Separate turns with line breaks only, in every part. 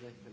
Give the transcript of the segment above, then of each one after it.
vielleicht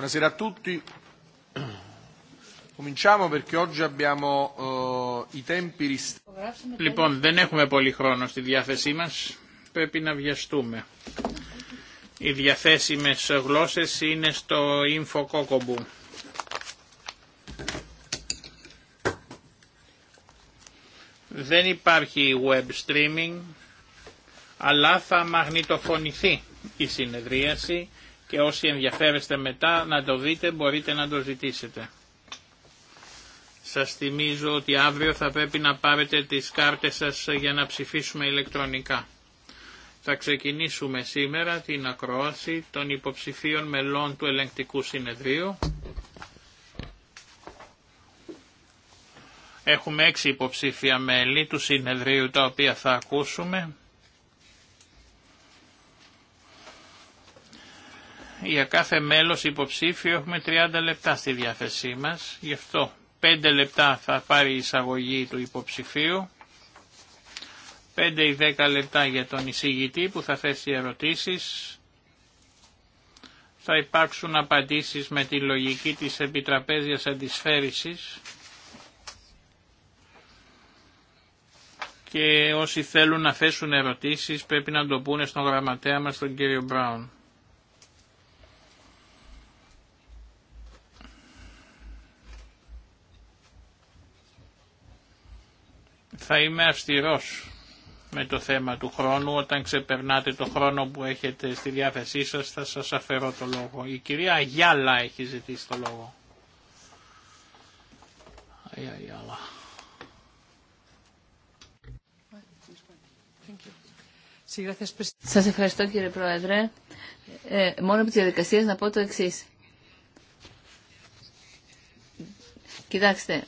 Buonasera a tutti. Cominciamo perché oggi abbiamo eh, i tempi ristretti. Λοιπόν, δεν έχουμε πολύ χρόνο στη διάθεσή μας. Πρέπει να βιαστούμε. Οι διαθέσιμε γλώσσε είναι στο Info Δεν υπάρχει web streaming, αλλά θα μαγνητοφωνηθεί η συνεδρίαση και όσοι ενδιαφέρεστε μετά να το δείτε μπορείτε να το ζητήσετε. Σας θυμίζω ότι αύριο θα πρέπει να πάρετε τις κάρτες σας για να ψηφίσουμε ηλεκτρονικά. Θα ξεκινήσουμε σήμερα την ακρόαση των υποψηφίων μελών του ελεγκτικού συνεδρίου. Έχουμε έξι υποψήφια μέλη του συνεδρίου τα οποία θα ακούσουμε. για κάθε μέλος υποψήφιο έχουμε 30 λεπτά στη διάθεσή μας, γι' αυτό 5 λεπτά θα πάρει η εισαγωγή του υποψηφίου, 5 ή 10 λεπτά για τον εισηγητή που θα θέσει ερωτήσεις, θα υπάρξουν απαντήσεις με τη λογική της επιτραπέζιας αντισφαίρησης και όσοι θέλουν να θέσουν ερωτήσεις πρέπει να το πούνε στον γραμματέα μας τον κύριο Μπράουν. θα είμαι αυστηρός με το θέμα του χρόνου. Όταν ξεπερνάτε το χρόνο που έχετε στη διάθεσή σας θα σας αφαιρώ το λόγο. Η κυρία Αγιάλα έχει ζητήσει το λόγο. Αγιάλα.
Σας ευχαριστώ κύριε Πρόεδρε. Ε, μόνο από τις διαδικασίες να πω το εξής. Κοιτάξτε,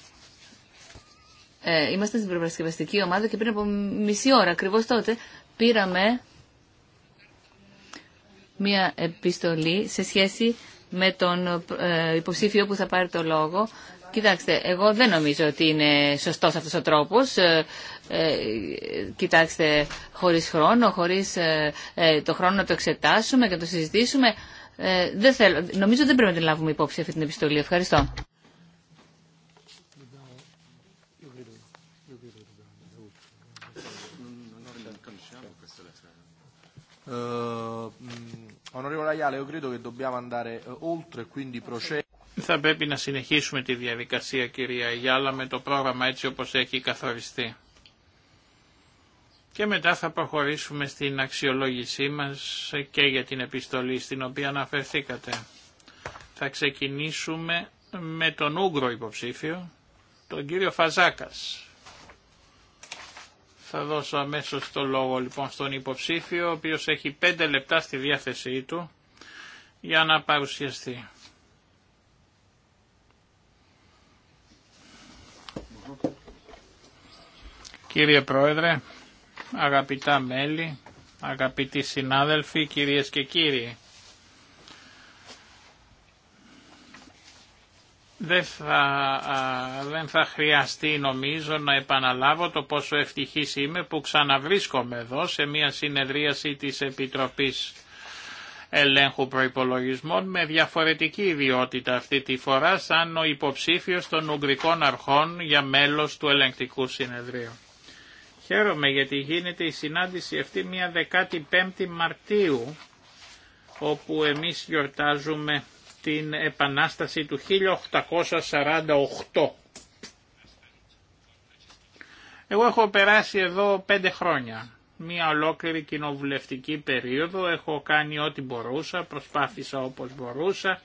ε, είμαστε στην προπαρασκευαστική ομάδα και πριν από μισή ώρα ακριβώ τότε πήραμε μία επιστολή σε σχέση με τον ε, υποψήφιο που θα πάρει το λόγο. Κοιτάξτε, εγώ δεν νομίζω ότι είναι σωστός αυτός ο τρόπος. Ε, ε, κοιτάξτε, χωρίς χρόνο, χωρίς ε, το χρόνο να το εξετάσουμε και να το συζητήσουμε. δεν θέλω, νομίζω δεν πρέπει να την λάβουμε υπόψη αυτή την επιστολή. Ευχαριστώ.
Θα πρέπει να συνεχίσουμε τη διαδικασία, κυρία Αγιάλα, με το πρόγραμμα έτσι όπως έχει καθοριστεί. Και μετά θα προχωρήσουμε στην αξιολόγησή μας και για την επιστολή στην οποία αναφερθήκατε. Θα ξεκινήσουμε με τον Ούγκρο υποψήφιο, τον κύριο Φαζάκας. Θα δώσω αμέσως το λόγο λοιπόν στον υποψήφιο, ο οποίος έχει πέντε λεπτά στη διάθεσή του για να παρουσιαστεί. Κύριε Πρόεδρε, αγαπητά μέλη, αγαπητοί συνάδελφοι, κυρίες και κύριοι, Δεν θα, χρειαστεί νομίζω να επαναλάβω το πόσο ευτυχής είμαι που ξαναβρίσκομαι εδώ σε μια συνεδρίαση της Επιτροπής Ελέγχου Προϋπολογισμών με διαφορετική ιδιότητα αυτή τη φορά σαν ο υποψήφιος των Ουγγρικών Αρχών για μέλος του Ελεγκτικού Συνεδρίου. Χαίρομαι γιατί γίνεται η συνάντηση αυτή μια 15η Μαρτίου όπου εμείς γιορτάζουμε την Επανάσταση του 1848. Εγώ έχω περάσει εδώ πέντε χρόνια, μία ολόκληρη κοινοβουλευτική περίοδο, έχω κάνει ό,τι μπορούσα, προσπάθησα όπως μπορούσα,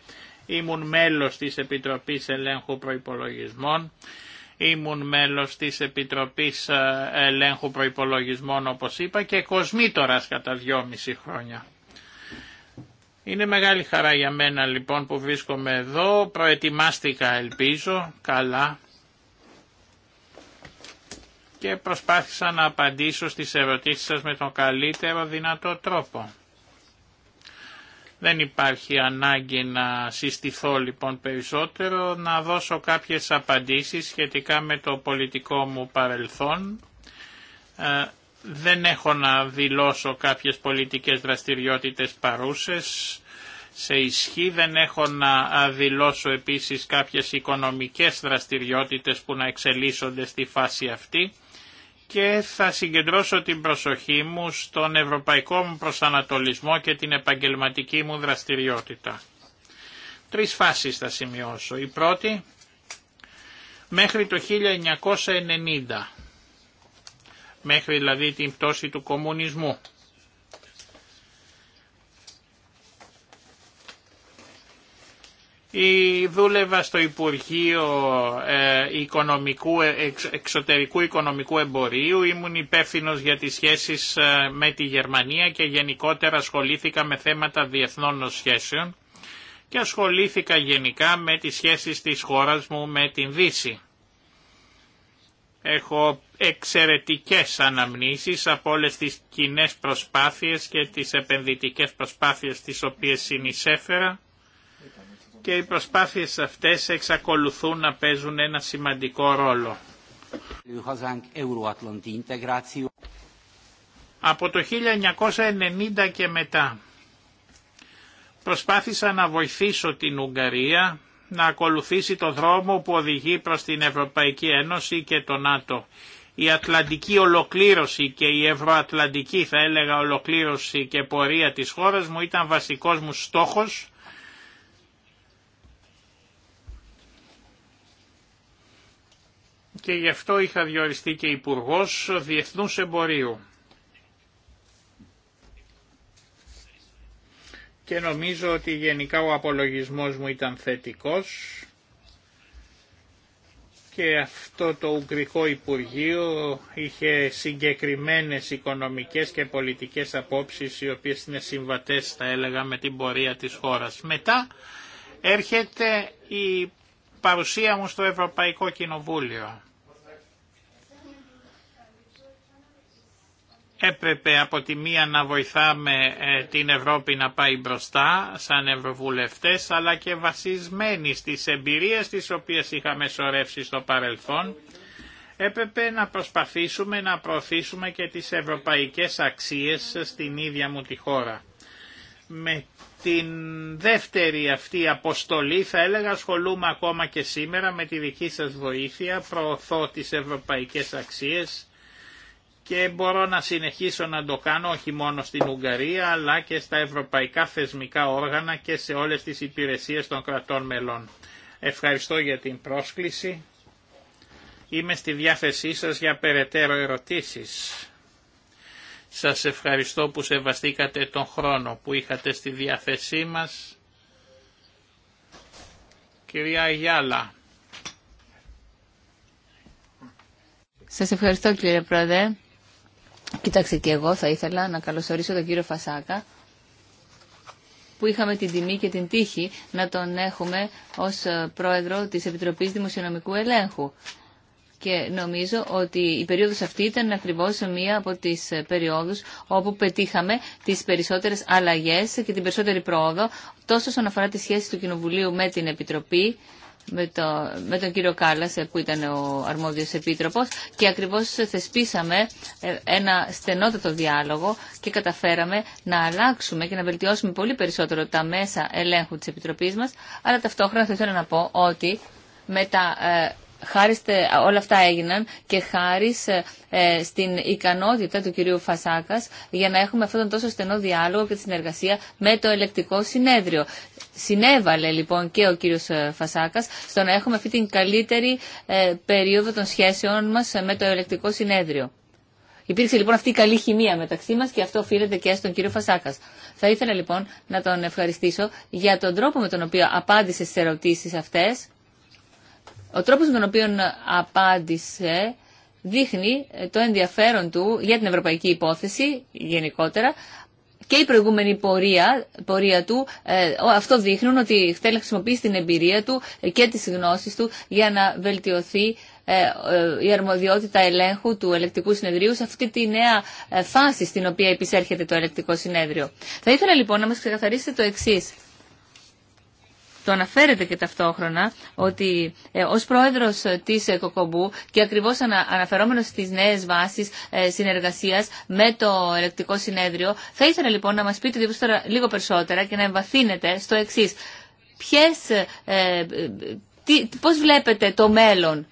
ήμουν μέλος της Επιτροπής Ελέγχου Προϋπολογισμών, ήμουν μέλος της Επιτροπής ε, Ελέγχου Προϋπολογισμών όπως είπα και κοσμήτορας κατά δυόμιση χρόνια. Είναι μεγάλη χαρά για μένα λοιπόν που βρίσκομαι εδώ. Προετοιμάστηκα ελπίζω καλά και προσπάθησα να απαντήσω στις ερωτήσεις σας με τον καλύτερο δυνατό τρόπο. Δεν υπάρχει ανάγκη να συστηθώ λοιπόν περισσότερο, να δώσω κάποιες απαντήσεις σχετικά με το πολιτικό μου παρελθόν ε, δεν έχω να δηλώσω κάποιες πολιτικές δραστηριότητες παρούσες σε ισχύ, δεν έχω να δηλώσω επίσης κάποιες οικονομικές δραστηριότητες που να εξελίσσονται στη φάση αυτή και θα συγκεντρώσω την προσοχή μου στον ευρωπαϊκό μου προσανατολισμό και την επαγγελματική μου δραστηριότητα. Τρεις φάσεις θα σημειώσω. Η πρώτη, μέχρι το 1990 μέχρι δηλαδή την πτώση του κομμουνισμού. Η δούλευα στο Υπουργείο ε, οικονομικού, ε, Εξωτερικού Οικονομικού Εμπορίου, ήμουν υπεύθυνο για τις σχέσεις ε, με τη Γερμανία και γενικότερα ασχολήθηκα με θέματα διεθνών σχέσεων και ασχολήθηκα γενικά με τις σχέσεις της χώρας μου με την Δύση. Έχω εξαιρετικές αναμνήσεις από όλες τις κοινέ προσπάθειες και τις επενδυτικές προσπάθειες τις οποίες συνεισέφερα και οι προσπάθειες αυτές εξακολουθούν να παίζουν ένα σημαντικό ρόλο. Από το 1990 και μετά προσπάθησα να βοηθήσω την Ουγγαρία να ακολουθήσει το δρόμο που οδηγεί προς την Ευρωπαϊκή Ένωση και το ΝΑΤΟ η ατλαντική ολοκλήρωση και η ευρωατλαντική θα έλεγα ολοκλήρωση και πορεία της χώρας μου ήταν βασικός μου στόχος και γι' αυτό είχα διοριστεί και υπουργό Διεθνούς Εμπορίου. Και νομίζω ότι γενικά ο απολογισμός μου ήταν θετικός και αυτό το Ουγγρικό Υπουργείο είχε συγκεκριμένες οικονομικές και πολιτικές απόψεις οι οποίες είναι συμβατές θα έλεγα με την πορεία της χώρας. Μετά έρχεται η παρουσία μου στο Ευρωπαϊκό Κοινοβούλιο. έπρεπε από τη μία να βοηθάμε ε, την Ευρώπη να πάει μπροστά σαν ευρωβουλευτές αλλά και βασισμένοι στις εμπειρίες τις οποίες είχαμε σωρεύσει στο παρελθόν έπρεπε να προσπαθήσουμε να προωθήσουμε και τις ευρωπαϊκές αξίες στην ίδια μου τη χώρα. Με την δεύτερη αυτή αποστολή θα έλεγα ασχολούμαι ακόμα και σήμερα με τη δική σας βοήθεια προωθώ τις ευρωπαϊκές αξίες και μπορώ να συνεχίσω να το κάνω όχι μόνο στην Ουγγαρία αλλά και στα ευρωπαϊκά θεσμικά όργανα και σε όλες τις υπηρεσίες των κρατών μελών. Ευχαριστώ για την πρόσκληση. Είμαι στη διάθεσή σας για περαιτέρω ερωτήσεις. Σας ευχαριστώ που σεβαστήκατε τον χρόνο που είχατε στη διάθεσή μας. Κυρία Γιάλα.
Σας ευχαριστώ κύριε Πρόεδρε. Κοιτάξτε και εγώ θα ήθελα να καλωσορίσω τον κύριο Φασάκα που είχαμε την τιμή και την τύχη να τον έχουμε ως ε, πρόεδρο της Επιτροπής Δημοσιονομικού Ελέγχου. Και νομίζω ότι η περίοδος αυτή ήταν ακριβώς μία από τις ε, περιόδους όπου πετύχαμε τις περισσότερες αλλαγές και την περισσότερη πρόοδο τόσο όσον αφορά τις σχέσεις του Κοινοβουλίου με την Επιτροπή, με, με τον κύριο Κάλλας ε, που ήταν ο αρμόδιος επίτροπος και ακριβώς θεσπίσαμε ε, ένα στενότατο διάλογο και καταφέραμε να αλλάξουμε και να βελτιώσουμε πολύ περισσότερο τα μέσα ελέγχου της Επιτροπής μας αλλά ταυτόχρονα θα ήθελα να πω ότι με τα ε, χάρη, όλα αυτά έγιναν και χάρη ε, στην ικανότητα του κυρίου Φασάκα, για να έχουμε αυτόν τον τόσο στενό διάλογο και τη συνεργασία με το ελεκτικό συνέδριο. Συνέβαλε λοιπόν και ο κύριος ε, Φασάκας στο να έχουμε αυτή την καλύτερη ε, περίοδο των σχέσεων μας με το ελεκτικό συνέδριο. Υπήρξε λοιπόν αυτή η καλή χημεία μεταξύ μα και αυτό οφείλεται και στον κύριο Φασάκα. Θα ήθελα λοιπόν να τον ευχαριστήσω για τον τρόπο με τον οποίο απάντησε στι ερωτήσει αυτέ ο τρόπος με τον οποίο απάντησε δείχνει το ενδιαφέρον του για την ευρωπαϊκή υπόθεση γενικότερα και η προηγούμενη πορεία, πορεία του, ε, αυτό δείχνουν ότι θέλει να χρησιμοποιήσει την εμπειρία του και τις γνώσεις του για να βελτιωθεί ε, ε, η αρμοδιότητα ελέγχου του ελεκτικού συνεδρίου σε αυτή τη νέα φάση στην οποία επισέρχεται το ελεκτικό συνέδριο. Θα ήθελα λοιπόν να μας ξεκαθαρίσετε το εξής. Το αναφέρεται και ταυτόχρονα ότι ε, ως πρόεδρος της ε, Κοκομπού και ακριβώς αναφερόμενος στις νέες βάσεις ε, συνεργασίας με το ελεκτικό συνέδριο, θα ήθελα λοιπόν να μας πείτε τώρα λίγο περισσότερα και να εμβαθύνετε στο εξής. Ποιες, πώς βλέπετε το μέλλον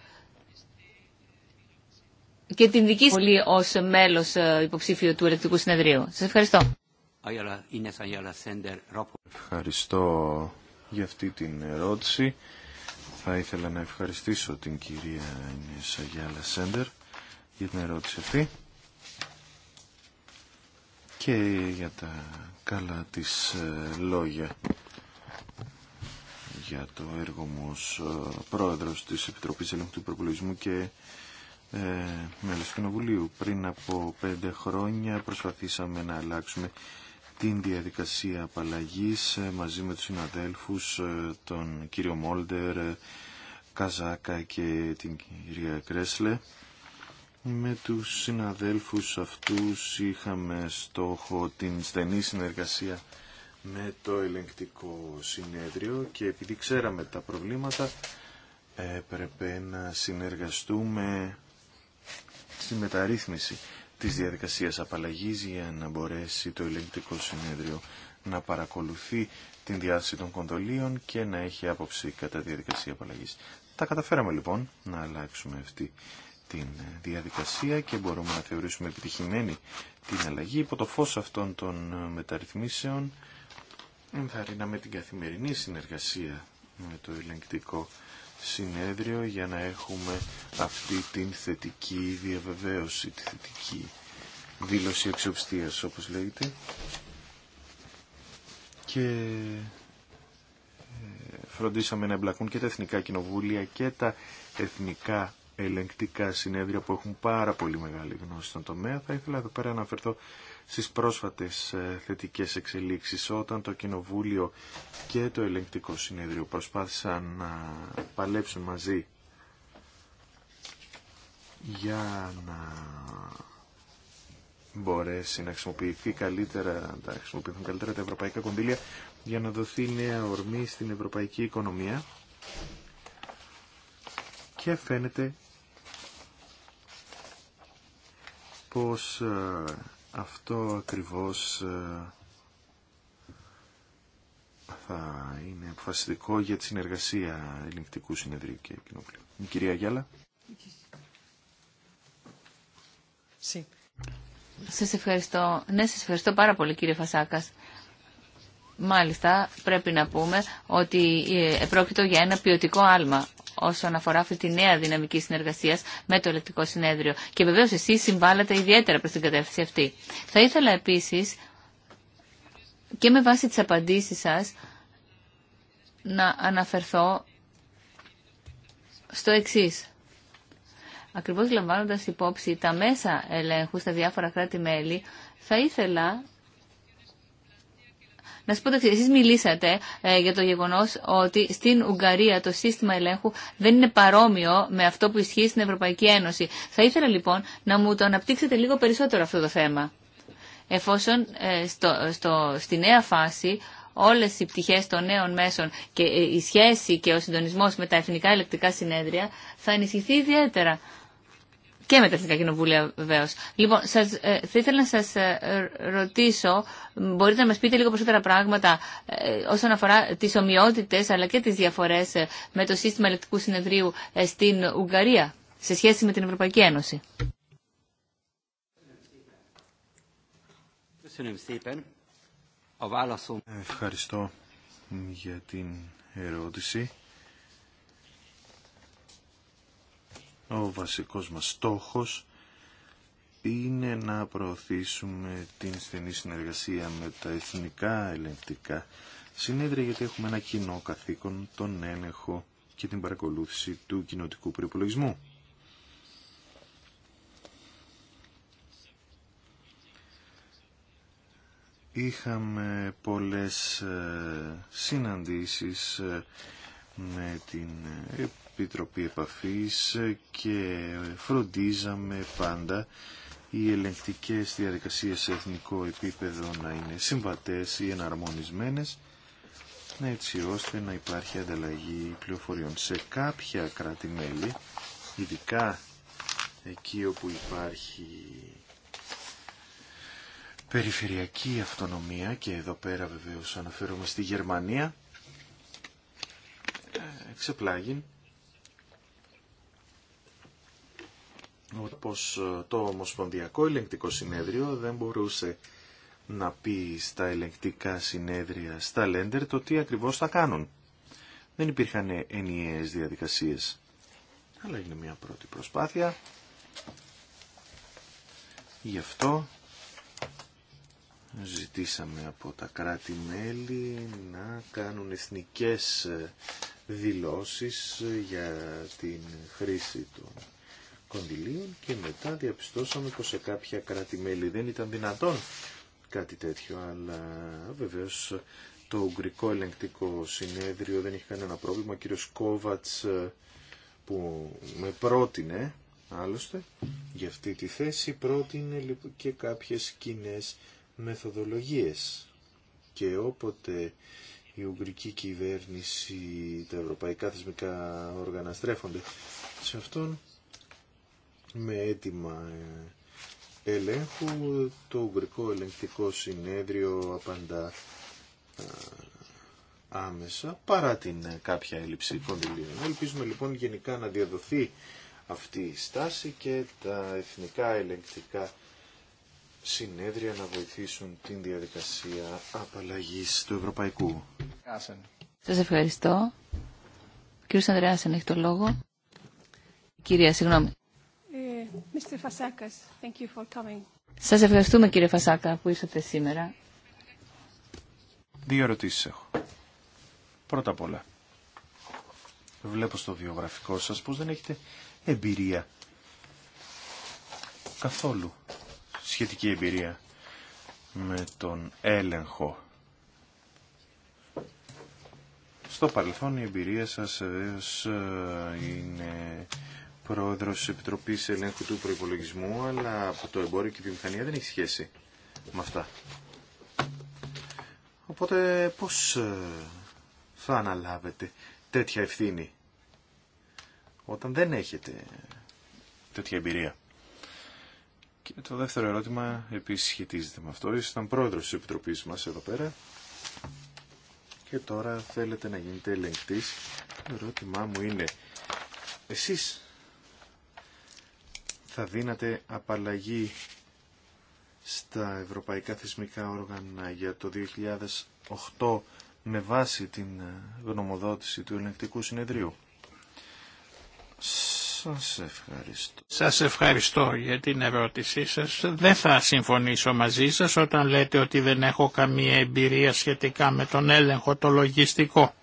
και την δική σας ως μέλος υποψήφιο του Ελεκτικού Συνεδρίου. Σας ευχαριστώ.
Ευχαριστώ για αυτή την ερώτηση. Θα ήθελα να ευχαριστήσω την κυρία Ινέσα Σέντερ για την ερώτηση αυτή και για τα καλά της ε, λόγια για το έργο μου ως ε, πρόεδρος της Επιτροπής Ελέγχου του και ε, μέλος του Κοινοβουλίου. Πριν από πέντε χρόνια προσπαθήσαμε να αλλάξουμε την διαδικασία απαλλαγής ε, μαζί με τους συναδέλφους ε, τον κύριο Μόλτερ, ε, Καζάκα και την κυρία Κρέσλε. Με τους συναδέλφους αυτούς είχαμε στόχο την στενή συνεργασία με το ελεγκτικό συνέδριο και επειδή ξέραμε τα προβλήματα έπρεπε να συνεργαστούμε στη μεταρρύθμιση της διαδικασίας απαλλαγής για να μπορέσει το ελεγκτικό συνέδριο να παρακολουθεί την διάθεση των κοντολίων και να έχει άποψη κατά διαδικασία απαλλαγής. Τα καταφέραμε λοιπόν να αλλάξουμε αυτή την ε, διαδικασία και μπορούμε να θεωρήσουμε επιτυχημένη την αλλαγή υπό το φως αυτών των ε, μεταρρυθμίσεων ενθαρρύναμε την καθημερινή συνεργασία με το ελεγκτικό συνέδριο για να έχουμε αυτή την θετική διαβεβαίωση, τη θετική δήλωση εξοπιστίας όπως λέγεται και ε, φροντίσαμε να εμπλακούν και τα εθνικά κοινοβούλια και τα εθνικά ελεγκτικά συνέδρια που έχουν πάρα πολύ μεγάλη γνώση στον τομέα. Θα ήθελα εδώ πέρα να αναφερθώ στις πρόσφατες ε, θετικές εξελίξεις όταν το Κοινοβούλιο και το Ελεγκτικό Συνέδριο προσπάθησαν να παλέψουν μαζί για να μπορέσει να χρησιμοποιηθεί καλύτερα, να χρησιμοποιηθούν καλύτερα τα ευρωπαϊκά κονδύλια για να δοθεί νέα ορμή στην ευρωπαϊκή οικονομία και φαίνεται πως ε, αυτό ακριβώς ε, θα είναι αποφασιστικό για τη συνεργασία ελληνικτικού συνεδρίου και κοινοβουλίου. κυρία Γιάλα.
Σας ευχαριστώ. Ναι, σας ευχαριστώ πάρα πολύ κύριε Φασάκας. Μάλιστα, πρέπει να πούμε ότι ε, πρόκειτο για ένα ποιοτικό άλμα όσον αφορά αυτή τη νέα δυναμική συνεργασία με το Ελεκτικό Συνέδριο. Και βεβαίω εσεί συμβάλλατε ιδιαίτερα προ την κατεύθυνση αυτή. Θα ήθελα επίση και με βάση τι απαντήσει σα να αναφερθώ στο εξή. Ακριβώ λαμβάνοντα υπόψη τα μέσα ελέγχου στα διάφορα κράτη-μέλη, θα ήθελα να σα πω ότι Εσεί μιλήσατε ε, για το γεγονό ότι στην Ουγγαρία το σύστημα ελέγχου δεν είναι παρόμοιο με αυτό που ισχύει στην Ευρωπαϊκή Ένωση. Θα ήθελα λοιπόν να μου το αναπτύξετε λίγο περισσότερο αυτό το θέμα. Εφόσον ε, στο, στο, στη νέα φάση όλε οι πτυχέ των νέων μέσων και ε, η σχέση και ο συντονισμό με τα εθνικά ελεκτικά συνέδρια θα ενισχυθεί ιδιαίτερα και με τα Εθνικά Κοινοβούλια βεβαίω. Λοιπόν, σας, ε, θα ήθελα να σας ε, ρωτήσω, μπορείτε να μας πείτε λίγο περισσότερα πράγματα ε, όσον αφορά τι ομοιότητε αλλά και τις διαφορές με το σύστημα ελεκτικού συνεδρίου στην Ουγγαρία σε σχέση με την Ευρωπαϊκή Ένωση.
Ευχαριστώ για την ερώτηση. Ο βασικός μας στόχος είναι να προωθήσουμε την στενή συνεργασία με τα εθνικά ελεγκτικά συνέδρια γιατί έχουμε ένα κοινό καθήκον, τον έλεγχο και την παρακολούθηση του κοινοτικού προπολογισμού. Είχαμε πολλές ε, συναντήσεις ε, με την ε, Επίτροπη Επαφής και φροντίζαμε πάντα οι ελεγκτικές διαδικασίες σε εθνικό επίπεδο να είναι συμβατές ή εναρμονισμένες έτσι ώστε να υπάρχει ανταλλαγή πληροφοριών σε κάποια κράτη-μέλη ειδικά εκεί όπου υπάρχει περιφερειακή αυτονομία και εδώ πέρα βεβαίως αναφέρομαι στη Γερμανία εξεπλάγει πως ε, το Ομοσπονδιακό Ελεγκτικό Συνέδριο δεν μπορούσε να πει στα ελεγκτικά συνέδρια, στα λέντερ, το τι ακριβώς θα κάνουν. Δεν υπήρχαν ενιαίες διαδικασίες. Αλλά είναι μια πρώτη προσπάθεια. Γι' αυτό ζητήσαμε από τα κράτη-μέλη να κάνουν εθνικές ε, δηλώσεις ε, για την χρήση του κονδυλίων και μετά διαπιστώσαμε πως σε κάποια κράτη-μέλη δεν ήταν δυνατόν κάτι τέτοιο, αλλά βεβαίως το Ουγγρικό Ελεγκτικό Συνέδριο δεν είχε κανένα πρόβλημα. Ο κύριος Κόβατς ε, που με πρότεινε, άλλωστε, για αυτή τη θέση πρότεινε και κάποιες κοινέ μεθοδολογίες. Και όποτε η Ουγγρική κυβέρνηση, τα ευρωπαϊκά θεσμικά όργανα στρέφονται σε αυτόν, με αίτημα ε, ελέγχου. Το Ουγγρικό Ελεγκτικό Συνέδριο απαντά ε, άμεσα παρά την ε, κάποια έλλειψη κονδυλίων. Ελπίζουμε λοιπόν γενικά να διαδοθεί αυτή η στάση και τα εθνικά ελεγκτικά συνέδρια να βοηθήσουν την διαδικασία απαλλαγής του Ευρωπαϊκού.
Σας ευχαριστώ. Κύριος Ανδρέας, αν έχει το λόγο. Κυρία, συγγνώμη. Mr. Σας ευχαριστούμε κύριε Φασάκα που ήρθατε σήμερα.
Δύο ερωτήσεις έχω. Πρώτα απ' όλα, βλέπω στο βιογραφικό σας πως δεν έχετε εμπειρία. Καθόλου σχετική εμπειρία με τον έλεγχο. Στο παρελθόν η εμπειρία σας ε, είναι Πρόεδρο τη Επιτροπής Ελέγχου του προπολογισμού, αλλά από το εμπόριο και η μηχανία δεν έχει σχέση με αυτά. Οπότε πώς ε, θα αναλάβετε τέτοια ευθύνη όταν δεν έχετε τέτοια εμπειρία. Και το δεύτερο ερώτημα επίσης σχετίζεται με αυτό. Ήσταν πρόεδρος της Επιτροπής μας εδώ πέρα και τώρα θέλετε να γίνετε ελεγκτής. Το ερώτημά μου είναι εσείς θα δίνατε απαλλαγή στα ευρωπαϊκά θεσμικά όργανα για το 2008 με βάση την ε, γνωμοδότηση του Ελεγκτικού Συνεδρίου. Σας ευχαριστώ. Σας ευχαριστώ
για την ερώτησή σας. Δεν θα συμφωνήσω μαζί σας όταν λέτε ότι δεν έχω καμία εμπειρία σχετικά με τον έλεγχο το λογιστικό.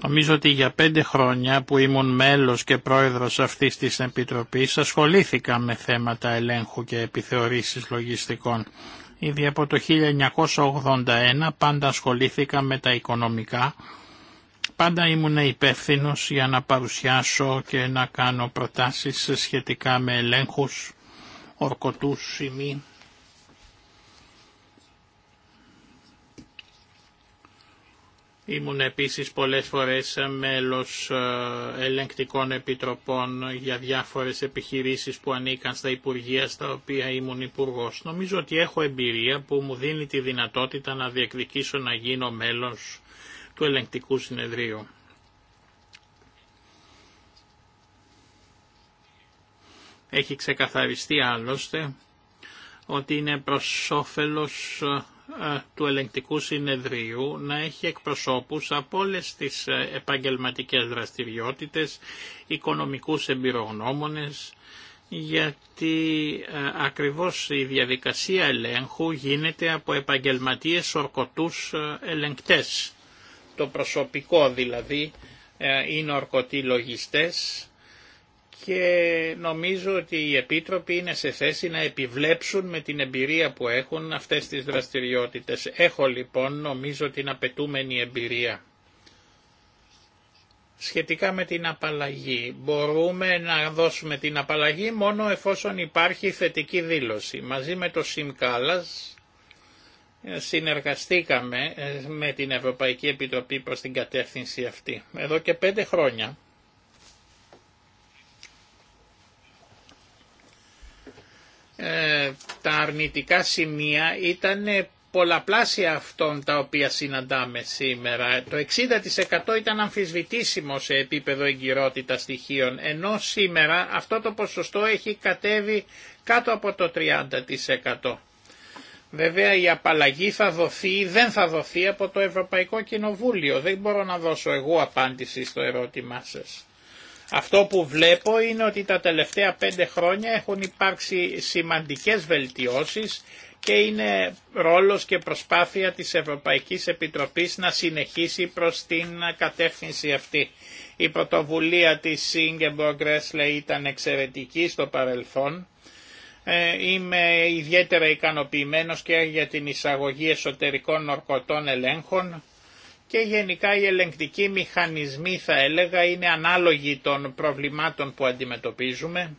Νομίζω ότι για πέντε χρόνια που ήμουν μέλος και πρόεδρος αυτής της Επιτροπής ασχολήθηκα με θέματα ελέγχου και επιθεωρήσεις λογιστικών. Ήδη από το 1981 πάντα ασχολήθηκα με τα οικονομικά. Πάντα ήμουν υπεύθυνο για να παρουσιάσω και να κάνω προτάσεις σχετικά με ελέγχους, ορκωτούς ή Ήμουν επίσης πολλές φορές μέλος ε, ελεγκτικών επιτροπών για διάφορες επιχειρήσεις που ανήκαν στα Υπουργεία στα οποία ήμουν υπουργό. Νομίζω ότι έχω εμπειρία που μου δίνει τη δυνατότητα να διεκδικήσω να γίνω μέλος του ελεγκτικού συνεδρίου. Έχει ξεκαθαριστεί άλλωστε ότι είναι προς όφελος ε, του ελεγκτικού συνεδρίου να έχει εκπροσώπους από όλες τις ε, επαγγελματικές δραστηριότητες, οικονομικούς εμπειρογνώμονες, γιατί ε, ακριβώς η διαδικασία ελέγχου γίνεται από επαγγελματίες ορκωτούς ε, ελεγκτές. Το προσωπικό δηλαδή είναι ορκωτοί λογιστές και νομίζω ότι οι επίτροποι είναι σε θέση να επιβλέψουν με την εμπειρία που έχουν αυτές τις δραστηριότητες. Έχω λοιπόν νομίζω την απαιτούμενη εμπειρία. Σχετικά με την απαλλαγή, μπορούμε να δώσουμε την απαλλαγή μόνο εφόσον υπάρχει θετική δήλωση. Μαζί με το ΣΥΜΚΑΛΑΣ ε, συνεργαστήκαμε ε, με την Ευρωπαϊκή Επιτροπή προς την κατεύθυνση αυτή. Εδώ και πέντε χρόνια Ε, τα αρνητικά σημεία ήταν πολλαπλάσια αυτών τα οποία συναντάμε σήμερα. Το 60% ήταν αμφισβητήσιμο σε επίπεδο εγκυρότητα στοιχείων, ενώ σήμερα αυτό το ποσοστό έχει κατέβει κάτω από το 30%. Βέβαια η απαλλαγή θα δοθεί δεν θα δοθεί από το Ευρωπαϊκό Κοινοβούλιο. Δεν μπορώ να δώσω εγώ απάντηση στο ερώτημά σας. Αυτό που βλέπω είναι ότι τα τελευταία πέντε χρόνια έχουν υπάρξει σημαντικές βελτιώσεις και είναι ρόλος και προσπάθεια της Ευρωπαϊκής Επιτροπής να συνεχίσει προς την κατεύθυνση αυτή. Η πρωτοβουλία της Ingeborg Γκρέσλε ήταν εξαιρετική στο παρελθόν. Ε, είμαι ιδιαίτερα ικανοποιημένος και για την εισαγωγή εσωτερικών ορκωτών ελέγχων και γενικά οι ελεγκτικοί μηχανισμοί θα έλεγα είναι ανάλογοι των προβλημάτων που αντιμετωπίζουμε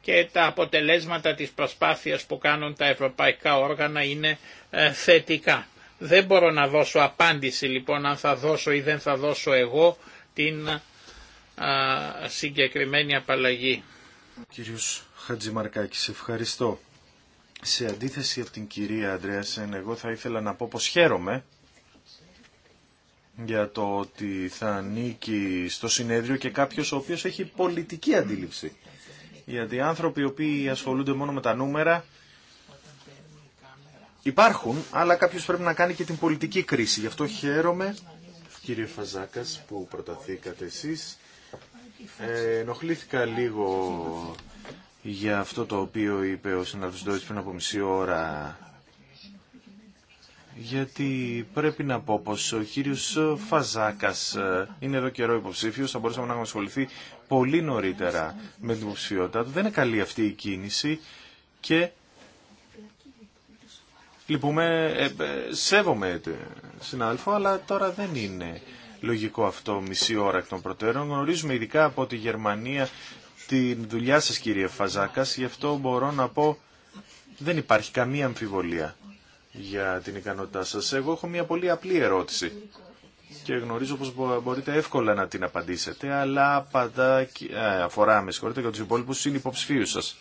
και τα αποτελέσματα της προσπάθειας που κάνουν τα ευρωπαϊκά όργανα είναι ε, θετικά. Δεν μπορώ να δώσω απάντηση λοιπόν αν θα δώσω ή δεν θα δώσω εγώ την ε, συγκεκριμένη απαλλαγή.
Κύριος Χατζημαρκάκης, ευχαριστώ. Σε αντίθεση από την κυρία Αντρέασεν, εγώ θα ήθελα να πω πως χαίρομαι για το ότι θα ανήκει στο συνέδριο και κάποιος ο οποίος έχει πολιτική αντίληψη. Γιατί άνθρωποι οι οποίοι ασχολούνται μόνο με τα νούμερα υπάρχουν, αλλά κάποιος πρέπει να κάνει και την πολιτική κρίση. Γι' αυτό χαίρομαι, κύριε Φαζάκας, που προταθήκατε εσείς. Ε, ενοχλήθηκα λίγο για αυτό το οποίο είπε ο συνάδελφος πριν από μισή ώρα γιατί πρέπει να πω πως ο κύριος Φαζάκας ε, είναι εδώ καιρό υποψήφιος, θα μπορούσαμε να ασχοληθεί πολύ νωρίτερα με την υποψηφιότητά του. Δεν είναι καλή αυτή η κίνηση και λυπούμε, ε, ε σέβομαι συνάδελφο, αλλά τώρα δεν είναι λογικό αυτό μισή ώρα εκ των προτέρων. Γνωρίζουμε ειδικά από τη Γερμανία τη δουλειά σας κύριε Φαζάκας, γι' αυτό μπορώ να πω δεν υπάρχει καμία αμφιβολία για την ικανότητά σας. Εγώ έχω μια πολύ απλή ερώτηση και γνωρίζω πως μπορείτε εύκολα να την απαντήσετε, αλλά απαντά, ε, αφορά με συγχωρείτε για τους υπόλοιπους συνυποψηφίους σας.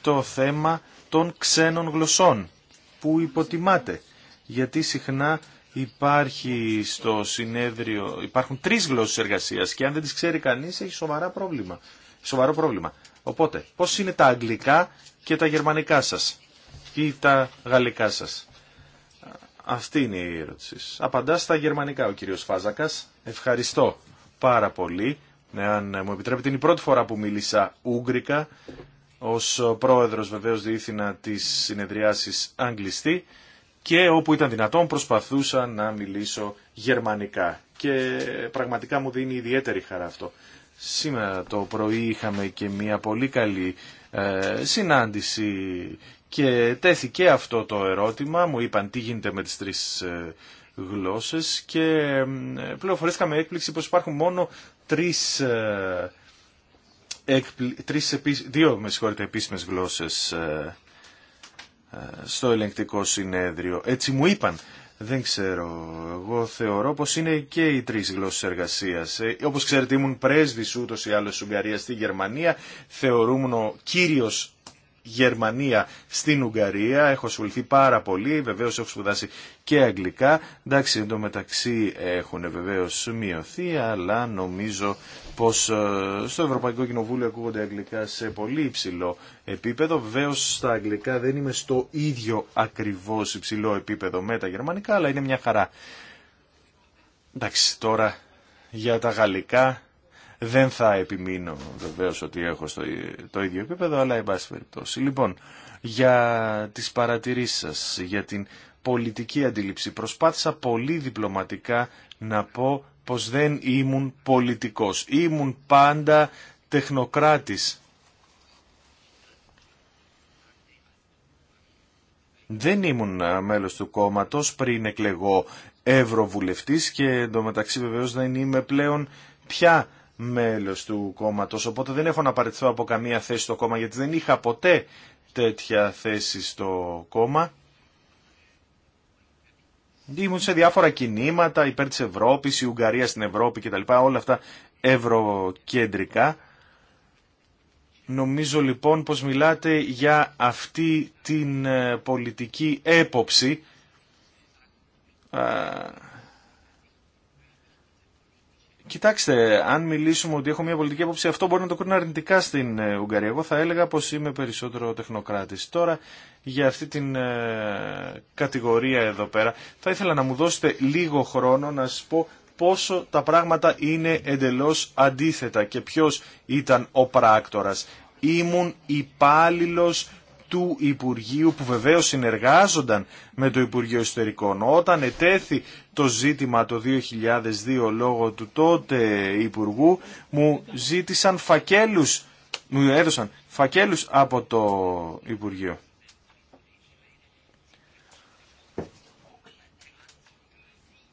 Το θέμα των ξένων γλωσσών που υποτιμάτε, γιατί συχνά υπάρχει στο συνέδριο, υπάρχουν τρεις γλώσσες εργασίας και αν δεν τις ξέρει κανείς έχει πρόβλημα. Σοβαρό πρόβλημα. Οπότε, πώς είναι τα αγγλικά και τα γερμανικά σας ή τα γαλλικά σας. Αυτή είναι η ερώτηση. Απαντά στα γερμανικά ο κύριος Φάζακας. Ευχαριστώ πάρα πολύ. Εάν ναι, μου επιτρέπετε, είναι η πρώτη φορά που μίλησα Ούγγρικα. Ως πρόεδρος βεβαίως διήθυνα τις συνεδριάσεις Αγγλιστή Φάζακα. ήταν δυνατόν προσπαθούσα να μιλήσω γερμανικά. Και πραγματικά μου δίνει ουγγρικα ως πρόεδρο βεβαίω διηθυνα τη χαρά αυτό. Σήμερα το πρωί είχαμε και μια πολύ καλή ε, συνάντηση και τέθηκε αυτό το ερώτημα, μου είπαν τι γίνεται με τις τρεις ε, γλώσσες και πληροφορήθηκα με έκπληξη πως υπάρχουν μόνο τρεις, ε, τρεις δύο με συγχωρείτε, επίσημες γλώσσες ε, στο ελεγκτικό συνέδριο. Έτσι μου είπαν. Δεν ξέρω. Εγώ θεωρώ πως είναι και οι τρεις γλώσσες εργασίας. όπως ξέρετε ήμουν πρέσβης ούτως ή άλλως Ουγγαρία στη Γερμανία. Θεωρούμουν ο κύριος Γερμανία στην Ουγγαρία. Έχω ασχοληθεί πάρα πολύ, βεβαίω έχω σπουδάσει και αγγλικά. Εντάξει, εντωμεταξύ έχουν βεβαίω μειωθεί, αλλά νομίζω πως ε, στο Ευρωπαϊκό Κοινοβούλιο ακούγονται αγγλικά σε πολύ υψηλό επίπεδο. Βεβαίω στα αγγλικά δεν είμαι στο ίδιο ακριβώς υψηλό επίπεδο με τα γερμανικά, αλλά είναι μια χαρά. Εντάξει, τώρα για τα γαλλικά δεν θα επιμείνω βεβαίω ότι έχω στο, το ίδιο επίπεδο, αλλά εν πάση Λοιπόν, για τις παρατηρήσεις σας, για την πολιτική αντίληψη. Προσπάθησα πολύ διπλωματικά να πω πως δεν ήμουν πολιτικός. Ήμουν πάντα τεχνοκράτης. Δεν ήμουν ε, μέλος του κόμματος πριν εκλεγώ ευρωβουλευτής και εντωμεταξύ βεβαίως δεν είμαι πλέον πια Μέλο του κόμματο. οπότε δεν έχω να παραιτηθώ από καμία θέση στο κόμμα, γιατί δεν είχα ποτέ τέτοια θέση στο κόμμα. Ήμουν σε διάφορα κινήματα υπέρ τη Ευρώπης, η Ουγγαρία στην Ευρώπη κτλ. Όλα αυτά ευρωκεντρικά. Νομίζω λοιπόν πως μιλάτε για αυτή την ε, πολιτική έποψη Κοιτάξτε, αν μιλήσουμε ότι έχω μια πολιτική άποψη, αυτό μπορεί να το κρίνω αρνητικά στην ε, Ουγγαρία. Εγώ θα έλεγα πως είμαι περισσότερο τεχνοκράτης. Τώρα, για αυτή την ε, κατηγορία εδώ πέρα, θα ήθελα να μου δώσετε λίγο χρόνο να σας πω πόσο τα πράγματα είναι εντελώς αντίθετα και ποιος ήταν ο πράκτορας. Ήμουν υπάλληλο του Υπουργείου που βεβαίως συνεργάζονταν με το Υπουργείο Ιστορικών. Όταν ετέθη το ζήτημα το 2002 λόγω του τότε Υπουργού μου ζήτησαν φακέλους, μου έδωσαν φακέλους από το Υπουργείο.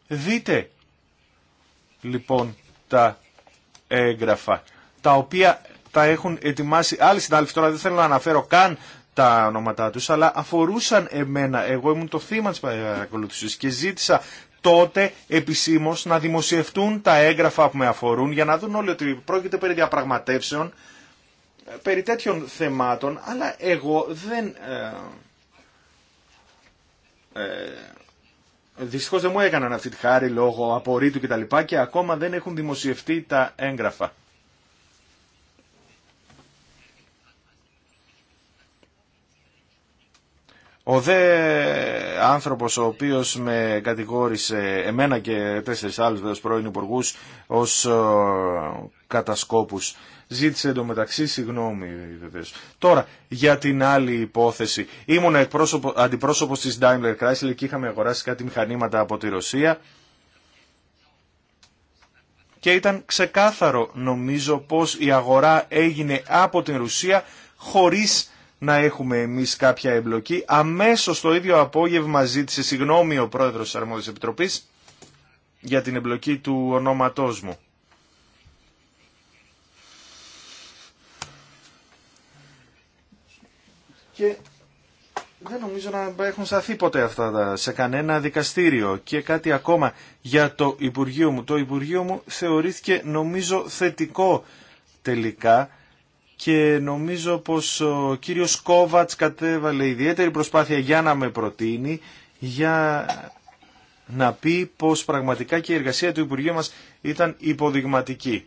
Δείτε λοιπόν τα έγγραφα τα οποία τα έχουν ετοιμάσει άλλοι συνάδελφοι. Τώρα δεν θέλω να αναφέρω καν τα ονόματά τους, αλλά αφορούσαν εμένα. Εγώ ήμουν το θύμα της παρακολούθησης και ζήτησα τότε επισήμως να δημοσιευτούν τα έγγραφα που με αφορούν για να δουν όλοι ότι πρόκειται περί διαπραγματεύσεων, περί τέτοιων θεμάτων, αλλά εγώ δεν... Ε, ε δεν μου έκαναν αυτή τη χάρη λόγω απορρίτου κτλ. Και, και ακόμα δεν έχουν δημοσιευτεί τα έγγραφα. Ο δε άνθρωπος ο οποίος με κατηγόρησε εμένα και τέσσερις άλλους βέβαια πρώην υπουργού ως ε, κατασκόπους ζήτησε εντωμεταξύ συγγνώμη βεβαίως. Τώρα για την άλλη υπόθεση ήμουν εκπρόσωπο, αντιπρόσωπος της Daimler Chrysler και είχαμε αγοράσει κάτι μηχανήματα από τη Ρωσία και ήταν ξεκάθαρο νομίζω πως η αγορά έγινε από την Ρωσία χωρίς να έχουμε εμείς κάποια εμπλοκή. Αμέσως το ίδιο απόγευμα ζήτησε συγγνώμη ο πρόεδρος της Επιτροπής για την εμπλοκή του ονόματός μου. Και δεν νομίζω να έχουν σταθεί ποτέ αυτά σε κανένα δικαστήριο. Και κάτι ακόμα για το Υπουργείο μου. Το Υπουργείο μου θεωρήθηκε νομίζω θετικό τελικά και νομίζω πως ο κύριος Κόβατς κατέβαλε ιδιαίτερη προσπάθεια για να με προτείνει, για να πει πως πραγματικά και η εργασία του Υπουργείου μας ήταν υποδειγματική.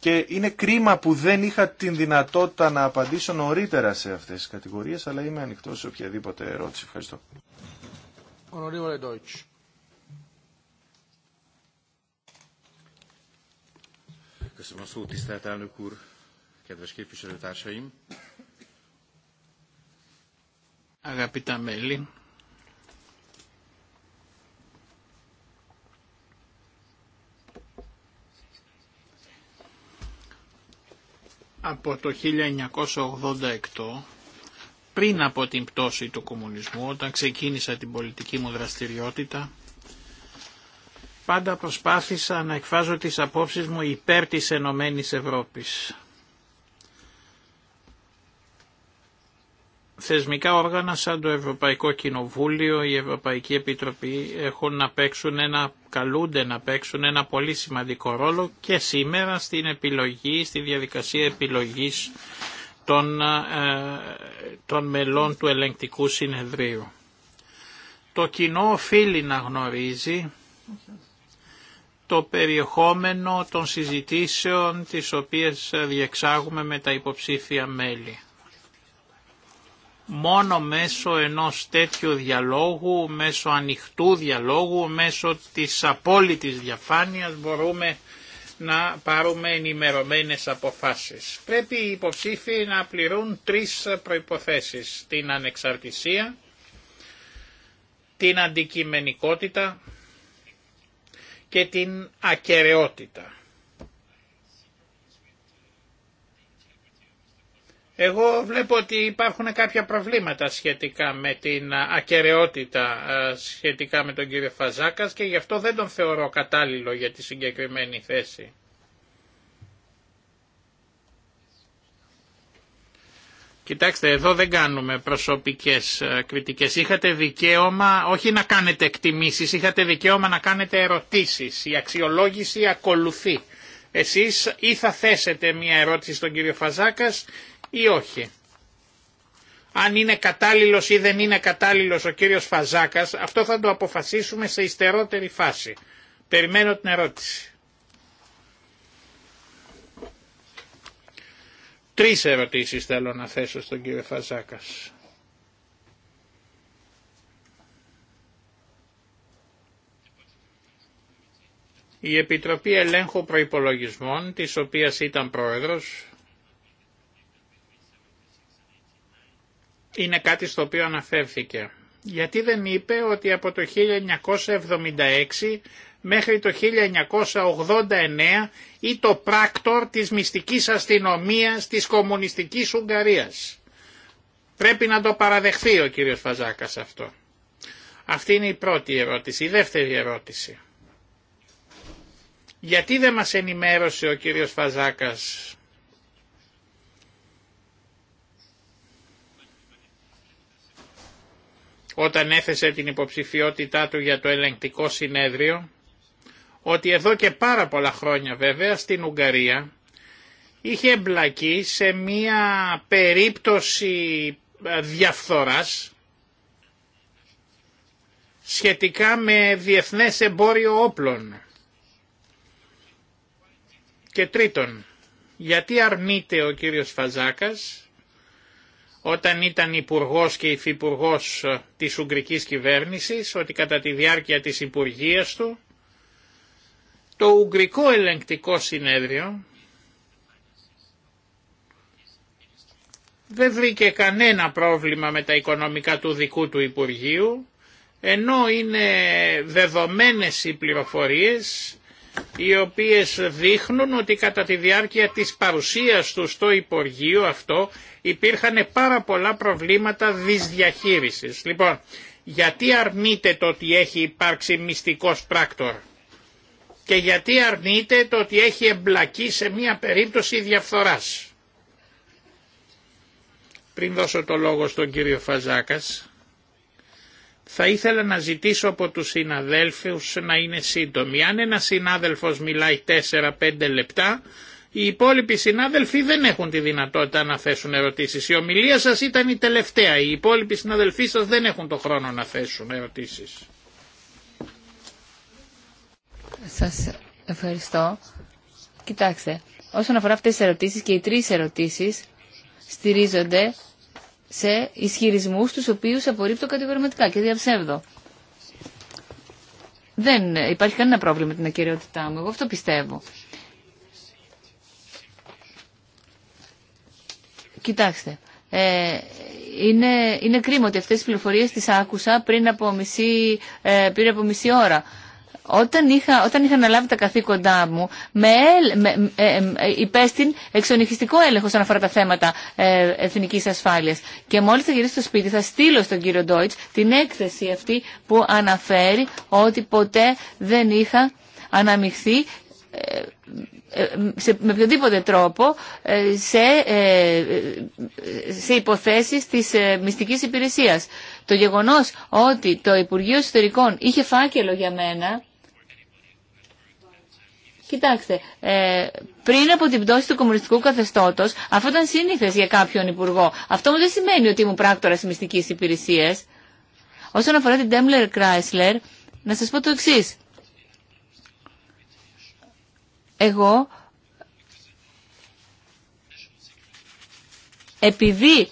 Και είναι κρίμα που δεν είχα την δυνατότητα να απαντήσω νωρίτερα σε αυτές τις κατηγορίες, αλλά είμαι ανοιχτό σε οποιαδήποτε ερώτηση. Ευχαριστώ
kedves képviselőtársaim! Αγαπητά μέλη, από το 1988, πριν από την πτώση του κομμουνισμού, όταν ξεκίνησα την πολιτική μου δραστηριότητα, πάντα προσπάθησα να εκφράζω τις απόψεις μου υπέρ της Ενωμένης Ευρώπης. θεσμικά όργανα σαν το Ευρωπαϊκό Κοινοβούλιο, η Ευρωπαϊκή Επιτροπή έχουν να παίξουν ένα, καλούνται να παίξουν ένα πολύ σημαντικό ρόλο και σήμερα στην επιλογή, στη διαδικασία επιλογής των, ε, των μελών του ελεγκτικού συνεδρίου. Το κοινό οφείλει να γνωρίζει το περιεχόμενο των συζητήσεων τις οποίες διεξάγουμε με τα υποψήφια μέλη μόνο μέσω ενός τέτοιου διαλόγου, μέσω ανοιχτού διαλόγου, μέσω της απόλυτης διαφάνειας μπορούμε να πάρουμε ενημερωμένες αποφάσεις. Πρέπει οι υποψήφοι να πληρούν τρεις προϋποθέσεις. Την ανεξαρτησία, την αντικειμενικότητα και την ακαιρεότητα. Εγώ βλέπω ότι υπάρχουν κάποια προβλήματα σχετικά με την ακαιρεότητα σχετικά με τον κύριο Φαζάκας και γι' αυτό δεν τον θεωρώ κατάλληλο για τη συγκεκριμένη θέση. Κοιτάξτε, εδώ δεν κάνουμε προσωπικές κριτικές. Είχατε δικαίωμα, όχι να κάνετε εκτιμήσεις, είχατε δικαίωμα να κάνετε ερωτήσεις. Η αξιολόγηση ακολουθεί. Εσείς ή θα θέσετε μία ερώτηση στον κύριο Φαζάκας ή όχι. Αν είναι κατάλληλος ή δεν είναι κατάλληλος ο κύριος Φαζάκας, αυτό θα το αποφασίσουμε σε ιστερότερη φάση. Περιμένω την ερώτηση. Τρεις ερωτήσεις θέλω να θέσω στον κύριο Φαζάκας. Η Επιτροπή Ελέγχου Προϋπολογισμών, της οποίας ήταν πρόεδρος, είναι κάτι στο οποίο αναφέρθηκε. Γιατί δεν είπε ότι από το 1976 μέχρι το 1989 ή το πράκτορ της μυστικής αστυνομίας της κομμουνιστικής Ουγγαρίας. Πρέπει να το παραδεχθεί ο κύριος Φαζάκας αυτό. Αυτή είναι η πρώτη ερώτηση. Η δεύτερη ερώτηση. Γιατί δεν μας ενημέρωσε ο κύριος Φαζάκας όταν έθεσε την υποψηφιότητά του για το ελεγκτικό συνέδριο ότι εδώ και πάρα πολλά χρόνια βέβαια στην Ουγγαρία είχε εμπλακεί σε μία περίπτωση ε, διαφθοράς σχετικά με διεθνές εμπόριο όπλων. Και τρίτον, γιατί αρνείται ο κύριος Φαζάκας όταν ήταν υπουργό και υφυπουργό της Ουγγρικής κυβέρνησης, ότι κατά τη διάρκεια της υπουργίας του, το Ουγγρικό Ελεγκτικό Συνέδριο δεν βρήκε κανένα πρόβλημα με τα οικονομικά του δικού του Υπουργείου, ενώ είναι δεδομένες οι πληροφορίες οι οποίες δείχνουν ότι κατά τη διάρκεια της παρουσίας του στο Υπουργείο αυτό υπήρχαν πάρα πολλά προβλήματα δυσδιαχείρισης. Λοιπόν, γιατί αρνείτε το ότι έχει υπάρξει μυστικός πράκτορ και γιατί αρνείτε το ότι έχει εμπλακεί σε μια περίπτωση διαφθοράς. Πριν δώσω το λόγο στον κύριο Φαζάκας, θα ήθελα να ζητήσω από τους συναδέλφους να είναι σύντομοι. Αν ένας συνάδελφος μιλάει 4-5 λεπτά, οι υπόλοιποι συνάδελφοι δεν έχουν τη δυνατότητα να θέσουν ερωτήσεις. Η ομιλία σας ήταν η τελευταία. Οι υπόλοιποι συναδελφοί σας δεν έχουν το χρόνο να θέσουν ερωτήσεις.
Σας ευχαριστώ. Κοιτάξτε, όσον αφορά αυτές τις ερωτήσεις και οι τρεις ερωτήσεις στηρίζονται σε ισχυρισμούς τους οποίους απορρίπτω κατηγορηματικά και διαψεύδω. Δεν ε, υπάρχει κανένα πρόβλημα με την ακαιρεότητά μου. Εγώ αυτό πιστεύω. Κοιτάξτε, ε, είναι, είναι κρίμα ότι αυτές τις πληροφορίες τις άκουσα πριν από μισή, ε, πριν από μισή ώρα. Όταν είχα, όταν είχα αναλάβει τα καθήκοντά μου, με, με, ε, ε, ε, υπέστην εξονυχιστικό έλεγχο όσον αφορά τα θέματα ε, εθνική ασφάλεια. Και μόλι θα γυρίσω στο σπίτι, θα στείλω στον κύριο Ντόιτ την έκθεση αυτή που αναφέρει ότι ποτέ δεν είχα αναμειχθεί με οποιοδήποτε τρόπο σε, σε υποθέσεις της μυστικής υπηρεσίας. Το γεγονός ότι το Υπουργείο Συντερικών είχε φάκελο για μένα Κοιτάξτε, ε, πριν από την πτώση του κομμουνιστικού καθεστώτο, αυτό ήταν σύνηθε για κάποιον υπουργό. Αυτό όμω δεν σημαίνει ότι ήμουν πράκτορα μυστική υπηρεσία. Όσον αφορά την Daimler Κράισλερ, να σα πω το εξή. Εγώ επειδή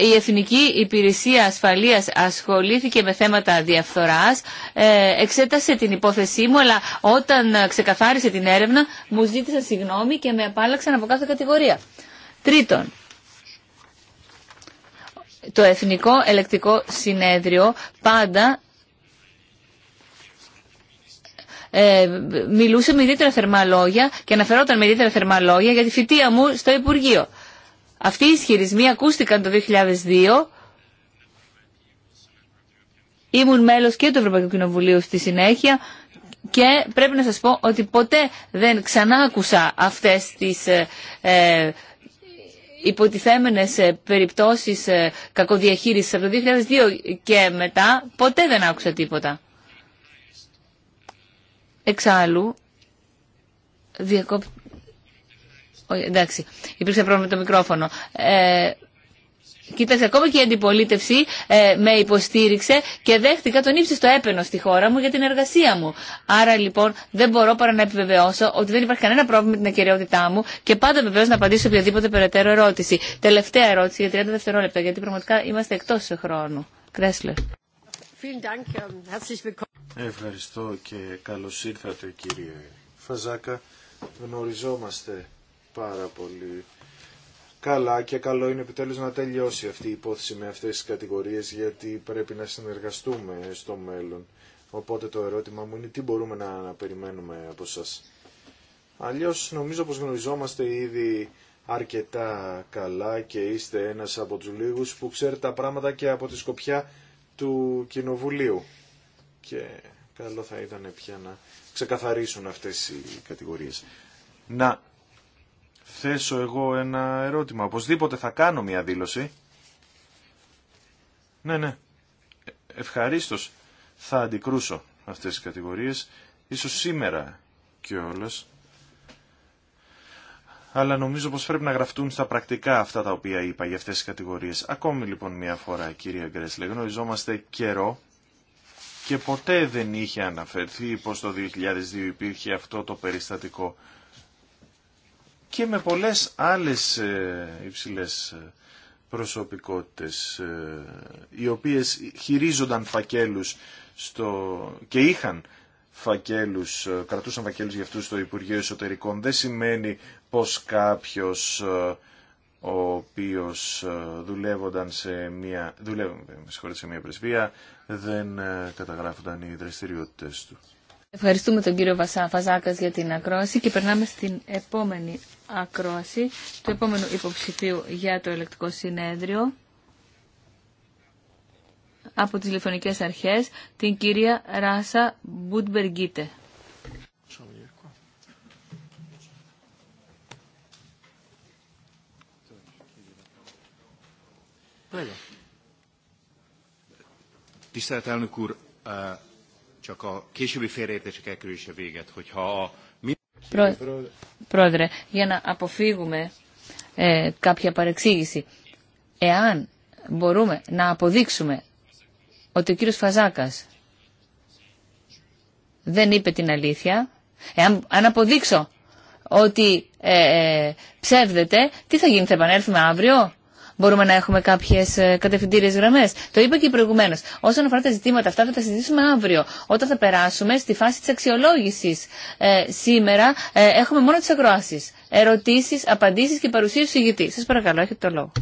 η Εθνική Υπηρεσία Ασφαλείας ασχολήθηκε με θέματα διαφθοράς, ε, εξέτασε την υπόθεσή μου, αλλά όταν ξεκαθάρισε την έρευνα μου ζήτησαν συγγνώμη και με απάλλαξαν από κάθε κατηγορία. Τρίτον, το Εθνικό Ελεκτικό Συνέδριο πάντα ε, μιλούσε με ιδιαίτερα θερμά λόγια και αναφερόταν με ιδιαίτερα θερμά λόγια για τη φοιτεία μου στο Υπουργείο. Αυτοί οι ισχυρισμοί ακούστηκαν το 2002. Ήμουν μέλος και του Ευρωπαϊκού Κοινοβουλίου στη συνέχεια και πρέπει να σας πω ότι ποτέ δεν ξανάκουσα αυτές τις ε, ε υποτιθέμενες ε, περιπτώσεις ε, κακοδιαχείρισης από το 2002 και μετά ποτέ δεν άκουσα τίποτα. Εξάλλου, διακόπτω εντάξει, υπήρξε πρόβλημα με το μικρόφωνο. Ε, Κοίταξε, ακόμα και η αντιπολίτευση ε, με υποστήριξε και δέχτηκα τον ύψιστο έπαινο στη χώρα μου για την εργασία μου. Άρα λοιπόν δεν μπορώ παρά να επιβεβαιώσω ότι δεν υπάρχει κανένα πρόβλημα με την ακαιρεότητά μου και πάντα βεβαίω να απαντήσω οποιαδήποτε περαιτέρω ερώτηση. Τελευταία ερώτηση για 30 δευτερόλεπτα, γιατί πραγματικά είμαστε εκτό χρόνου. Κρέσλε
Ευχαριστώ και καλώ ήρθατε κύριε Φαζάκα. Γνωριζόμαστε πάρα πολύ καλά και καλό είναι επιτέλους να τελειώσει αυτή η υπόθεση με αυτές τις κατηγορίες γιατί πρέπει να συνεργαστούμε στο μέλλον. Οπότε το ερώτημα μου είναι τι μπορούμε να, περιμένουμε από σας. Αλλιώς νομίζω πως γνωριζόμαστε ήδη αρκετά καλά και είστε ένας από τους λίγους που ξέρει τα πράγματα και από τη σκοπιά του Κοινοβουλίου. Και καλό θα ήταν πια να ξεκαθαρίσουν αυτές οι κατηγορίες. Να θέσω εγώ ένα ερώτημα. Οπωσδήποτε θα κάνω μια δήλωση. Ναι, ναι. Ευχαρίστως θα αντικρούσω αυτές τις κατηγορίες. Ίσως σήμερα κιόλας. Αλλά νομίζω πως πρέπει να γραφτούν στα πρακτικά αυτά τα οποία είπα για αυτές τις κατηγορίες. Ακόμη λοιπόν μια φορά κυρία Γκρέσλε, γνωριζόμαστε καιρό και ποτέ δεν είχε αναφερθεί πως το 2002 υπήρχε αυτό το περιστατικό και με πολλές άλλες ε, υψηλές ε, προσωπικότητες ε, οι οποίες χειρίζονταν φακέλους στο... και είχαν φακέλους, κρατούσαν φακέλους για αυτούς στο Υπουργείο Εσωτερικών δεν σημαίνει πως κάποιος ο οποίος δουλεύονταν σε μια, σε μια πρεσβεία δεν καταγράφονταν οι δραστηριότητες του.
Ευχαριστούμε τον κύριο Βασά Φαζάκας για την ακρόαση και περνάμε στην επόμενη ακρόαση του επόμενου υποψηφίου για το ελεκτικό συνέδριο από τις τηλεφωνικές αρχές, την κυρία Ράσα Μπουτμπεργκίτε.
úr,
csak a későbbi véget,
Πρόεδρε, για να αποφύγουμε ε, κάποια παρεξήγηση, εάν μπορούμε να αποδείξουμε ότι ο κύριος Φαζάκας δεν είπε την αλήθεια, εάν αν αποδείξω ότι ε, ε ψεύδεται, τι θα γίνει, θα επανέλθουμε αύριο μπορούμε να έχουμε κάποιε κατευθυντήριε γραμμέ. Το είπα και προηγουμένω. Όσον αφορά τα ζητήματα αυτά, θα τα συζητήσουμε αύριο, όταν θα περάσουμε στη φάση τη αξιολόγηση. Ε, σήμερα ε, έχουμε μόνο τι ακροάσει. Ερωτήσει, απαντήσει και παρουσίαση του ηγητή. Σα παρακαλώ, έχετε το λόγο.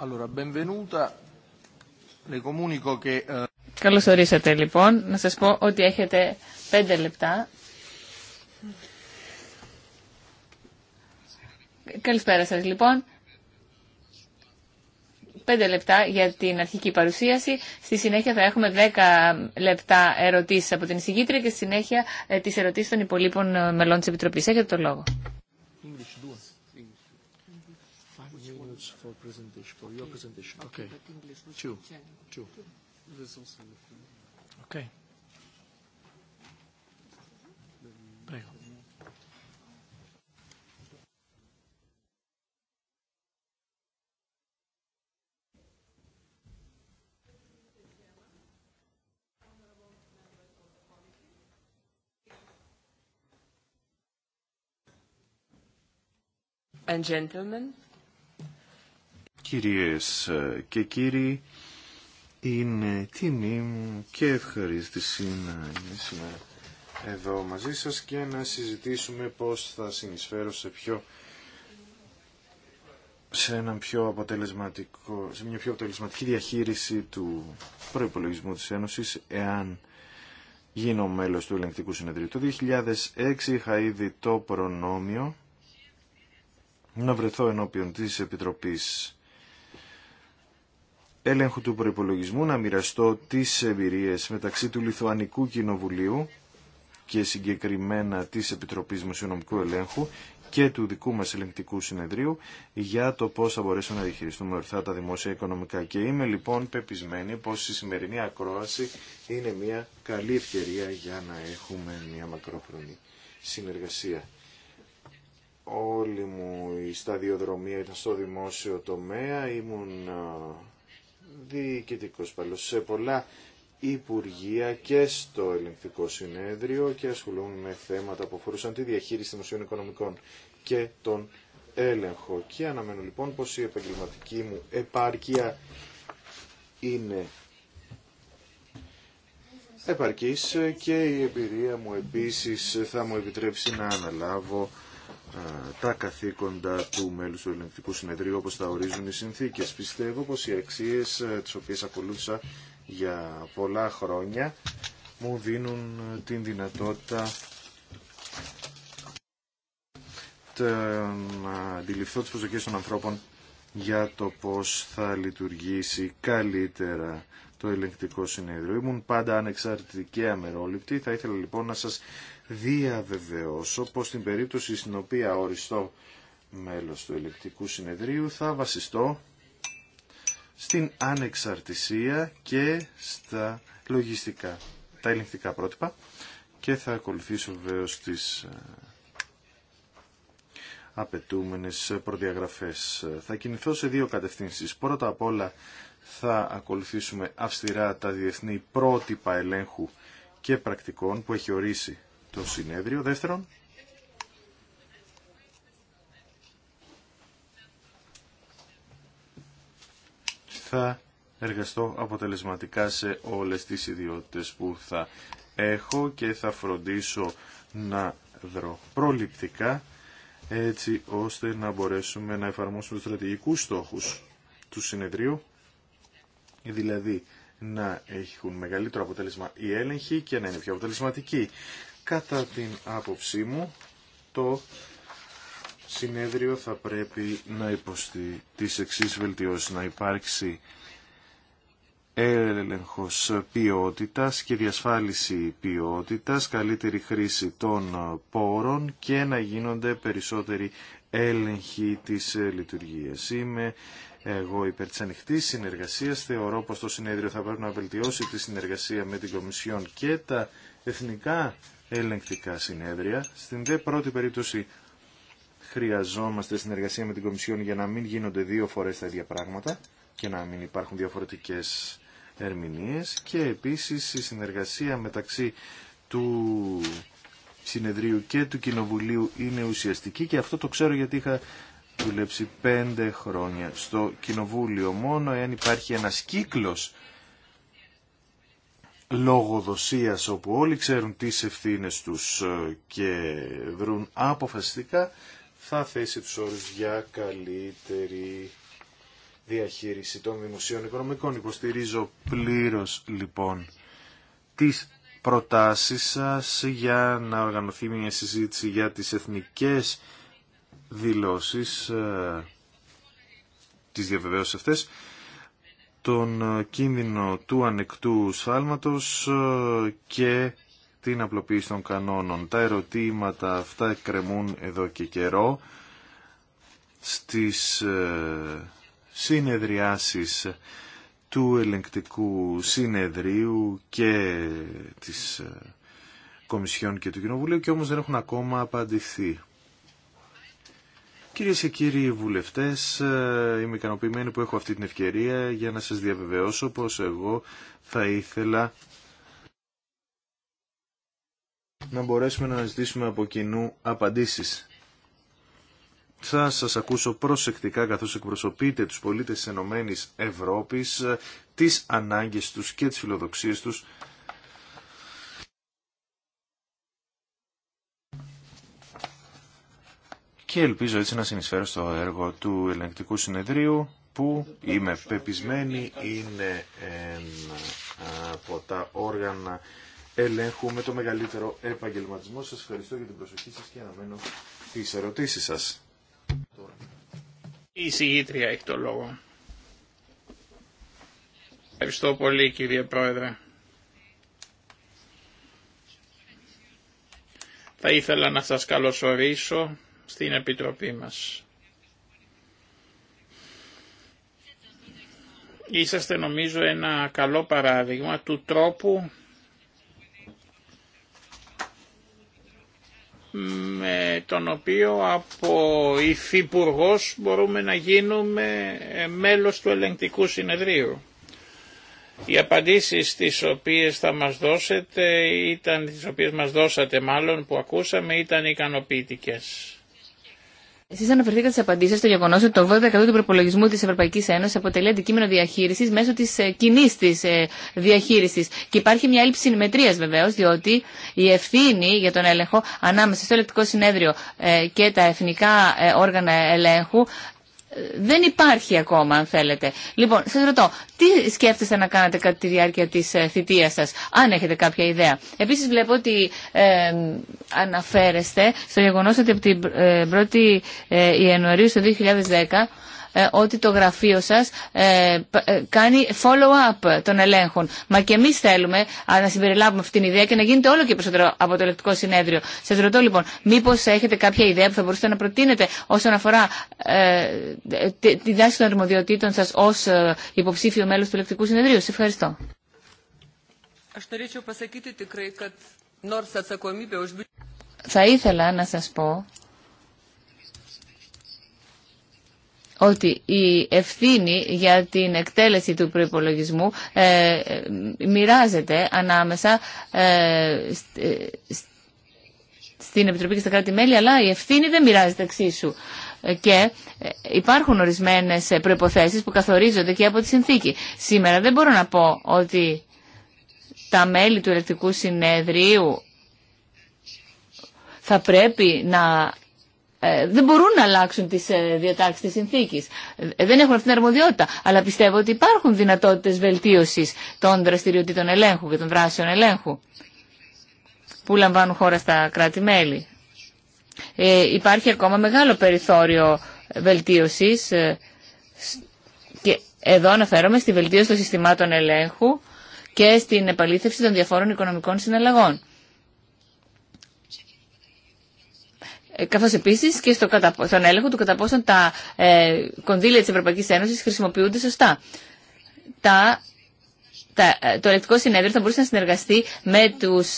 Eh,
Καλώς ορίσατε λοιπόν. Να σας πω ότι έχετε πέντε λεπτά. Καλησπέρα σας λοιπόν. Πέντε λεπτά για την αρχική παρουσίαση. Στη συνέχεια θα έχουμε δέκα λεπτά ερωτήσεις από την εισηγήτρια και στη συνέχεια ε, τις ερωτήσεις των υπολείπων ε, μελών της Επιτροπής. Έχετε το λόγο
presentation, for your presentation. Okay. Two. Two. Okay.
and gentlemen
Κυρίες ε, και κύριοι, είναι τιμή μου και ευχαρίστηση να είμαι σήμερα εδώ μαζί σας και να συζητήσουμε πώς θα συνεισφέρω σε πιο σε, έναν πιο αποτελεσματικό, σε μια πιο αποτελεσματική διαχείριση του προϋπολογισμού της Ένωσης εάν γίνω μέλος του Ελεγκτικού Συνεδρίου. Το 2006 είχα ήδη το προνόμιο να βρεθώ ενώπιον της Επιτροπής έλεγχου του προϋπολογισμού να μοιραστώ τις εμπειρίες μεταξύ του Λιθουανικού Κοινοβουλίου και συγκεκριμένα της Επιτροπής Μουσιονομικού Ελέγχου και του δικού μας ελεγκτικού συνεδρίου για το πώς θα μπορέσουμε να διαχειριστούμε ορθά τα δημόσια οικονομικά. Και είμαι λοιπόν πεπισμένη πως η σημερινή ακρόαση είναι μια καλή ευκαιρία για να έχουμε μια μακρόχρονη συνεργασία. Όλη μου η σταδιοδρομία ήταν στο δημόσιο τομέα, ήμουν διοικητικός παλαιός σε πολλά Υπουργεία και στο Ελληνικό Συνέδριο και ασχολούν με θέματα που αφορούσαν τη διαχείριση δημοσίων οικονομικών και τον έλεγχο. Και αναμένω λοιπόν πως η επαγγελματική μου επάρκεια είναι επαρκής και η εμπειρία μου επίσης θα μου επιτρέψει να αναλάβω τα καθήκοντα του μέλους του Ελληνικού Συνεδρίου όπως τα ορίζουν οι συνθήκες. Πιστεύω πως οι αξίες ε, τις οποίες ακολούθησα για πολλά χρόνια μου δίνουν ε, την δυνατότητα να αντιληφθώ τις προσδοκίες των ανθρώπων για το πώς θα λειτουργήσει καλύτερα το ελεγκτικό συνέδριο. Ήμουν πάντα ανεξάρτητη και αμερόληπτη. Θα ήθελα λοιπόν να σας διαβεβαιώσω πως στην περίπτωση στην οποία οριστώ μέλος του ελεκτικού συνεδρίου θα βασιστώ στην ανεξαρτησία και στα λογιστικά, τα ελεγκτικά πρότυπα και θα ακολουθήσω βεβαίω τις ε, απαιτούμενες προδιαγραφές. Θα κινηθώ σε δύο κατευθύνσεις. Πρώτα απ' όλα θα ακολουθήσουμε αυστηρά τα διεθνή πρότυπα ελέγχου και πρακτικών που έχει ορίσει το συνέδριο. Δεύτερον, θα εργαστώ αποτελεσματικά σε όλες τις ιδιότητες που θα έχω και θα φροντίσω να δρω προληπτικά έτσι ώστε να μπορέσουμε να εφαρμόσουμε τους στρατηγικούς στόχους του συνεδρίου δηλαδή να έχουν μεγαλύτερο αποτέλεσμα οι έλεγχοι και να είναι πιο αποτελεσματικοί Κατά την άποψή μου, το συνέδριο θα πρέπει να υποστεί τις εξής βελτιώσεις, να υπάρξει έλεγχος ποιότητας και διασφάλιση ποιότητας, καλύτερη χρήση των πόρων και να γίνονται περισσότεροι έλεγχοι της λειτουργίας. Είμαι εγώ υπέρ της ανοιχτής συνεργασίας. Θεωρώ πως το συνέδριο θα πρέπει να βελτιώσει τη συνεργασία με την Κομισιόν και τα εθνικά ελεγκτικά συνέδρια. Στην δε πρώτη περίπτωση χρειαζόμαστε συνεργασία με την Κομισιόν για να μην γίνονται δύο φορές τα ίδια πράγματα και να μην υπάρχουν διαφορετικές ερμηνείες και επίσης η συνεργασία μεταξύ του συνεδρίου και του κοινοβουλίου είναι ουσιαστική και αυτό το ξέρω γιατί είχα δουλέψει πέντε χρόνια στο κοινοβούλιο μόνο εάν υπάρχει ένας κύκλος λογοδοσίας όπου όλοι ξέρουν τις ευθύνες τους ε, και δρούν αποφασιστικά θα θέσει τους όρους για καλύτερη διαχείριση των δημοσίων οικονομικών. Υποστηρίζω πλήρως λοιπόν τις προτάσεις σας για να οργανωθεί μια συζήτηση για τις εθνικές δηλώσεις, ε, τις διαβεβαίωσεις αυτές τον ε, κίνδυνο του ανεκτού σφάλματος ε, και την απλοποίηση των κανόνων. Τα ερωτήματα αυτά εκκρεμούν εδώ και καιρό στις ε, συνεδριάσεις του ελεγκτικού συνεδρίου και της Κομισιόν και του Κοινοβουλίου και όμως δεν έχουν ακόμα απαντηθεί. Κυρίε και κύριοι βουλευτέ, ε, είμαι ικανοποιημένη που έχω αυτή την ευκαιρία για να σα διαβεβαιώσω πως εγώ θα ήθελα να μπορέσουμε να ζητήσουμε από κοινού απαντήσεις. Θα σας ακούσω προσεκτικά καθώς εκπροσωπείτε τους πολίτες της ΕΕ, Ευρώπης, ε, τις ανάγκες τους και τις φιλοδοξίες τους και ελπίζω έτσι να συνεισφέρω στο έργο του ελεγκτικού συνεδρίου που είμαι πεπισμένη είναι ένα από τα όργανα ελέγχου με το μεγαλύτερο επαγγελματισμό. Σας ευχαριστώ για την προσοχή σας και αναμένω
τις ερωτήσεις σας. Η συγγήτρια έχει το λόγο. Ευχαριστώ πολύ κύριε Πρόεδρε. Θα ήθελα να σας καλωσορίσω στην Επιτροπή μας. Είσαστε νομίζω ένα καλό παράδειγμα του τρόπου με τον οποίο από υφυπουργό μπορούμε να γίνουμε μέλος του ελεγκτικού συνεδρίου. Οι απαντήσεις τις οποίες θα μας δώσετε, ήταν, τις οποίες μας δώσατε μάλλον που ακούσαμε, ήταν ικανοποιητικές.
Εσεί αναφερθήκατε σε απαντήσει στο γεγονό ότι το 80% του προπολογισμού τη Ευρωπαϊκή Ένωση αποτελεί αντικείμενο διαχείριση μέσω τη ε, κοινή τη ε, διαχείριση. Και υπάρχει μια έλλειψη συνημετρία βεβαίω, διότι η ευθύνη για τον έλεγχο ανάμεσα στο ελεκτικό συνέδριο ε, και τα εθνικά όργανα ελέγχου δεν υπάρχει ακόμα, αν θέλετε. Λοιπόν, σε ρωτώ, τι σκέφτεστε να κάνετε κατά τη διάρκεια της ε, θητείας σας, αν έχετε κάποια ιδέα. Επίσης βλέπω ότι ε, αναφέρεστε στο γεγονό ότι από την 1η ε, ε, Ιανουαρίου στο 2010 ε, ότι το γραφείο σας ε, ε, κάνει follow-up των ελέγχων. Μα και εμείς θέλουμε να συμπεριλάβουμε αυτή την ιδέα και να γίνεται όλο και περισσότερο από το ελεκτικό συνέδριο. Σας ρωτώ λοιπόν, μήπως έχετε κάποια ιδέα που θα μπορούσατε να προτείνετε όσον αφορά τη δάση των αρμοδιοτήτων σας ως υποψήφιο μέλος του ελεκτικού συνεδρίου. Σας ευχαριστώ. Θα ήθελα να σας πω ότι η ευθύνη για την εκτέλεση του προϋπολογισμού ε, μοιράζεται ανάμεσα ε, ε, στην Επιτροπή και στα κράτη-μέλη, αλλά η ευθύνη δεν μοιράζεται εξίσου. Ε, και υπάρχουν ορισμένες προϋποθέσεις που καθορίζονται και από τη συνθήκη. Σήμερα δεν μπορώ να πω ότι τα μέλη του Ελεκτικού Συνεδρίου θα πρέπει να ε, δεν μπορούν να αλλάξουν τις ε, διατάξεις της συνθήκης. Ε, δεν έχουν αυτήν την αρμοδιότητα. Αλλά πιστεύω ότι υπάρχουν δυνατότητες βελτίωσης των δραστηριοτήτων ελέγχου και των δράσεων ελέγχου που λαμβάνουν χώρα στα κράτη-μέλη. Ε, υπάρχει ακόμα μεγάλο περιθώριο βελτίωσης και εδώ αναφέρομαι στη βελτίωση των συστημάτων ελέγχου και στην επαλήθευση των διαφόρων οικονομικών συναλλαγών. Ε, καθώς επίσης και στο, στον έλεγχο του κατά πόσον τα ε, κονδύλια της Ευρωπαϊκής Ένωσης χρησιμοποιούνται σωστά. Τα ε, το ελεκτικό συνέδριο θα μπορούσε να συνεργαστεί με, τους,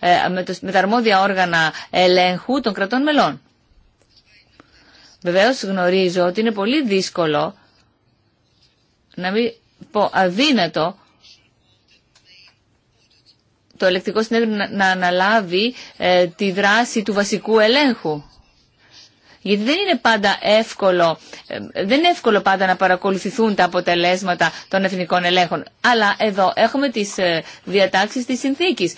με, με τα αρμόδια όργανα ελέγχου των κρατών μελών. Βεβαίω γνωρίζω ότι είναι πολύ δύσκολο, να μην πω αδύνατο, το ελεκτικό συνέδριο να αναλάβει ε, τη δράση του βασικού ελέγχου. Γιατί δεν είναι πάντα εύκολο, ε, δεν είναι εύκολο πάντα να παρακολουθηθούν τα αποτελέσματα των εθνικών ελέγχων. Αλλά εδώ έχουμε τις ε, διατάξεις της συνθήκης.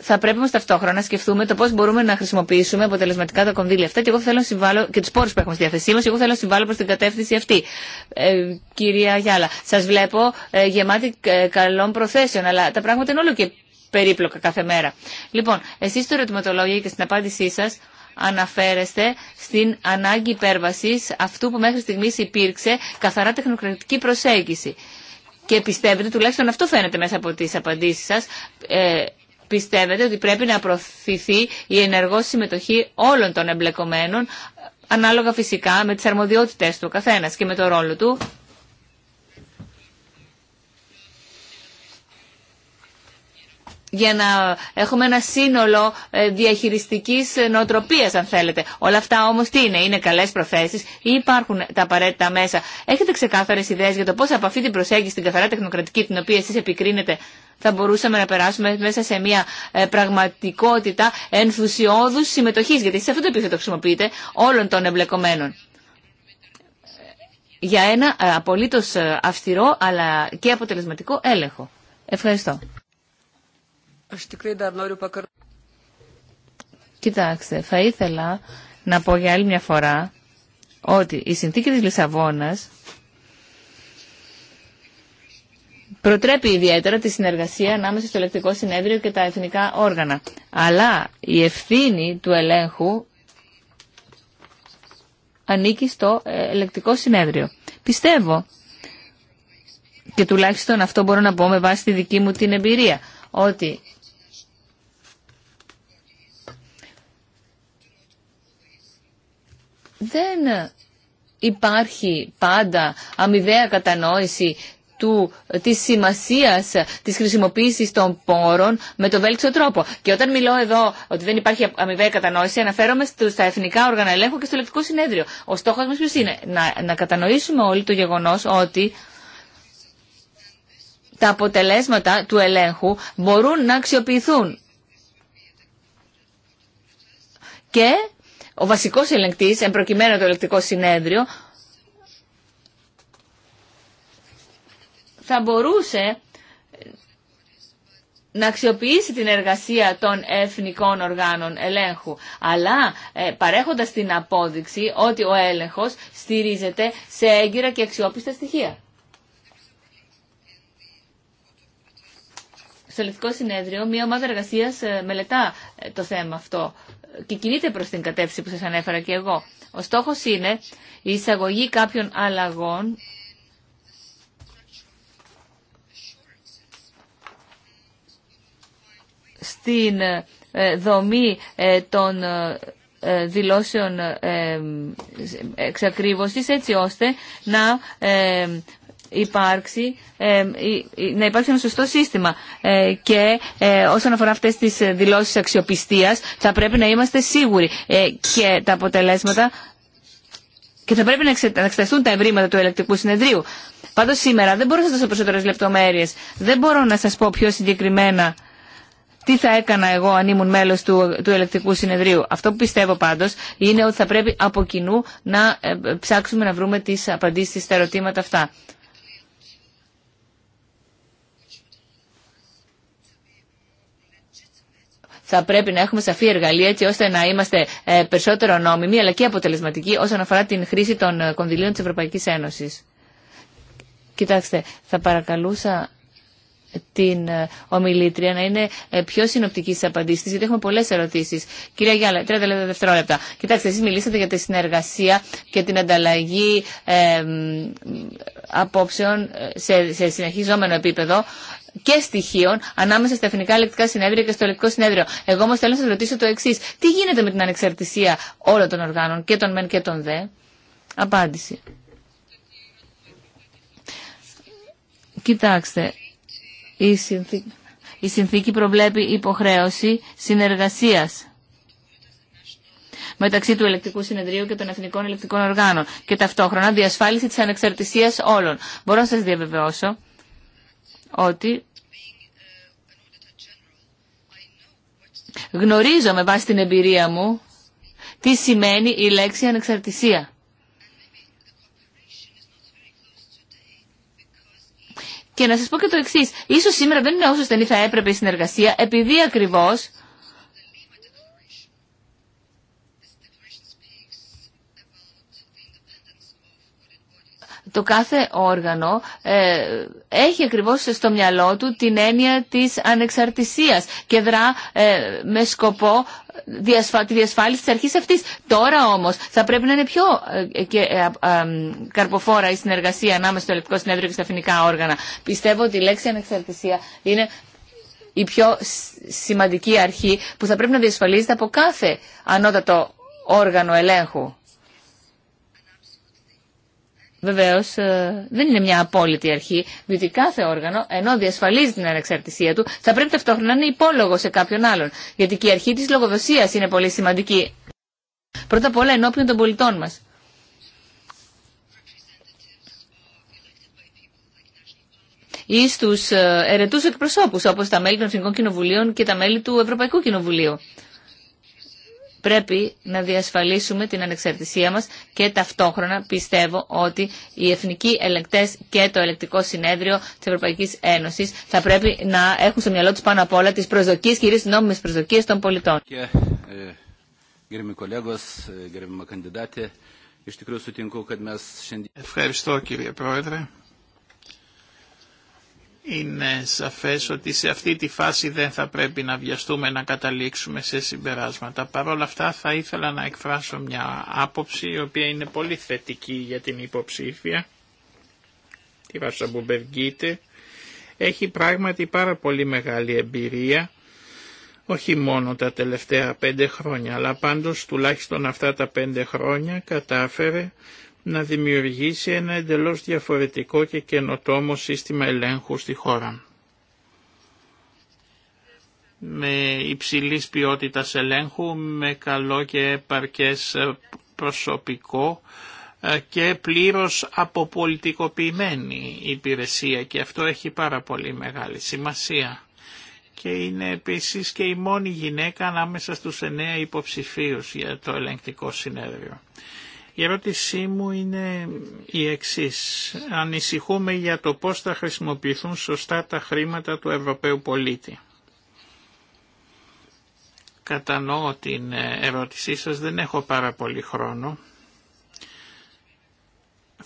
Θα πρέπει όμως ταυτόχρονα να σκεφτούμε το πώ μπορούμε να χρησιμοποιήσουμε αποτελεσματικά τα κονδύλια αυτά και, εγώ θέλω να συμβάλλω, και του πόρους που έχουμε στη διάθεσή μα. Εγώ θέλω να συμβάλλω προς την κατεύθυνση αυτή. Ε, κυρία Γιάλα, Σας βλέπω ε, γεμάτη ε, καλών προθέσεων, αλλά τα πράγματα είναι όλο και περίπλοκα κάθε μέρα. Λοιπόν, εσεί στο ερωτηματολόγιο και στην απάντησή σας αναφέρεστε στην ανάγκη υπέρβασης αυτού που μέχρι στιγμής υπήρξε καθαρά τεχνοκρατική προσέγγιση. Και πιστεύετε, τουλάχιστον αυτό φαίνεται μέσα από τι απαντήσει σας, ε, πιστεύετε ότι πρέπει να προωθηθεί η ενεργό συμμετοχή όλων των εμπλεκομένων, ανάλογα φυσικά με τι αρμοδιότητε του καθένα και με το ρόλο του για να έχουμε ένα σύνολο ε, διαχειριστικής ε, νοοτροπίας αν θέλετε. Όλα αυτά όμως τι είναι, είναι καλές προθέσεις ή υπάρχουν τα απαραίτητα μέσα. Έχετε ξεκάθαρες ιδέες για το πώς από αυτή την προσέγγιση την καθαρά τεχνοκρατική την οποία εσείς επικρίνετε θα μπορούσαμε να περάσουμε μέσα σε μια ε, πραγματικότητα ενθουσιώδους συμμετοχής, γιατί σε αυτό το επίθετο χρησιμοποιείτε όλων των εμπλεκομένων για ένα απολύτως αυστηρό αλλά και αποτελεσματικό έλεγχο. Ευχαριστώ. Κοιτάξτε, θα ήθελα να πω για άλλη μια φορά ότι η συνθήκη της Λισαβόνας προτρέπει ιδιαίτερα τη συνεργασία ανάμεσα στο ελεκτικό συνέδριο και τα εθνικά όργανα. Αλλά η ευθύνη του ελέγχου ανήκει στο ε, ελεκτικό συνέδριο. Πιστεύω, και τουλάχιστον αυτό μπορώ να πω με βάση τη δική μου την εμπειρία, ότι δεν υπάρχει πάντα αμοιβαία κατανόηση του, της σημασίας της χρησιμοποίησης των πόρων με τον βέλτιστο τρόπο. Και όταν μιλώ εδώ ότι δεν υπάρχει αμοιβαία κατανόηση, αναφέρομαι στα εθνικά όργανα ελέγχου και στο λεπτικό συνέδριο. Ο στόχος μας ποιος είναι, να, να κατανοήσουμε όλοι το γεγονός ότι τα αποτελέσματα του ελέγχου μπορούν να αξιοποιηθούν. Και ο βασικός ελεγκτής, εμπροκειμένο το Ελεκτικό συνέδριο, θα μπορούσε να αξιοποιήσει την εργασία των εθνικών οργάνων ελέγχου, αλλά ε, παρέχοντας την απόδειξη ότι ο έλεγχος στηρίζεται σε έγκυρα και αξιόπιστα στοιχεία. Στο Ελεκτικό Συνέδριο, μια ομάδα εργασία ε, μελετά ε, το θέμα αυτό και κινείται προς την κατεύθυνση που σας ανέφερα και εγώ. Ο στόχος είναι η εισαγωγή κάποιων αλλαγών στην ε, δομή ε, των ε, δηλώσεων εξακρίβωσης έτσι ώστε να υπάρξει, ε, να υπάρξει ένα σωστό σύστημα. Ε, και ε, όσον αφορά αυτές τις δηλώσεις αξιοπιστίας, θα πρέπει να είμαστε σίγουροι. και τα αποτελέσματα και θα πρέπει να εξεταστούν τα ευρήματα του ελεκτικού συνεδρίου. Πάντως σήμερα δεν μπορώ να σας δώσω περισσότερες λεπτομέρειες. Δεν μπορώ να σας πω πιο συγκεκριμένα τι θα έκανα εγώ αν ήμουν μέλος του, του ελεκτικού συνεδρίου. Αυτό που πιστεύω πάντως είναι ότι θα πρέπει από κοινού να ψάξουμε να βρούμε τις απαντήσεις στα ερωτήματα αυτά. θα πρέπει να έχουμε σαφή εργαλεία έτσι ώστε να είμαστε ε, περισσότερο νόμιμοι αλλά και αποτελεσματικοί όσον αφορά την χρήση των ε, κονδυλίων της Ευρωπαϊκής Ένωσης. Κοιτάξτε, θα παρακαλούσα την ε, ομιλήτρια να είναι πιο συνοπτική στι απαντήσει γιατί έχουμε πολλέ ερωτήσει. Κυρία Γιάλα, 30 δευτερόλεπτα. Κοιτάξτε, εσεί μιλήσατε για τη συνεργασία και την ανταλλαγή ε, απόψεων σε, σε συνεχιζόμενο επίπεδο και στοιχείων ανάμεσα στα εθνικά ελεκτικά συνέδρια και στο ελεκτικό συνέδριο. Εγώ όμω θέλω να σα ρωτήσω το εξή. Τι γίνεται με την ανεξαρτησία όλων των οργάνων και των μεν και των δε. Απάντηση. Κοιτάξτε, η συνθήκη, η συνθήκη προβλέπει υποχρέωση συνεργασίας μεταξύ του ελεκτικού συνεδρίου και των εθνικών ελεκτικών οργάνων και ταυτόχρονα διασφάλιση της ανεξαρτησίας όλων. Μπορώ να σας διαβεβαιώσω ότι γνωρίζω με βάση την εμπειρία μου τι σημαίνει η λέξη ανεξαρτησία. Και να σας πω και το εξής, ίσως σήμερα δεν είναι όσο στενή θα έπρεπε η συνεργασία, επειδή ακριβώς το κάθε όργανο ε, έχει ακριβώς στο μυαλό του την έννοια της ανεξαρτησίας και δρά ε, με σκοπό τη διασφάλιση της αρχής αυτής. Τώρα όμως θα πρέπει να είναι πιο ε, ε, καρποφόρα η συνεργασία ανάμεσα στο Ελληνικό συνέδριο και στα φοινικά όργανα. Πιστεύω ότι η λέξη ανεξαρτησία είναι η πιο σημαντική αρχή που θα πρέπει να διασφαλίζεται από κάθε ανώτατο όργανο ελέγχου. Βεβαίω ε, δεν είναι μια απόλυτη αρχή, διότι κάθε όργανο, ενώ διασφαλίζει την ανεξαρτησία του, θα πρέπει ταυτόχρονα να είναι υπόλογο σε κάποιον άλλον. Γιατί και η αρχή τη λογοδοσία είναι πολύ σημαντική. Πρώτα απ' όλα ενώπιον των πολιτών μα. ή στου ε, ερετού εκπροσώπου, όπω τα μέλη των Εθνικών Κοινοβουλίων και τα μέλη του Ευρωπαϊκού Κοινοβουλίου. Πρέπει να διασφαλίσουμε την ανεξαρτησία μας και ταυτόχρονα πιστεύω ότι οι εθνικοί ελεκτές και το ελεκτικό συνέδριο της Ευρωπαϊκής Ένωσης θα πρέπει να έχουν στο μυαλό τους πάνω απ' όλα τις προσδοκίες, κυρίως τις νόμιμες προσδοκίες των πολιτών.
Ε, ε, Ευχαριστώ κύριε Πρόεδρε. Είναι σαφές ότι σε αυτή τη φάση δεν θα πρέπει να βιαστούμε να καταλήξουμε σε συμπεράσματα. Παρ' όλα αυτά θα ήθελα να εκφράσω μια άποψη η οποία είναι πολύ θετική για την υποψήφια, τη Βασαμπουμπεργίτε. Έχει πράγματι πάρα πολύ μεγάλη εμπειρία, όχι μόνο τα τελευταία πέντε χρόνια, αλλά πάντως τουλάχιστον αυτά τα πέντε χρόνια κατάφερε να δημιουργήσει ένα εντελώς διαφορετικό και καινοτόμο σύστημα ελέγχου στη χώρα. Με υψηλής ποιότητας ελέγχου, με καλό και επαρκές προσωπικό ε, και πλήρως αποπολιτικοποιημένη υπηρεσία και αυτό έχει πάρα πολύ μεγάλη σημασία. Και είναι επίσης και η μόνη γυναίκα ανάμεσα στους εννέα υποψηφίους για το ελεγκτικό συνέδριο. Η ερώτησή μου είναι η εξής. Ανησυχούμε για το πώς θα χρησιμοποιηθούν σωστά τα χρήματα του Ευρωπαίου πολίτη. Κατανοώ την ε, ερώτησή σας, δεν έχω πάρα πολύ χρόνο.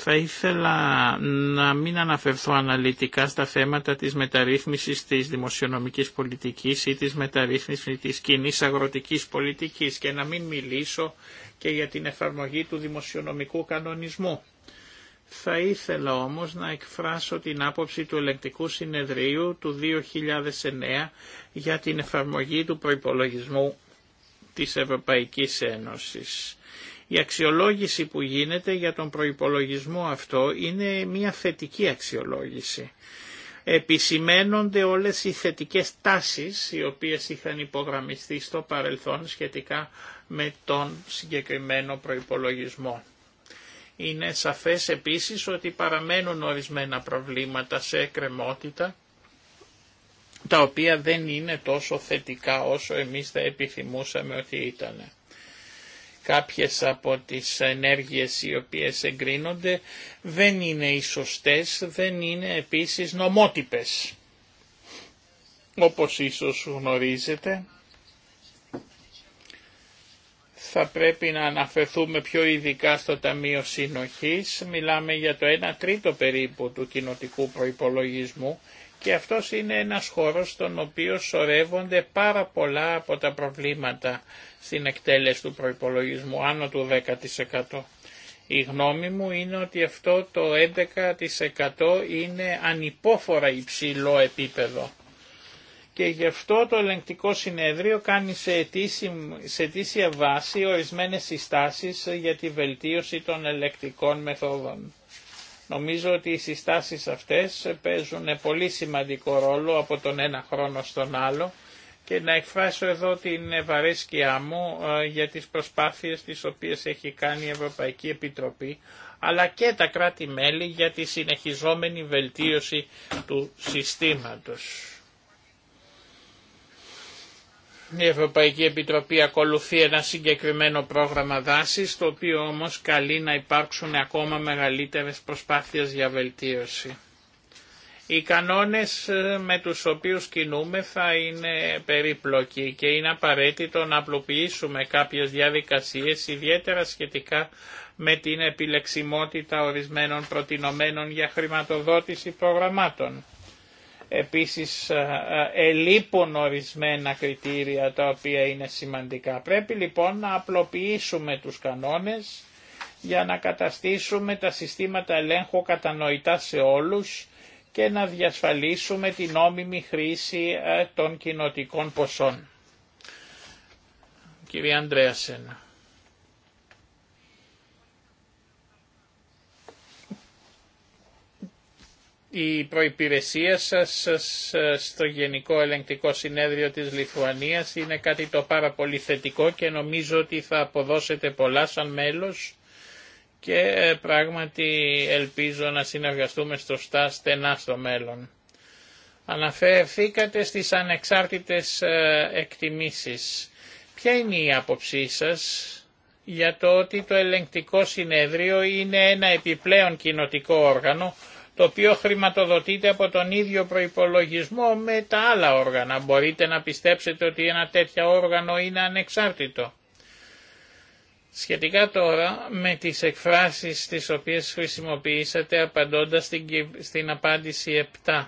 Θα ήθελα να μην αναφερθώ αναλυτικά στα θέματα της μεταρρύθμισης της δημοσιονομικής πολιτικής ή της μεταρρύθμισης της κοινή αγροτικής πολιτικής και να μην μιλήσω και για την εφαρμογή του δημοσιονομικού κανονισμού. Θα ήθελα όμως να εκφράσω την άποψη του Ελεκτικού συνεδρίου του 2009 για την εφαρμογή του προϋπολογισμού της Ευρωπαϊκής Ένωσης. Η αξιολόγηση που γίνεται για τον προϋπολογισμό αυτό είναι μια θετική αξιολόγηση επισημένονται όλες οι θετικές τάσεις οι οποίες είχαν υπογραμμιστεί στο παρελθόν σχετικά με τον συγκεκριμένο προϋπολογισμό. Είναι σαφές επίσης ότι παραμένουν ορισμένα προβλήματα σε εκκρεμότητα τα οποία δεν είναι τόσο θετικά όσο εμείς θα επιθυμούσαμε ότι ήταν κάποιες από τις ενέργειες οι οποίες εγκρίνονται δεν είναι οι σωστές, δεν είναι επίσης νομότυπες. Όπως ίσως γνωρίζετε, θα πρέπει να αναφερθούμε πιο ειδικά στο Ταμείο Συνοχής. Μιλάμε για το 1 τρίτο περίπου του κοινοτικού προϋπολογισμού και αυτός είναι ένας χώρος στον οποίο σωρεύονται πάρα πολλά από τα προβλήματα στην εκτέλεση του προϋπολογισμού, άνω του 10%. Η γνώμη μου είναι ότι αυτό το 11% είναι ανυπόφορα υψηλό επίπεδο. Και γι' αυτό το ελεγκτικό συνέδριο κάνει σε αιτήσια, σε αιτήσια βάση ορισμένες συστάσεις για τη βελτίωση των ελεκτικών μεθόδων. Νομίζω ότι οι συστάσεις αυτές παίζουν πολύ σημαντικό ρόλο από τον ένα χρόνο στον άλλο και να εκφράσω εδώ την ευαρέσκειά μου ε, για τις προσπάθειες τις οποίες έχει κάνει η Ευρωπαϊκή Επιτροπή αλλά και τα κράτη-μέλη για τη συνεχιζόμενη βελτίωση του συστήματος. Η Ευρωπαϊκή Επιτροπή ακολουθεί ένα συγκεκριμένο πρόγραμμα δάσης, το οποίο όμως καλεί να υπάρξουν ακόμα μεγαλύτερες προσπάθειες για βελτίωση. Οι κανόνες ε, με τους οποίους κινούμε θα είναι περίπλοκοι και είναι απαραίτητο να απλοποιήσουμε κάποιες διαδικασίες ιδιαίτερα σχετικά με την επιλεξιμότητα ορισμένων προτινομένων για χρηματοδότηση προγραμμάτων. Επίσης ε, ε, ελείπουν ορισμένα κριτήρια τα οποία είναι σημαντικά. Πρέπει λοιπόν να απλοποιήσουμε τους κανόνες για να καταστήσουμε τα συστήματα ελέγχου κατανοητά σε όλους και να διασφαλίσουμε την νόμιμη χρήση ε, των κοινοτικών ποσών. Κύριε Σένα. Η προϋπηρεσία σας στο Γενικό Ελεγκτικό Συνέδριο της Λιθουανίας είναι κάτι το πάρα πολύ θετικό και νομίζω ότι θα αποδώσετε πολλά σαν μέλος και πράγματι ελπίζω να συνεργαστούμε στο ΣΤΑ στενά στο μέλλον. Αναφερθήκατε στις ανεξάρτητες ε, εκτιμήσεις. Ποια είναι η άποψή σας για το ότι το ελεγκτικό συνέδριο είναι ένα επιπλέον κοινοτικό όργανο το οποίο χρηματοδοτείται από τον ίδιο προϋπολογισμό με τα άλλα όργανα. Μπορείτε να πιστέψετε ότι ένα τέτοιο όργανο είναι ανεξάρτητο. Σχετικά τώρα με τις εκφράσεις τις οποίες χρησιμοποιήσατε απαντώντας στην απάντηση 7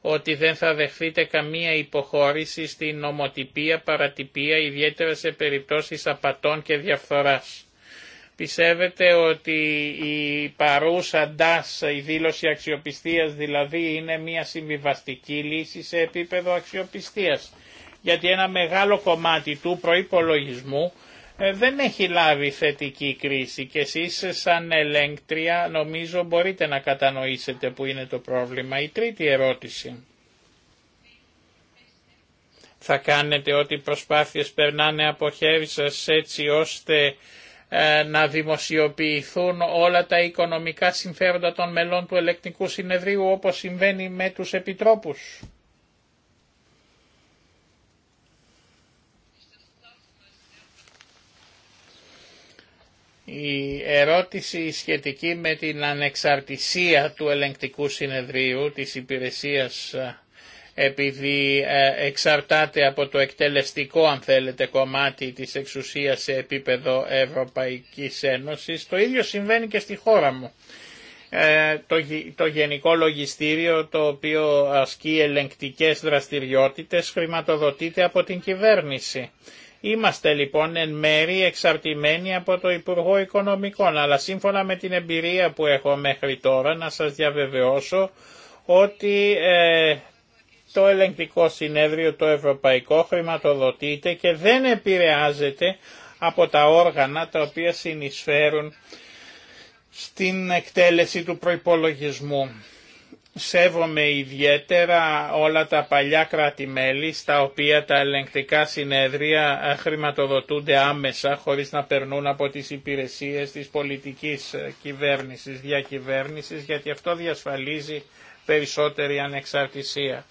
ότι δεν θα δεχθείτε καμία υποχώρηση στην νομοτυπία, παρατυπία, ιδιαίτερα σε περιπτώσεις απατών και διαφθοράς. Πιστεύετε ότι η παρούσα ντάς, η δήλωση αξιοπιστίας δηλαδή είναι μια συμβιβαστική λύση σε επίπεδο αξιοπιστίας. Γιατί ένα μεγάλο κομμάτι του προϋπολογισμού ε, δεν έχει λάβει θετική κρίση και εσείς σαν ελέγκτρια νομίζω μπορείτε να κατανοήσετε που είναι το πρόβλημα. Η τρίτη ερώτηση. Θα κάνετε ό,τι προσπάθειες περνάνε από χέρι σας έτσι ώστε ε, να δημοσιοποιηθούν όλα τα οικονομικά συμφέροντα των μελών του ελεκτικού συνεδρίου όπως συμβαίνει με τους επιτρόπους. Η ερώτηση σχετική με την ανεξαρτησία του ελεγκτικού συνεδρίου της υπηρεσίας ε, επειδή ε, εξαρτάται από το εκτελεστικό αν θέλετε κομμάτι της εξουσίας σε επίπεδο Ευρωπαϊκής Ένωσης. Το ίδιο συμβαίνει και στη χώρα μου. Ε, το, το Γενικό Λογιστήριο το οποίο ασκεί ελεγκτικές δραστηριότητες χρηματοδοτείται από την κυβέρνηση. Είμαστε λοιπόν εν μέρη εξαρτημένοι από το Υπουργό Οικονομικών, αλλά σύμφωνα με την εμπειρία που έχω μέχρι τώρα να σας διαβεβαιώσω ότι ε, το ελεγκτικό συνέδριο το ευρωπαϊκό χρηματοδοτείται και δεν επηρεάζεται από τα όργανα τα οποία συνεισφέρουν στην εκτέλεση του προϋπολογισμού. Σέβομαι ιδιαίτερα όλα τα παλιά κράτη-μέλη στα οποία τα ελεγκτικά συνέδρια ε, χρηματοδοτούνται άμεσα χωρίς να περνούν από τις υπηρεσίες της πολιτικής ε, κυβέρνησης, διακυβέρνησης γιατί αυτό διασφαλίζει περισσότερη ανεξαρτησία.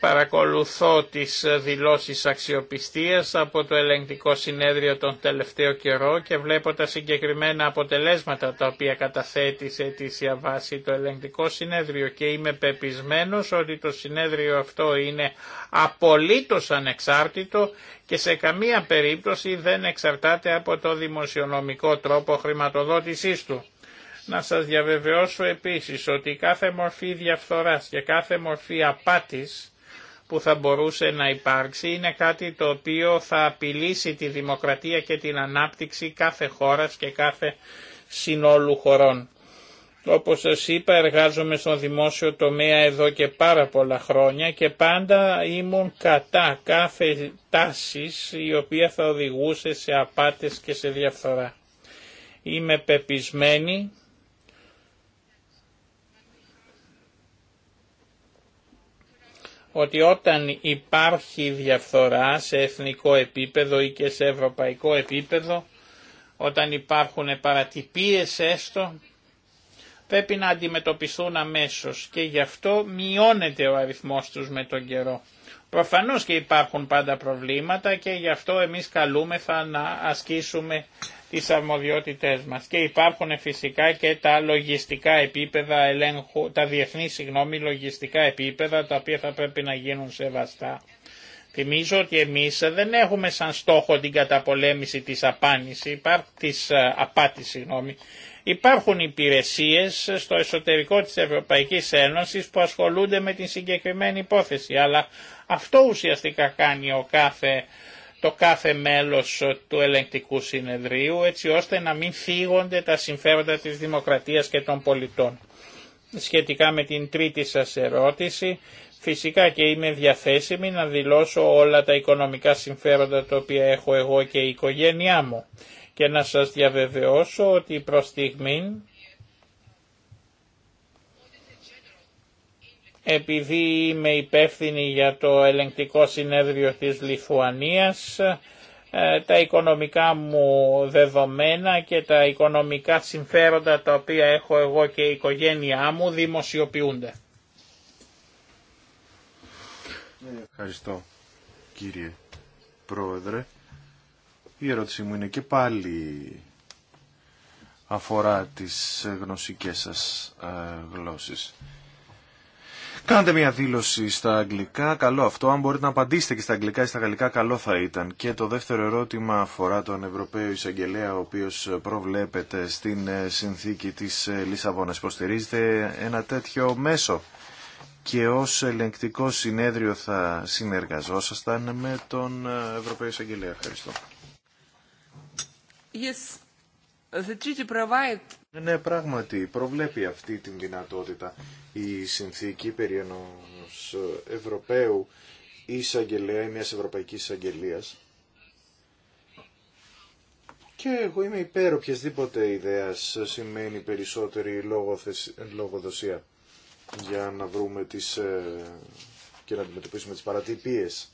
Παρακολουθώ τις δηλώσεις αξιοπιστίας από το ελεγκτικό συνέδριο τον τελευταίο καιρό και βλέπω τα συγκεκριμένα αποτελέσματα τα οποία καταθέτει σε αιτήσια βάση το ελεγκτικό συνέδριο και είμαι πεπισμένος ότι το συνέδριο αυτό είναι απολύτως ανεξάρτητο και σε καμία περίπτωση δεν εξαρτάται από το δημοσιονομικό τρόπο χρηματοδότησής του. Να σας διαβεβαιώσω επίσης ότι κάθε μορφή διαφθοράς και κάθε μορφή απάτης που θα μπορούσε να υπάρξει είναι κάτι το οποίο θα απειλήσει τη δημοκρατία και την ανάπτυξη κάθε χώρας και κάθε συνόλου χωρών. Όπως σας είπα εργάζομαι στον δημόσιο τομέα εδώ και πάρα πολλά χρόνια και πάντα ήμουν κατά κάθε τάσης η οποία θα οδηγούσε σε απάτες και σε διαφθορά. Είμαι πεπισμένη ότι όταν υπάρχει διαφθορά σε εθνικό επίπεδο ή και σε ευρωπαϊκό επίπεδο, όταν υπάρχουν παρατυπίες έστω, πρέπει να αντιμετωπιστούν αμέσως και γι' αυτό μειώνεται ο αριθμός τους με τον καιρό. Προφανώς και υπάρχουν πάντα προβλήματα και γι' αυτό εμείς καλούμεθα να ασκήσουμε τις αρμοδιότητές μας. Και υπάρχουν φυσικά και τα λογιστικά επίπεδα τα διεθνή συγγνώμη λογιστικά επίπεδα τα οποία θα πρέπει να γίνουν σεβαστά. Θυμίζω ότι εμείς δεν έχουμε σαν στόχο την καταπολέμηση της, απάνης, της ε, απάτης. Συγγνώμη. Υπάρχουν υπηρεσίες στο εσωτερικό της Ευρωπαϊκής Ένωσης που ασχολούνται με την συγκεκριμένη υπόθεση, αλλά αυτό ουσιαστικά κάνει ο κάθε, το κάθε μέλος του ελεγκτικού συνεδρίου έτσι ώστε να μην φύγονται τα συμφέροντα της δημοκρατίας και των πολιτών. Σχετικά με την τρίτη σας ερώτηση, φυσικά και είμαι διαθέσιμη να δηλώσω όλα τα οικονομικά συμφέροντα τα οποία έχω εγώ και η οικογένειά μου και να σας διαβεβαιώσω ότι προς στιγμή. επειδή είμαι υπεύθυνη για το ελεγκτικό συνέδριο της Λιθουανίας, ε, τα οικονομικά μου δεδομένα και τα οικονομικά συμφέροντα τα οποία έχω εγώ και η οικογένειά μου δημοσιοποιούνται.
Ευχαριστώ κύριε Πρόεδρε. Η ερώτησή μου είναι και πάλι αφορά τις γνωσικές σας ε, γλώσσες. Κάντε μια δήλωση στα αγγλικά, καλό αυτό. Αν μπορείτε να απαντήσετε και στα αγγλικά ή στα γαλλικά, καλό θα ήταν. Και το δεύτερο ερώτημα αφορά τον Ευρωπαίο Εισαγγελέα, ο οποίο προβλέπεται στην ε, συνθήκη της ε, Λισαβόνα Υποστηρίζετε ένα τέτοιο μέσο και ω ελεγκτικό συνέδριο θα συνεργαζόσασταν με τον ε, Ευρωπαίο Εισαγγελέα. Ευχαριστώ. Yes. Ναι, πράγματι, προβλέπει αυτή την δυνατότητα η συνθήκη περί ενός Ευρωπαίου εισαγγελέα ή μιας Ευρωπαϊκής εισαγγελίας. Και εγώ είμαι υπέρ οποιασδήποτε ιδέας σημαίνει περισσότερη λογοδοσία για να βρούμε τις ε, και να αντιμετωπίσουμε τις παρατυπίες.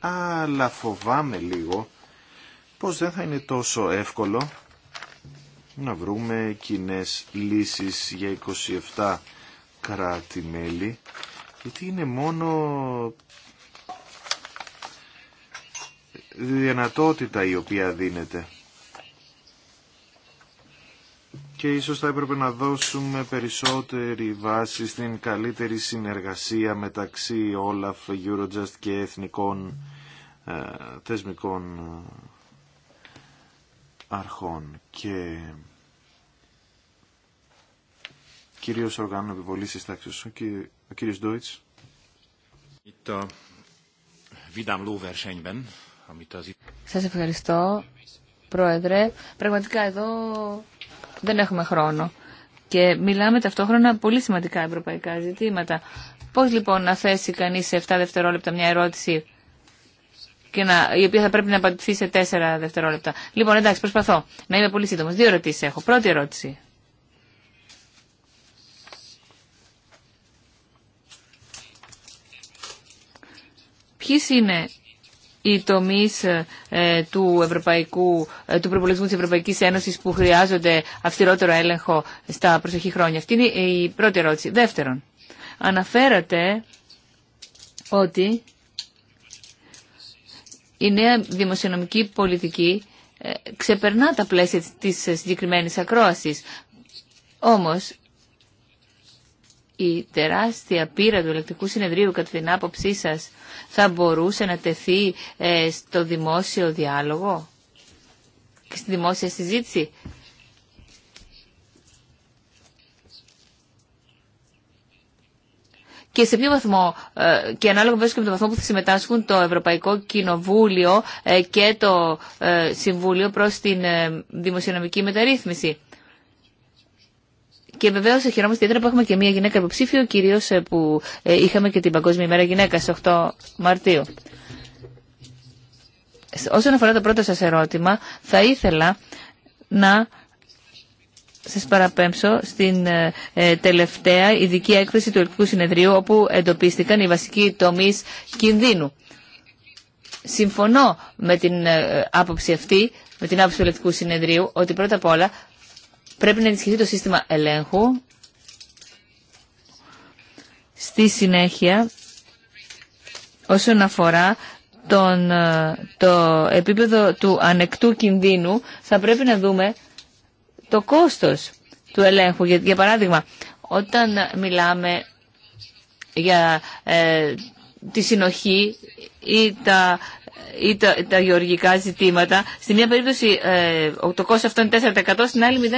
Αλλά φοβάμαι λίγο πως δεν θα είναι τόσο εύκολο να βρούμε κοινέ λύσεις για 27 κράτη-μέλη, γιατί είναι μόνο δυνατότητα η οποία δίνεται. Και ίσως θα έπρεπε να δώσουμε περισσότερη βάση στην καλύτερη συνεργασία μεταξύ Όλαφ, Eurojust και εθνικών ε, θεσμικών αρχών και κυρίως οργάνων επιβολής της τάξης. Ο, ο κύριος Ντόιτς.
Σας ευχαριστώ, Πρόεδρε. Πραγματικά εδώ δεν έχουμε χρόνο. Και μιλάμε ταυτόχρονα πολύ σημαντικά ευρωπαϊκά ζητήματα. Πώς λοιπόν να θέσει κανείς σε 7 δευτερόλεπτα μια ερώτηση και να, η οποία θα πρέπει να απαντηθεί σε τέσσερα δευτερόλεπτα. Λοιπόν, εντάξει, προσπαθώ να είμαι πολύ σύντομο. Δύο ερωτήσει έχω. Πρώτη ερώτηση. Ποιε είναι οι τομεί ε, του, ευρωπαϊκού, ε, του προπολογισμού τη Ευρωπαϊκή Ένωση που χρειάζονται αυστηρότερο έλεγχο στα προσεχή χρόνια. Αυτή είναι η πρώτη ερώτηση. Δεύτερον, αναφέρατε ότι η νέα δημοσιονομική πολιτική ε, ξεπερνά τα πλαίσια της συγκεκριμένης ακρόασης. Όμως, η τεράστια πύρα του ελεκτικού συνεδρίου, κατά την άποψή σας, θα μπορούσε να τεθεί ε, στο δημόσιο διάλογο και στη δημόσια συζήτηση. και σε ποιο βαθμό, ε, και ανάλογα βέβαια και με το βαθμό που θα συμμετάσχουν το Ευρωπαϊκό Κοινοβούλιο ε, και το ε, Συμβούλιο προς την δημοσιονομική μεταρρύθμιση. Και βεβαίω χαιρόμαστε ιδιαίτερα που έχουμε και μία γυναίκα υποψήφιο, κυρίω που είχαμε και την Παγκόσμια ημέρα γυναίκα 8 Μαρτίου. Όσον αφορά το πρώτο σας ερώτημα, θα ήθελα να σας παραπέμψω στην ε, ε, τελευταία ειδική έκθεση του Ελληνικού Συνεδρίου όπου εντοπίστηκαν οι βασικοί τομείς κινδύνου. Συμφωνώ με την ε, άποψη αυτή, με την άποψη του Ελληνικού Συνεδρίου, ότι πρώτα απ' όλα πρέπει να ενισχυθεί το σύστημα ελέγχου. Στη συνέχεια, όσον αφορά τον, το επίπεδο του ανεκτού κινδύνου, θα πρέπει να δούμε το κόστος του ελέγχου. Για, για παράδειγμα, όταν μιλάμε για ε, τη συνοχή ή τα, ή τα, γεωργικά ζητήματα. στην μία περίπτωση ε, το κόστος αυτό είναι 4%, στην άλλη 0,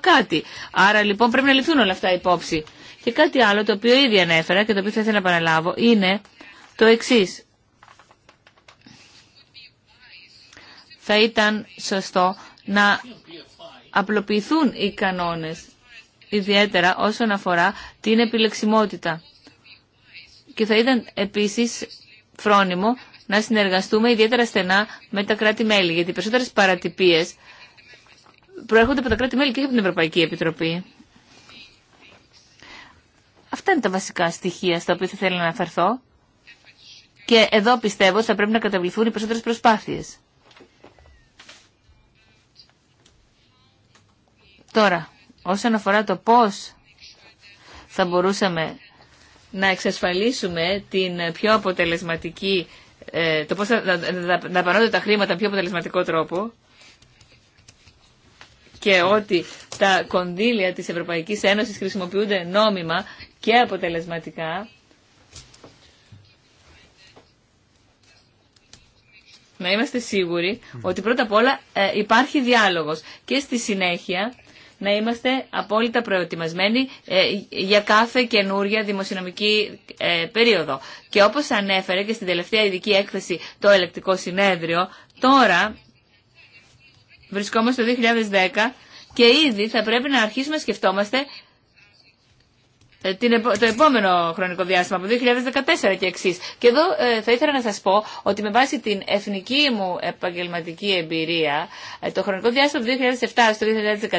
κάτι. Άρα λοιπόν πρέπει να ληφθούν όλα αυτά υπόψη. Και κάτι άλλο το οποίο ήδη ανέφερα και το οποίο θα ήθελα να παραλάβω, είναι το εξή. Θα ήταν σωστό να απλοποιηθούν οι κανόνες, ιδιαίτερα όσον αφορά την επιλεξιμότητα. Και θα ήταν επίσης φρόνιμο να συνεργαστούμε ιδιαίτερα στενά με τα κράτη-μέλη, γιατί οι περισσότερες παρατυπίες προέρχονται από τα κράτη-μέλη και από την Ευρωπαϊκή Επιτροπή. Αυτά είναι τα βασικά στοιχεία στα οποία θα ήθελα να αναφερθώ. Και εδώ πιστεύω ότι θα πρέπει να καταβληθούν οι περισσότερες προσπάθειες. Τώρα, όσον αφορά το πώς θα μπορούσαμε να εξασφαλίσουμε την πιο αποτελεσματική, ε, το πώς θα δαπανώνται τα χρήματα πιο αποτελεσματικό τρόπο και ότι τα κονδύλια της Ευρωπαϊκής Ένωσης χρησιμοποιούνται νόμιμα και αποτελεσματικά, να είμαστε σίγουροι ότι πρώτα απ' όλα ε, υπάρχει διάλογος και στη συνέχεια να είμαστε απόλυτα προετοιμασμένοι ε, για κάθε καινούρια δημοσιονομική ε, περίοδο. Και όπως ανέφερε και στην τελευταία ειδική έκθεση το ελεκτικό συνέδριο, τώρα βρισκόμαστε το 2010 και ήδη θα πρέπει να αρχίσουμε να σκεφτόμαστε ε, το επόμενο χρονικό διάστημα, από 2014 και εξή. Και εδώ ε, θα ήθελα να σας πω ότι με βάση την εθνική μου επαγγελματική εμπειρία, ε, το χρονικό διάστημα από 2007 στο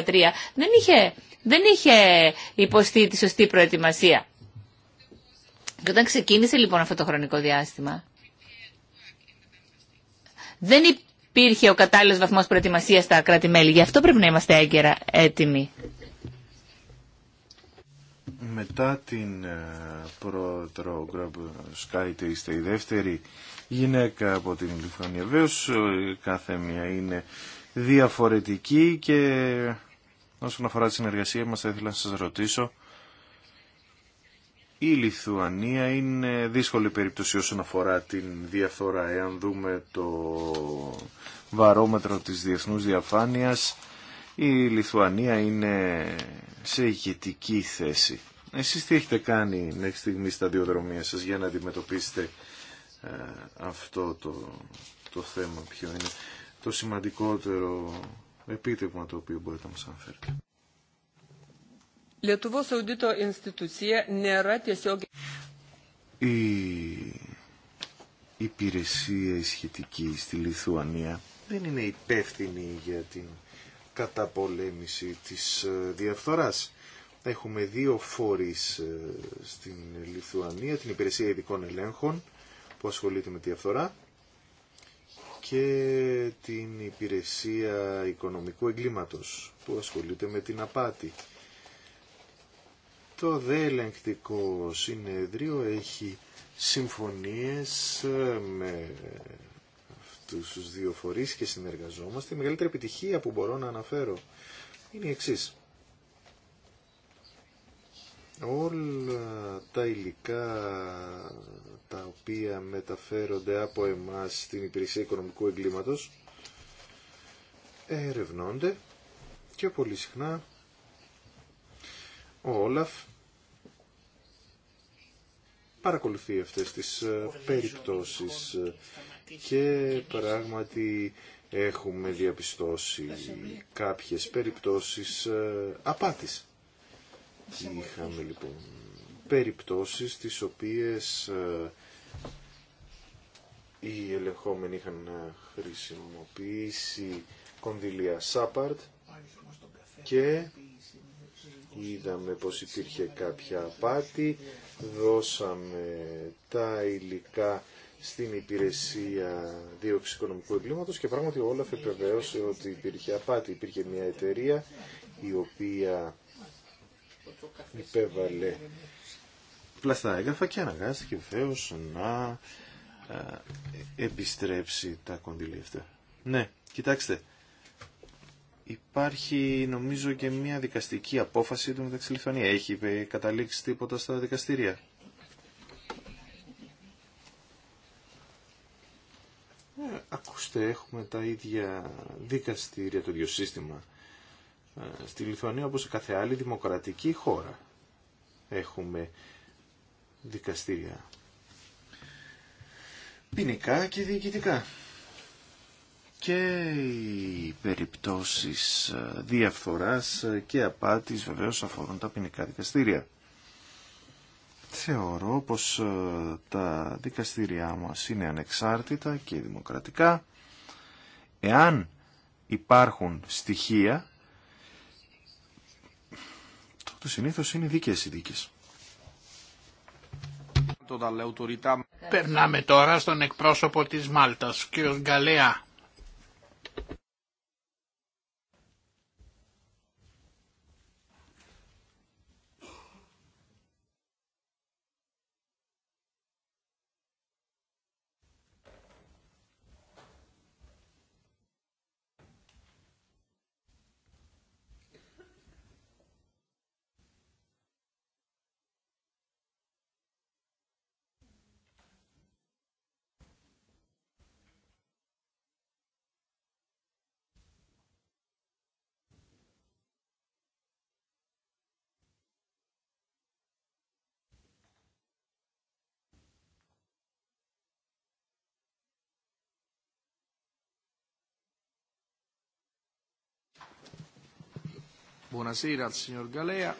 2013 δεν είχε, δεν είχε υποστεί τη σωστή προετοιμασία. Και όταν ξεκίνησε λοιπόν αυτό το χρονικό διάστημα, δεν υπήρχε ο κατάλληλος βαθμός προετοιμασίας στα κράτη-μέλη. Γι' αυτό πρέπει να είμαστε έγκαιρα έτοιμοι
μετά την ε, πρώτη είστε η δεύτερη γυναίκα από την Λιθουανία. Βέβαιως ε, κάθε μία είναι διαφορετική και όσον αφορά τη συνεργασία μας θα ήθελα να σας ρωτήσω η Λιθουανία είναι δύσκολη περίπτωση όσον αφορά την διαφθορά. Εάν δούμε το βαρόμετρο της διεθνούς διαφάνειας, η Λιθουανία είναι σε ηγετική θέση. Εσείς τι έχετε κάνει μέχρι στιγμή στα διοδρομία σας για να αντιμετωπίσετε ε, αυτό το, το θέμα, ποιο είναι το σημαντικότερο επίτευγμα το οποίο μπορείτε να μας αναφέρετε. Η υπηρεσία σχετική στη Λιθουανία δεν είναι υπεύθυνη για την καταπολέμηση της ε, διαφθοράς. Έχουμε δύο φορείς ε, στην Λιθουανία, την Υπηρεσία Ειδικών Ελέγχων που ασχολείται με τη διαφθορά και την Υπηρεσία Οικονομικού Εγκλήματος που ασχολείται με την απάτη. Το δε ελεγκτικό συνέδριο έχει συμφωνίες ε, με αυτούς τους δύο φορείς και συνεργαζόμαστε. Η μεγαλύτερη επιτυχία που μπορώ να αναφέρω είναι η εξής όλα τα υλικά τα οποία μεταφέρονται από εμάς στην υπηρεσία οικονομικού εγκλήματος ερευνώνται και πολύ συχνά ο Όλαφ παρακολουθεί αυτές τις ε, περιπτώσεις και πράγματι έχουμε διαπιστώσει κάποιες περιπτώσεις ε, απάτης. Είχαμε λοιπόν περιπτώσεις τις οποίες ε, οι ελεγχόμενοι είχαν ε, χρησιμοποιήσει κονδυλία Σάπαρτ και είδαμε πως υπήρχε κάποια απάτη, δώσαμε τα υλικά στην υπηρεσία δίωξη οικονομικού εγκλήματος και πράγματι όλα επιβεβαίωσε ότι υπήρχε απάτη. Υπήρχε μια εταιρεία η οποία υπέβαλε πλαστά έγγραφα και αναγκάστηκε βεβαίω να ε, επιστρέψει τα κονδύλια αυτά. Ναι, κοιτάξτε, υπάρχει νομίζω και μια δικαστική απόφαση του μεταξύ Λιθουανία. Έχει ε, καταλήξει τίποτα στα δικαστήρια. Ε, ακούστε, έχουμε τα ίδια δικαστήρια, το ίδιο σύστημα ε, στη Λιθουανία όπως σε κάθε άλλη δημοκρατική χώρα έχουμε δικαστήρια ποινικά και διοικητικά. Και οι περιπτώσεις ε, διαφθοράς ε, και απάτης βεβαίως αφορούν τα ποινικά δικαστήρια. Θεωρώ πως τα δικαστήριά μας είναι ανεξάρτητα και δημοκρατικά. Εάν υπάρχουν στοιχεία που συνήθως είναι δίκαιε οι δίκε.
Περνάμε τώρα στον εκπρόσωπο της Μάλτας, ο Γκαλέα.
Buonasera al signor Galea,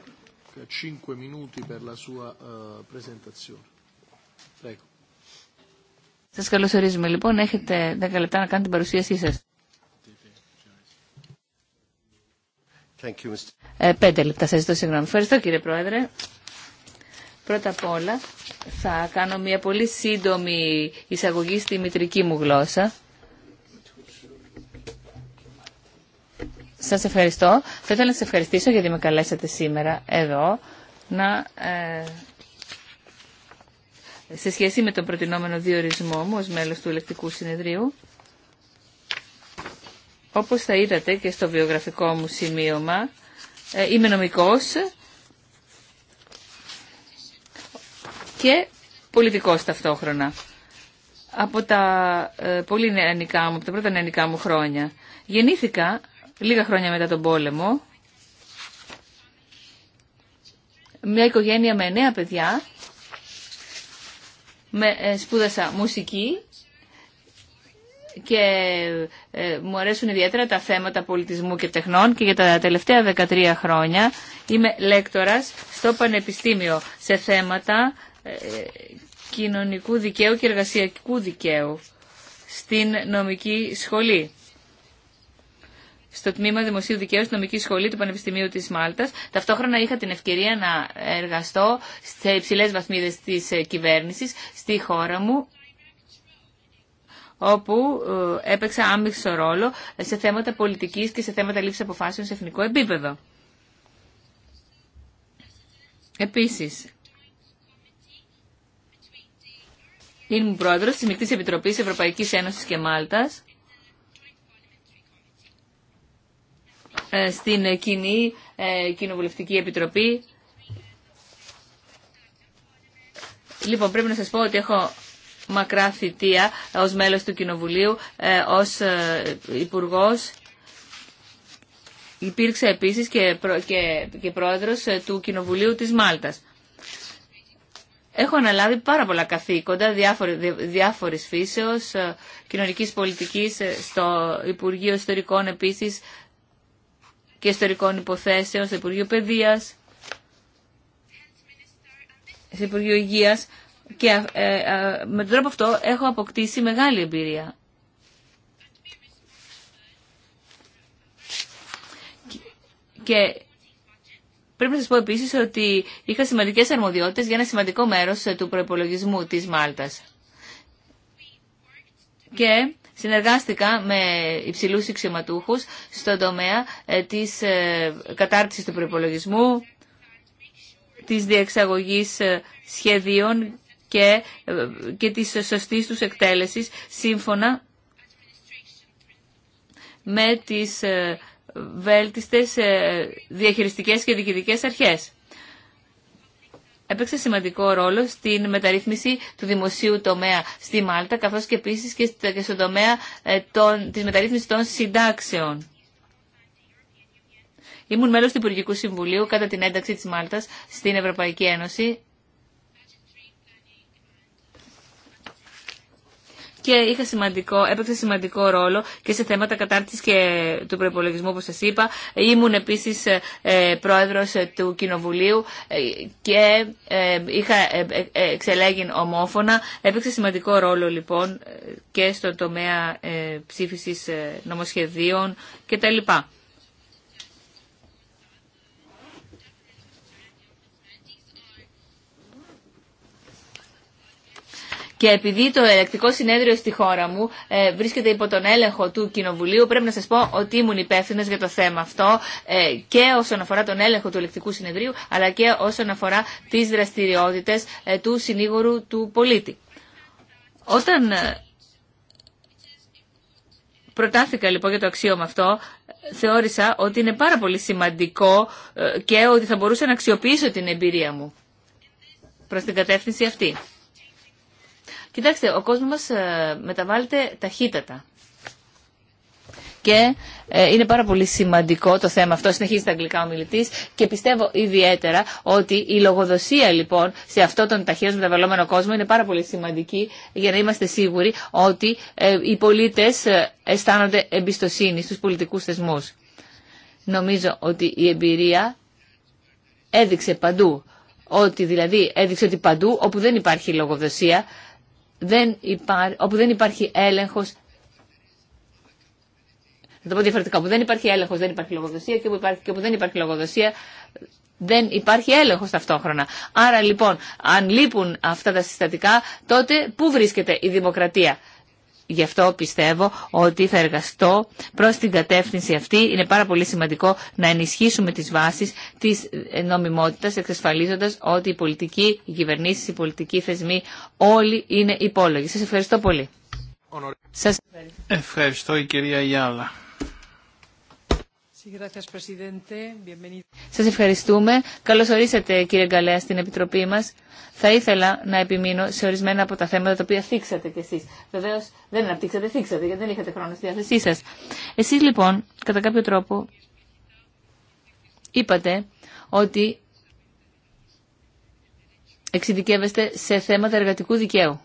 cinque minuti per la sua eh, presentazione. Prego.
Σας καλωσορίζουμε λοιπόν. Έχετε 10 λεπτά να κάνετε την παρουσίασή σας. Thank you, Mr. Ε, πέντε λεπτά σας ζητώ συγγνώμη. Ευχαριστώ κύριε Πρόεδρε. Πρώτα απ' όλα θα κάνω μια πολύ σύντομη εισαγωγή στη μητρική μου γλώσσα Σας ευχαριστώ. Θα ήθελα να σας ευχαριστήσω γιατί με καλέσατε σήμερα εδώ να... Ε, σε σχέση με τον προτινόμενο διορισμό μου ως μέλος του Ελεκτικού Συνεδρίου, όπως θα είδατε και στο βιογραφικό μου σημείωμα, ε, είμαι νομικός και πολιτικός ταυτόχρονα. Από τα ε, πολύ νεανικά μου, από τα πρώτα νεανικά μου χρόνια. Γεννήθηκα λίγα χρόνια μετά τον πόλεμο, μια οικογένεια με νέα παιδιά, με, ε, σπούδασα μουσική και ε, μου αρέσουν ιδιαίτερα τα θέματα πολιτισμού και τεχνών και για τα τελευταία 13 χρόνια είμαι λέκτορας στο Πανεπιστήμιο σε θέματα ε, κοινωνικού δικαίου και εργασιακού δικαίου στην νομική σχολή στο τμήμα Δημοσίου Δικαίου στην Νομική Σχολή του Πανεπιστημίου τη Μάλτα. Ταυτόχρονα είχα την ευκαιρία να εργαστώ σε υψηλέ βαθμίδε τη ε, κυβέρνηση στη χώρα μου όπου ε, έπαιξα άμυξο ρόλο σε θέματα πολιτικής και σε θέματα λήψης αποφάσεων σε εθνικό επίπεδο. Επίσης, ήμουν πρόεδρος της Μικτής Επιτροπής Ευρωπαϊκής Ένωσης και Μάλτας Ε, στην κοινή ε, κοινοβουλευτική επιτροπή. Λοιπόν, πρέπει να σας πω ότι έχω μακρά θητεία ως μέλος του Κοινοβουλίου, ε, ως Υπουργός. Υπήρξε επίσης και, και, πρόεδρος του Κοινοβουλίου της Μάλτας. Έχω αναλάβει πάρα πολλά καθήκοντα διάφορες φύσεως, κοινωνικής πολιτικής στο Υπουργείο Ιστορικών επίσης και Ιστορικών Υποθέσεων, στο Υπουργείο Παιδείας, στο Υπουργείο Υγείας και ε, ε, με τον τρόπο αυτό έχω αποκτήσει μεγάλη εμπειρία. Και πρέπει να σας πω επίσης ότι είχα σημαντικές αρμοδιότητες για ένα σημαντικό μέρος του προϋπολογισμού της Μάλτας. Και συνεργάστηκα με υψηλού εξηματούχου στον τομέα ε, τη ε, κατάρτιση του προπολογισμού, τη διεξαγωγή ε, σχεδίων και, και της σωστής τους εκτέλεσης σύμφωνα με τις βέλτιστες διαχειριστικές και διοικητικές αρχές έπαιξε σημαντικό ρόλο στην μεταρρύθμιση του δημοσίου τομέα στη Μάλτα, καθώς και επίσης και στον τομέα ε, των, της μεταρρύθμισης των συντάξεων. Ήμουν μέλος του Υπουργικού Συμβουλίου κατά την ένταξη της Μάλτας στην Ευρωπαϊκή Ένωση και είχα σημαντικό, έπαιξε σημαντικό ρόλο και σε θέματα κατάρτισης και του προπολογισμού, όπως σας είπα. Ήμουν επίσης ε, ε, πρόεδρος του Κοινοβουλίου ε, και είχα εξελέγει ομόφωνα. Έπαιξε σημαντικό ρόλο λοιπόν και στον τομέα ψήφισης νομοσχεδίων κτλ. Και επειδή το ελεκτικό συνέδριο στη χώρα μου ε, βρίσκεται υπό τον έλεγχο του Κοινοβουλίου, πρέπει να σα πω ότι ήμουν υπεύθυνο για το θέμα αυτό ε, και όσον αφορά τον έλεγχο του ελεκτικού συνεδρίου, αλλά και όσον αφορά τι δραστηριότητε ε, του συνήγορου του πολίτη. Όταν προτάθηκα λοιπόν για το αξίωμα αυτό, θεώρησα ότι είναι πάρα πολύ σημαντικό και ότι θα μπορούσα να αξιοποιήσω την εμπειρία μου προς την κατεύθυνση αυτή. Κοιτάξτε, ο κόσμος μας ε, μεταβάλλεται ταχύτατα. Και ε, είναι πάρα πολύ σημαντικό το θέμα αυτό, συνεχίζει στα αγγλικά ο μιλητής και πιστεύω ιδιαίτερα ότι η λογοδοσία λοιπόν σε αυτό τον ταχύως μεταβαλλόμενο κόσμο είναι πάρα πολύ σημαντική για να είμαστε σίγουροι ότι ε, οι πολίτε αισθάνονται εμπιστοσύνη στους πολιτικούς θεσμούς. Νομίζω ότι η εμπειρία έδειξε παντού ότι δηλαδή έδειξε ότι παντού όπου δεν υπάρχει λογοδοσία δεν υπά... όπου δεν υπάρχει έλεγχος θα το πω διαφορετικά, όπου δεν υπάρχει έλεγχος δεν υπάρχει λογοδοσία και όπου, και όπου δεν υπάρχει λογοδοσία δεν υπάρχει έλεγχος ταυτόχρονα. Άρα λοιπόν, αν λείπουν αυτά τα συστατικά, τότε πού βρίσκεται η δημοκρατία γι' αυτό πιστεύω ότι θα εργαστώ προς την κατεύθυνση αυτή. Είναι πάρα πολύ σημαντικό να ενισχύσουμε τις βάσεις της ε, νομιμότητας, εξασφαλίζοντας ότι η πολιτικοί οι κυβερνήσει, οι πολιτικοί θεσμοί όλοι είναι υπόλογοι. Σας ευχαριστώ πολύ.
Σας ευχαριστώ η κυρία Γιάλα.
Σας ευχαριστούμε. Καλώς ορίσατε κύριε Γκαλέα στην Επιτροπή μας. Θα ήθελα να επιμείνω σε ορισμένα από τα θέματα τα οποία θίξατε κι εσείς. Βεβαίως δεν αναπτύξατε, θίξατε γιατί δεν είχατε χρόνο στη διάθεσή σας. Εσείς λοιπόν κατά κάποιο τρόπο είπατε ότι εξειδικεύεστε σε θέματα εργατικού δικαίου.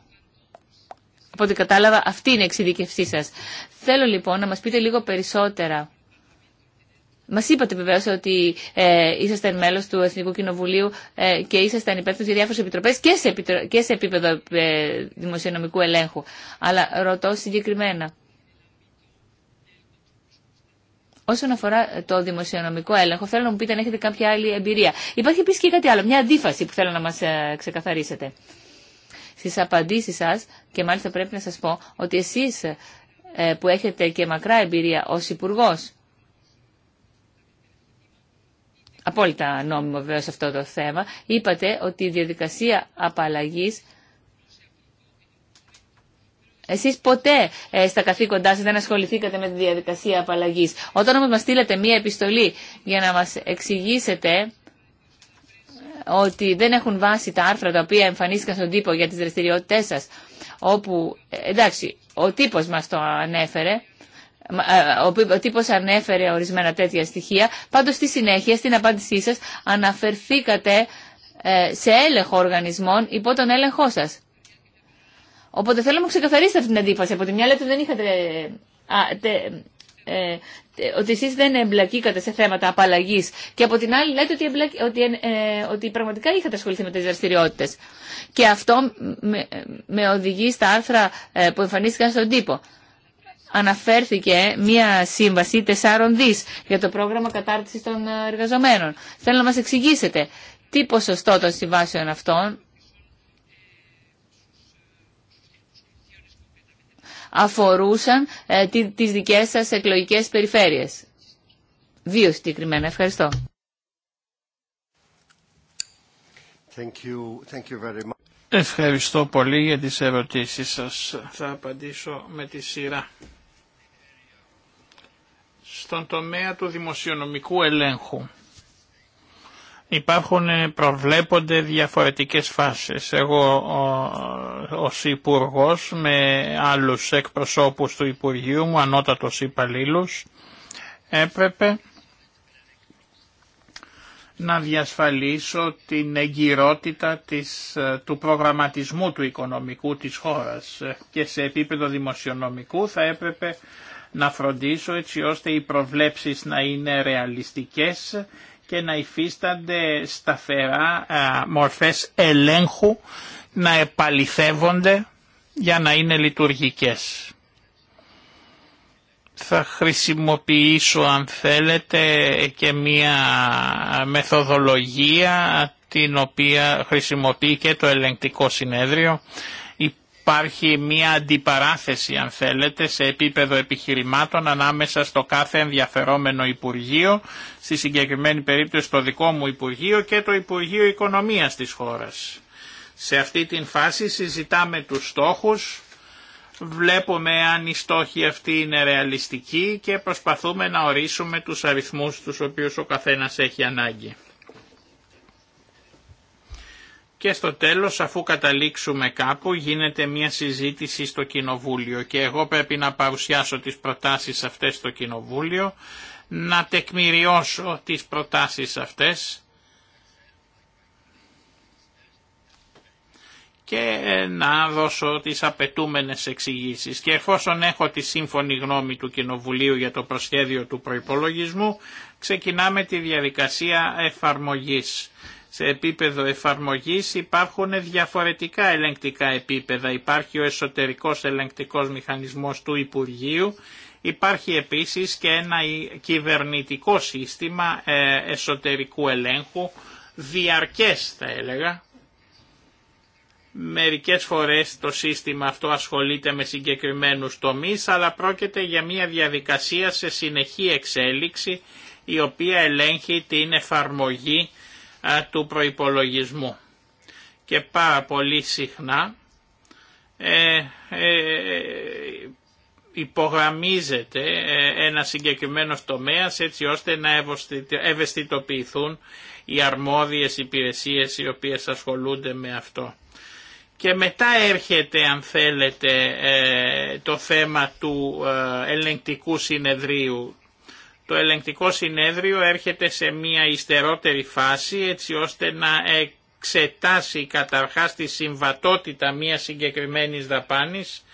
Από ό,τι κατάλαβα αυτή είναι η εξειδικευσή σας. Θέλω λοιπόν να μας πείτε λίγο περισσότερα Μα είπατε βεβαίω ότι ε, ήσασταν μέλο του Εθνικού Κοινοβουλίου ε, και ήσασταν υπεύθυνο για διάφορε επιτροπέ και, σε επιτρο... και σε επίπεδο ε, δημοσιονομικού ελέγχου. Αλλά ρωτώ συγκεκριμένα. Όσον αφορά το δημοσιονομικό έλεγχο, θέλω να μου πείτε αν έχετε κάποια άλλη εμπειρία. Υπάρχει επίση και κάτι άλλο, μια αντίφαση που θέλω να μα ε, ξεκαθαρίσετε. Στι απαντήσει σα, και μάλιστα πρέπει να σα πω ότι εσεί ε, που έχετε και μακρά εμπειρία ω υπουργό απόλυτα νόμιμο βέβαια σε αυτό το θέμα, είπατε ότι η διαδικασία απαλλαγής εσείς ποτέ ε, στα καθήκοντά σας δεν ασχοληθήκατε με τη διαδικασία απαλλαγής. Όταν όμως μας στείλατε μία επιστολή για να μας εξηγήσετε ε, ότι δεν έχουν βάσει τα άρθρα τα οποία εμφανίστηκαν στον τύπο για τις δραστηριότητε. σας, όπου, ε, εντάξει, ο τύπο μα το ανέφερε, ε, ο τύπος ανέφερε ορισμένα τέτοια στοιχεία. Πάντως στη συνέχεια, στην απάντησή σας, αναφερθήκατε ε, σε έλεγχο οργανισμών υπό τον έλεγχό σας. Οπότε θέλω να μου ξεκαθαρίσετε αυτή την αντίφαση. Από τη μια λέτε δεν είχατε... Α, τε, ε, ότι εσείς δεν εμπλακήκατε σε θέματα απαλλαγή και από την άλλη λέτε ότι, εμπλακ, ότι, ε, ε ότι πραγματικά είχατε ασχοληθεί με τις δραστηριότητε. Και αυτό με, με οδηγεί στα άρθρα που εμφανίστηκαν στον τύπο αναφέρθηκε μία σύμβαση τεσσάρων δις για το πρόγραμμα κατάρτισης των εργαζομένων. Θέλω να μας εξηγήσετε τι ποσοστό των συμβάσεων αυτών αφορούσαν ε, τις δικές σας εκλογικές περιφέρειες. Δύο συγκεκριμένα. Ευχαριστώ.
Thank you. Thank you very much. Ευχαριστώ πολύ για τις ερωτήσεις σας. Θα απαντήσω με τη σειρά. Στον τομέα του δημοσιονομικού ελέγχου υπάρχουν, ε, προβλέπονται διαφορετικές φάσεις. Εγώ ο, ως υπουργό με άλλους εκπροσώπους του Υπουργείου μου, ανώτατος υπαλλήλου, έπρεπε να διασφαλίσω την εγκυρότητα της, ε, του προγραμματισμού του οικονομικού της χώρας ε, και σε επίπεδο δημοσιονομικού θα έπρεπε να φροντίσω έτσι ώστε οι προβλέψεις να είναι ρεαλιστικές και να υφίστανται σταθερά μορφές ελέγχου να επαληθεύονται για να είναι λειτουργικές. Θα χρησιμοποιήσω αν θέλετε και μία μεθοδολογία την οποία χρησιμοποιεί και το ελεγκτικό συνέδριο υπάρχει μία αντιπαράθεση αν θέλετε σε επίπεδο επιχειρημάτων ανάμεσα στο κάθε ενδιαφερόμενο Υπουργείο, στη συγκεκριμένη περίπτωση το δικό μου Υπουργείο και το Υπουργείο Οικονομίας της χώρας. Σε αυτή την φάση συζητάμε τους στόχους, βλέπουμε αν οι στόχοι αυτοί είναι ρεαλιστικοί και προσπαθούμε να ορίσουμε τους αριθμούς τους οποίους ο καθένας έχει ανάγκη και στο τέλος αφού καταλήξουμε κάπου γίνεται μια συζήτηση στο Κοινοβούλιο και εγώ πρέπει να παρουσιάσω τις προτάσεις αυτές στο Κοινοβούλιο, να τεκμηριώσω τις προτάσεις αυτές και ε, να δώσω τις απαιτούμενες εξηγήσεις. Και εφόσον έχω τη σύμφωνη γνώμη του Κοινοβουλίου για το προσχέδιο του προϋπολογισμού, ξεκινάμε τη διαδικασία εφαρμογής σε επίπεδο εφαρμογής υπάρχουν διαφορετικά ελεγκτικά επίπεδα. Υπάρχει ο εσωτερικός ελεγκτικός μηχανισμός του Υπουργείου, υπάρχει επίσης και ένα κυβερνητικό σύστημα ε, εσωτερικού ελέγχου, διαρκές θα έλεγα. Μερικές φορές το σύστημα αυτό ασχολείται με συγκεκριμένους τομείς, αλλά πρόκειται για μια διαδικασία σε συνεχή εξέλιξη, η οποία ελέγχει την εφαρμογή του προϋπολογισμού. Και πάρα πολύ συχνά ε, ε, υπογραμμίζεται ε, ένα συγκεκριμένο τομέα έτσι ώστε να ευαισθητοποιηθούν οι αρμόδιες υπηρεσίες οι οποίες ασχολούνται με αυτό. Και μετά έρχεται αν θέλετε ε, το θέμα του ε, ελεγκτικού συνεδρίου το ελεγκτικό συνέδριο έρχεται σε μια ιστερότερη φάση έτσι ώστε να εξετάσει καταρχάς τη συμβατότητα μιας συγκεκριμένης δαπάνης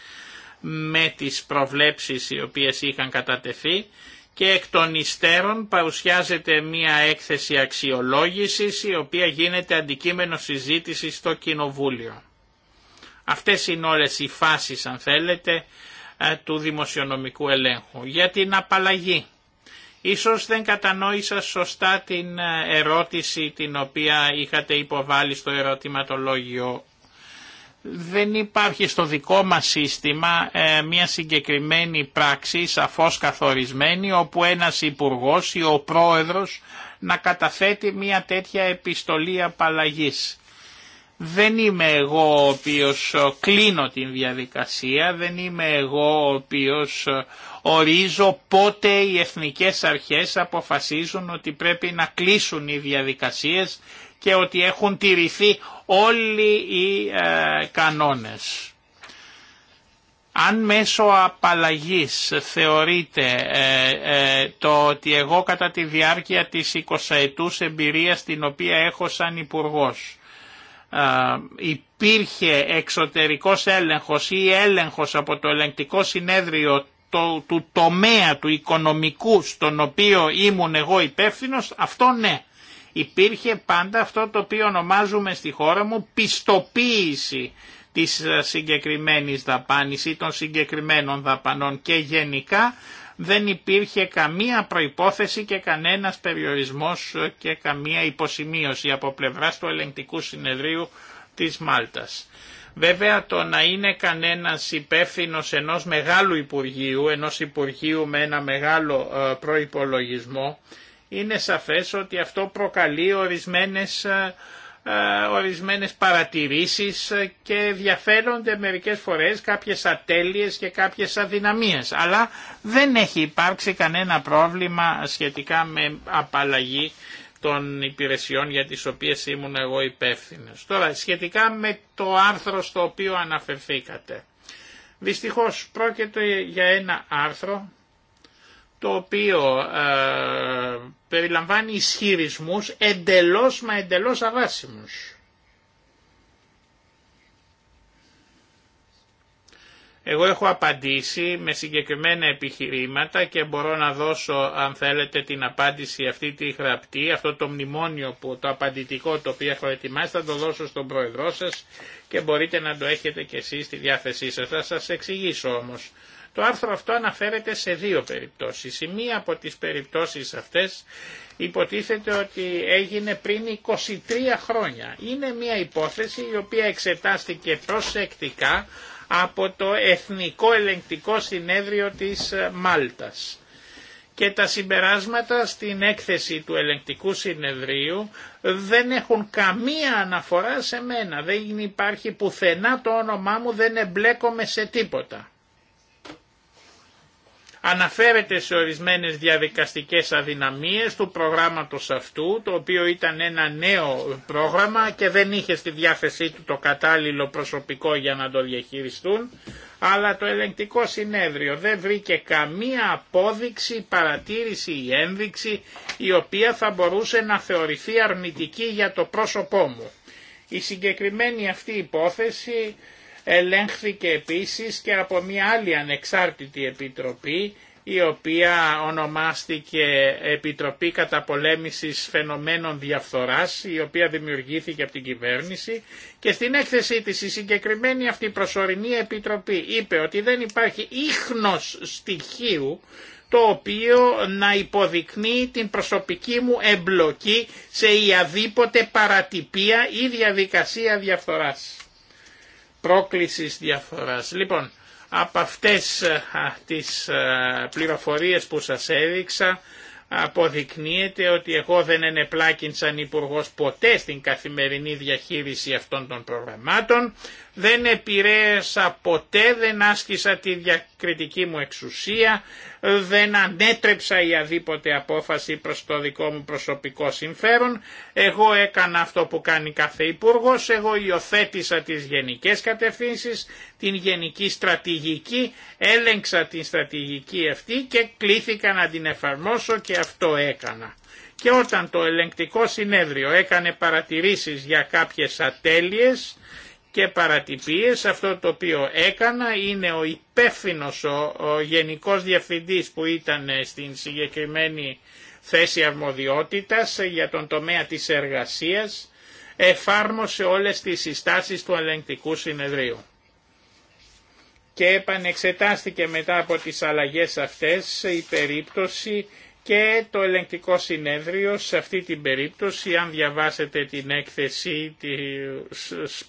με τις προβλέψεις οι οποίες είχαν κατατεθεί και εκ των υστέρων παρουσιάζεται μια έκθεση αξιολόγησης η οποία γίνεται αντικείμενο συζήτησης στο Κοινοβούλιο. Αυτές είναι όλες οι φάσεις αν θέλετε ε, του δημοσιονομικού ελέγχου. Για την απαλλαγή Ίσως δεν κατανόησα σωστά την ε, ερώτηση την οποία είχατε υποβάλει στο ερωτηματολόγιο. Δεν υπάρχει στο δικό μας σύστημα ε, μια συγκεκριμένη πράξη σαφώς καθορισμένη όπου ένας υπουργός ή ο πρόεδρος να καταθέτει μια τέτοια επιστολή απαλλαγής. Δεν είμαι εγώ ο οποίος ε, κλείνω την διαδικασία, δεν είμαι εγώ ο οποίος ε, ορίζω πότε οι εθνικές αρχές αποφασίζουν ότι πρέπει να κλείσουν οι διαδικασίες και ότι έχουν τηρηθεί όλοι οι ε, κανόνες. Αν μέσω απαλλαγής θεωρείτε ε, το ότι εγώ κατά τη διάρκεια της 20 ετούς εμπειρίας την οποία έχω σαν υπουργός υπήρχε εξωτερικός έλεγχος ή έλεγχος από το ελεγκτικό συνέδριο του τομέα του οικονομικού στον οποίο ήμουν εγώ υπεύθυνο, αυτό ναι. Υπήρχε πάντα αυτό το οποίο ονομάζουμε στη χώρα μου πιστοποίηση της συγκεκριμένης δαπάνης ή των συγκεκριμένων δαπανών και γενικά δεν υπήρχε καμία προϋπόθεση και κανένας περιορισμός και καμία υποσημείωση από πλευράς του ελεγκτικού συνεδρίου της Μάλτας. Βέβαια το να είναι κανένας υπεύθυνο ενός μεγάλου Υπουργείου, ενός Υπουργείου με ένα μεγάλο ε, προϋπολογισμό, είναι σαφές ότι αυτό προκαλεί ορισμένες ε, ε, ορισμένες παρατηρήσεις και διαφέρονται μερικές φορές κάποιες ατέλειες και κάποιες αδυναμίες. Αλλά δεν έχει υπάρξει κανένα πρόβλημα σχετικά με απαλλαγή των υπηρεσιών για τις οποίες ήμουν εγώ υπεύθυνο. Τώρα, σχετικά με το άρθρο στο οποίο αναφερθήκατε. Δυστυχώς πρόκειται για ένα άρθρο το οποίο ε, περιλαμβάνει ισχυρισμούς εντελώς μα εντελώς αβάσιμους. Εγώ έχω απαντήσει με συγκεκριμένα επιχειρήματα και μπορώ να δώσω αν θέλετε την απάντηση αυτή τη γραπτή, αυτό το μνημόνιο που το απαντητικό το οποίο έχω ετοιμάσει θα το δώσω στον πρόεδρό σας και μπορείτε να το έχετε και εσείς στη διάθεσή σας. Θα σας εξηγήσω όμως το άρθρο αυτό αναφέρεται σε δύο περιπτώσεις. Η μία από τις περιπτώσεις αυτές υποτίθεται ότι έγινε πριν 23 χρόνια. Είναι μια υπόθεση η οποία εξετάστηκε προσεκτικά από το Εθνικό Ελεγκτικό Συνέδριο της Μάλτας. Και τα συμπεράσματα στην έκθεση του ελεγκτικού συνεδρίου δεν έχουν καμία αναφορά σε μένα. Δεν υπάρχει πουθενά το όνομά μου, δεν εμπλέκομαι σε τίποτα αναφέρεται σε ορισμένες διαδικαστικές αδυναμίες του προγράμματος αυτού, το οποίο ήταν ένα νέο πρόγραμμα και δεν είχε στη διάθεσή του το κατάλληλο προσωπικό για να το διαχειριστούν, αλλά το ελεγκτικό συνέδριο δεν βρήκε καμία απόδειξη, παρατήρηση ή ένδειξη η οποία θα μπορούσε να θεωρηθεί αρνητική για το πρόσωπό μου. Η συγκεκριμένη αυτή υπόθεση ελέγχθηκε επίσης και από μια άλλη ανεξάρτητη επιτροπή η οποία ονομάστηκε Επιτροπή Καταπολέμησης Φαινομένων Διαφθοράς, η οποία δημιουργήθηκε από την κυβέρνηση και στην έκθεσή της η συγκεκριμένη αυτή προσωρινή επιτροπή είπε ότι δεν υπάρχει ίχνος στοιχείου το οποίο να υποδεικνύει την προσωπική μου εμπλοκή σε η αδίποτε παρατυπία ή διαδικασία διαφθοράς πρόκλησης διαφοράς. Λοιπόν, από αυτές τις πληροφορίες που σας έδειξα αποδεικνύεται ότι εγώ δεν ενεπλάκην σαν Υπουργός ποτέ στην καθημερινή διαχείριση αυτών των προγραμμάτων δεν επηρέασα ποτέ, δεν άσκησα τη διακριτική μου εξουσία, δεν ανέτρεψα η αδίποτε απόφαση προς το δικό μου προσωπικό συμφέρον, εγώ έκανα αυτό που κάνει κάθε υπουργό, εγώ υιοθέτησα τις γενικές κατευθύνσεις, την γενική στρατηγική, έλεγξα την στρατηγική αυτή και κλήθηκα να την εφαρμόσω και αυτό έκανα. Και όταν το ελεγκτικό συνέδριο έκανε παρατηρήσεις για κάποιες ατέλειες, και παρατυπίες. Αυτό το οποίο έκανα είναι ο υπεύθυνο ο, ο γενικός διευθυντής που ήταν ε, στην συγκεκριμένη θέση αρμοδιότητας ε, για τον τομέα της εργασίας εφάρμοσε όλες τις συστάσεις του ελεγκτικού συνεδρίου. Και επανεξετάστηκε μετά από τις αλλαγές αυτές ε, η περίπτωση και το ελεγκτικό συνέδριο σε αυτή την περίπτωση, αν διαβάσετε την έκθεση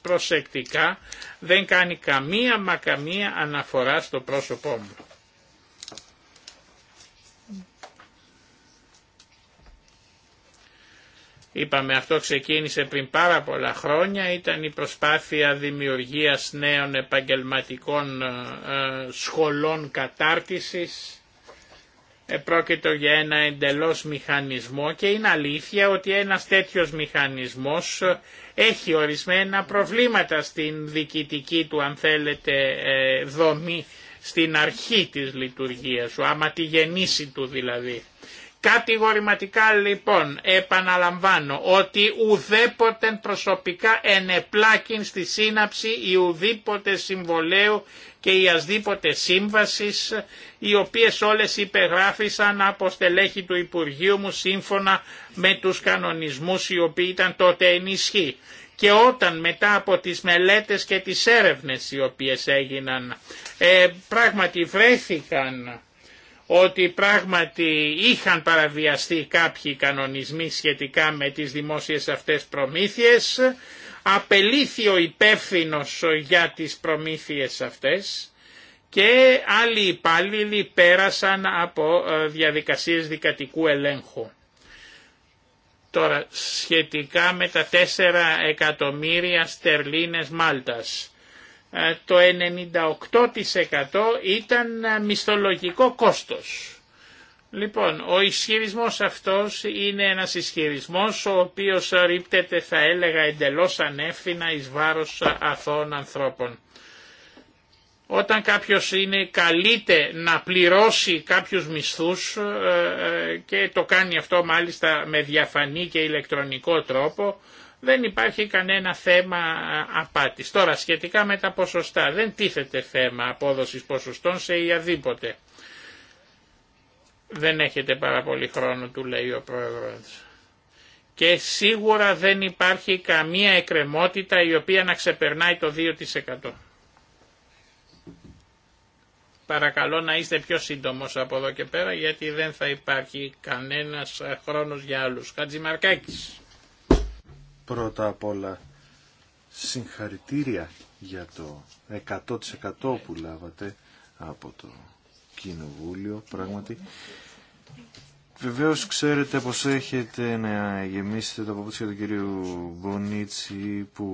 προσεκτικά, δεν κάνει καμία μα καμία αναφορά στο πρόσωπό μου. Είπαμε αυτό ξεκίνησε πριν πάρα πολλά χρόνια, ήταν η προσπάθεια δημιουργίας νέων επαγγελματικών ε, ε, σχολών κατάρτισης, πρόκειται για ένα εντελώς μηχανισμό και είναι αλήθεια ότι ένας τέτοιος μηχανισμός έχει ορισμένα προβλήματα στην διοικητική του αν θέλετε ε, δομή στην αρχή της λειτουργίας σου, άμα τη γεννήση του δηλαδή. Κατηγορηματικά λοιπόν επαναλαμβάνω ότι ουδέποτε προσωπικά ενεπλάκην στη σύναψη ή ουδήποτε συμβολέου και η ασδήποτε σύμβασης οι οποίες όλες υπεγράφησαν από στελέχη του Υπουργείου μου σύμφωνα με τους κανονισμούς οι οποίοι ήταν τότε ενισχύ. Και όταν μετά από τις μελέτες και τις έρευνες οι οποίες έγιναν ε, πράγματι βρέθηκαν ότι πράγματι είχαν παραβιαστεί κάποιοι κανονισμοί σχετικά με τις δημόσιες αυτές προμήθειες, απελήθη ο υπεύθυνο για τις προμήθειες αυτές και άλλοι υπάλληλοι πέρασαν από ε, διαδικασίες δικατικού ελέγχου. Τώρα, σχετικά με τα 4 εκατομμύρια στερλίνες Μάλτας. Ε, το 98% ήταν ε, μισθολογικό κόστος. Λοιπόν, ο ισχυρισμός αυτός είναι ένας ισχυρισμός ο οποίος ρίπτεται θα έλεγα εντελώς ανεύθυνα εις βάρος αθώων ανθρώπων. Όταν κάποιος είναι καλείται να πληρώσει κάποιους μισθούς ε, και το κάνει αυτό μάλιστα με διαφανή και ηλεκτρονικό τρόπο, δεν υπάρχει κανένα θέμα ε, απάτης. Τώρα σχετικά με τα ποσοστά δεν τίθεται θέμα απόδοσης ποσοστών σε ιαδήποτε. Δεν έχετε πάρα πολύ χρόνο του λέει ο πρόεδρος. Και σίγουρα δεν υπάρχει καμία εκκρεμότητα η οποία να ξεπερνάει το 2%. Παρακαλώ να είστε πιο σύντομος από εδώ και πέρα γιατί δεν θα υπάρχει κανένας χρόνος για άλλους. Χατζημαρκάκης.
Πρώτα απ' όλα συγχαρητήρια για το 100% που λάβατε από το Κοινοβούλιο, πράγματι. Βεβαίως ξέρετε πως έχετε να γεμίσετε το παπούτσια του κυρίου Μπονίτσι που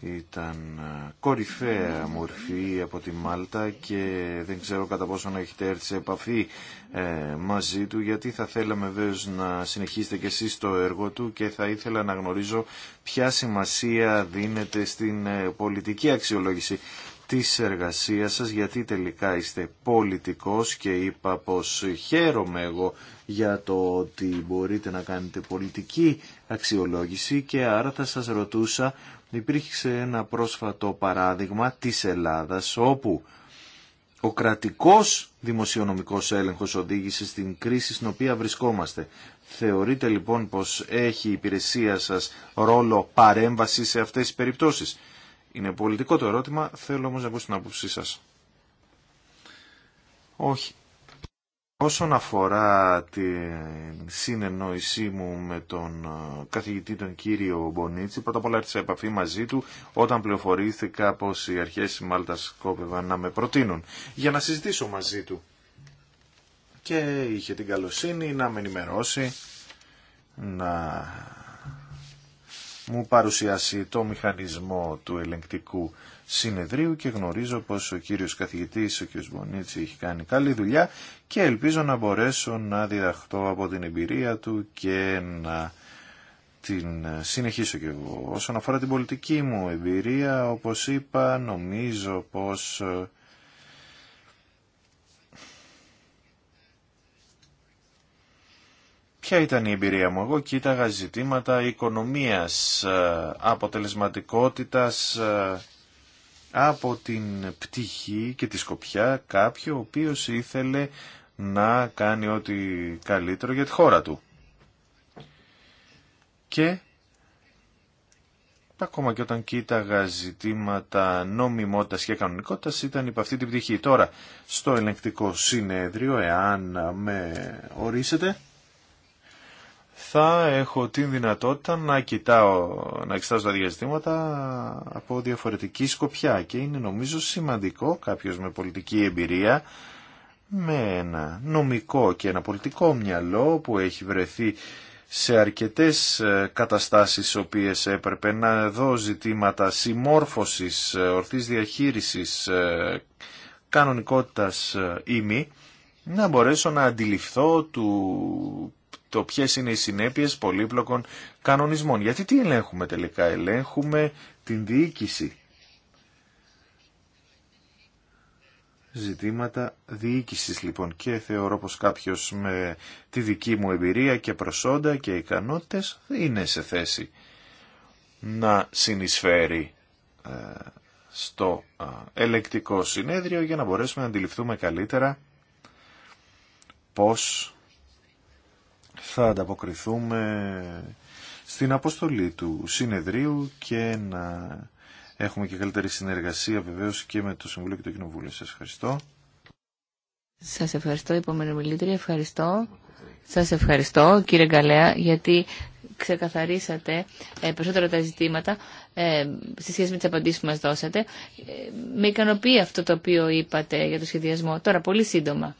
ήταν ε, κορυφαία μορφή από τη Μάλτα και δεν ξέρω κατά πόσο να έχετε έρθει σε επαφή ε, μαζί του γιατί θα θέλαμε βέβαια να συνεχίσετε και εσείς το έργο του και θα ήθελα να γνωρίζω ποια σημασία δίνεται στην ε, πολιτική αξιολόγηση της εργασίας σας γιατί τελικά είστε πολιτικός και είπα πως χαίρομαι εγώ για το ότι μπορείτε να κάνετε πολιτική αξιολόγηση και άρα θα σας ρωτούσα Υπήρχε ένα πρόσφατο παράδειγμα της Ελλάδας όπου ο κρατικός δημοσιονομικός έλεγχος οδήγησε στην κρίση στην οποία βρισκόμαστε. Θεωρείτε λοιπόν πως έχει η υπηρεσία σας ρόλο παρέμβαση σε αυτές τις περιπτώσεις. Είναι πολιτικό το ερώτημα, θέλω όμως να ακούσω την άποψή σας. Όχι. Όσον αφορά την συνεννόησή μου με τον ε, καθηγητή τον κύριο Μπονίτσι, πρώτα απ' όλα έρθει σε επαφή μαζί του όταν πληροφορήθηκα πως οι αρχές της Μάλτας κόπευαν να με προτείνουν για να συζητήσω μαζί του. Και είχε την καλοσύνη να με ενημερώσει, να μου παρουσιάσει το μηχανισμό του ελεγκτικού συνεδρίου και γνωρίζω πως ο κύριος καθηγητής, ο κύριος έχει κάνει καλή δουλειά και ελπίζω να μπορέσω να διδαχτώ από την εμπειρία του και να την ε, συνεχίσω κι εγώ. Όσον αφορά την πολιτική μου εμπειρία, όπως είπα, νομίζω πως... Ε, ποια ήταν η εμπειρία μου. Εγώ κοίταγα ζητήματα οικονομίας, ε, αποτελεσματικότητας από την πτυχή και τη σκοπιά κάποιο ο οποίος ήθελε να κάνει ό,τι καλύτερο για τη χώρα του. Και ακόμα και όταν κοίταγα ζητήματα νομιμότητας και κανονικότητας ήταν υπ' αυτή την πτυχή. Τώρα, στο ελεγκτικό συνέδριο, εάν με ορίσετε, θα έχω την δυνατότητα να κοιτάω, να εξέταζω τα διαστήματα από διαφορετική σκοπιά και είναι νομίζω σημαντικό κάποιος με πολιτική εμπειρία με ένα νομικό και ένα πολιτικό μυαλό που έχει βρεθεί σε αρκετές ε, καταστάσεις οποίες έπρεπε να δω ζητήματα συμμόρφωσης, ε, ορθής διαχείρισης, ε, κανονικότητας ή να μπορέσω να αντιληφθώ του το ποιε είναι οι συνέπειε πολύπλοκων κανονισμών. Γιατί τι ελέγχουμε τελικά, ελέγχουμε την διοίκηση. Ζητήματα διοίκησης λοιπόν και θεωρώ πως κάποιος με τη δική μου εμπειρία και προσόντα και ικανότητες είναι σε θέση να συνεισφέρει ε, στο ε, ελεκτικό συνέδριο για να μπορέσουμε να αντιληφθούμε καλύτερα πώς θα ανταποκριθούμε στην αποστολή του συνεδρίου και να έχουμε και καλύτερη συνεργασία βεβαίως και με το Συμβούλιο και το Κοινοβούλιο. Σας ευχαριστώ.
Σας ευχαριστώ, επόμενη μιλήτρια. Ευχαριστώ. Σας ευχαριστώ, κύριε Γκαλέα, γιατί ξεκαθαρίσατε ε, περισσότερο τα ζητήματα ε, στη σχέση με τις απαντήσεις που μας δώσατε. Ε, με ικανοποιεί αυτό το οποίο είπατε για το σχεδιασμό. Τώρα, πολύ σύντομα.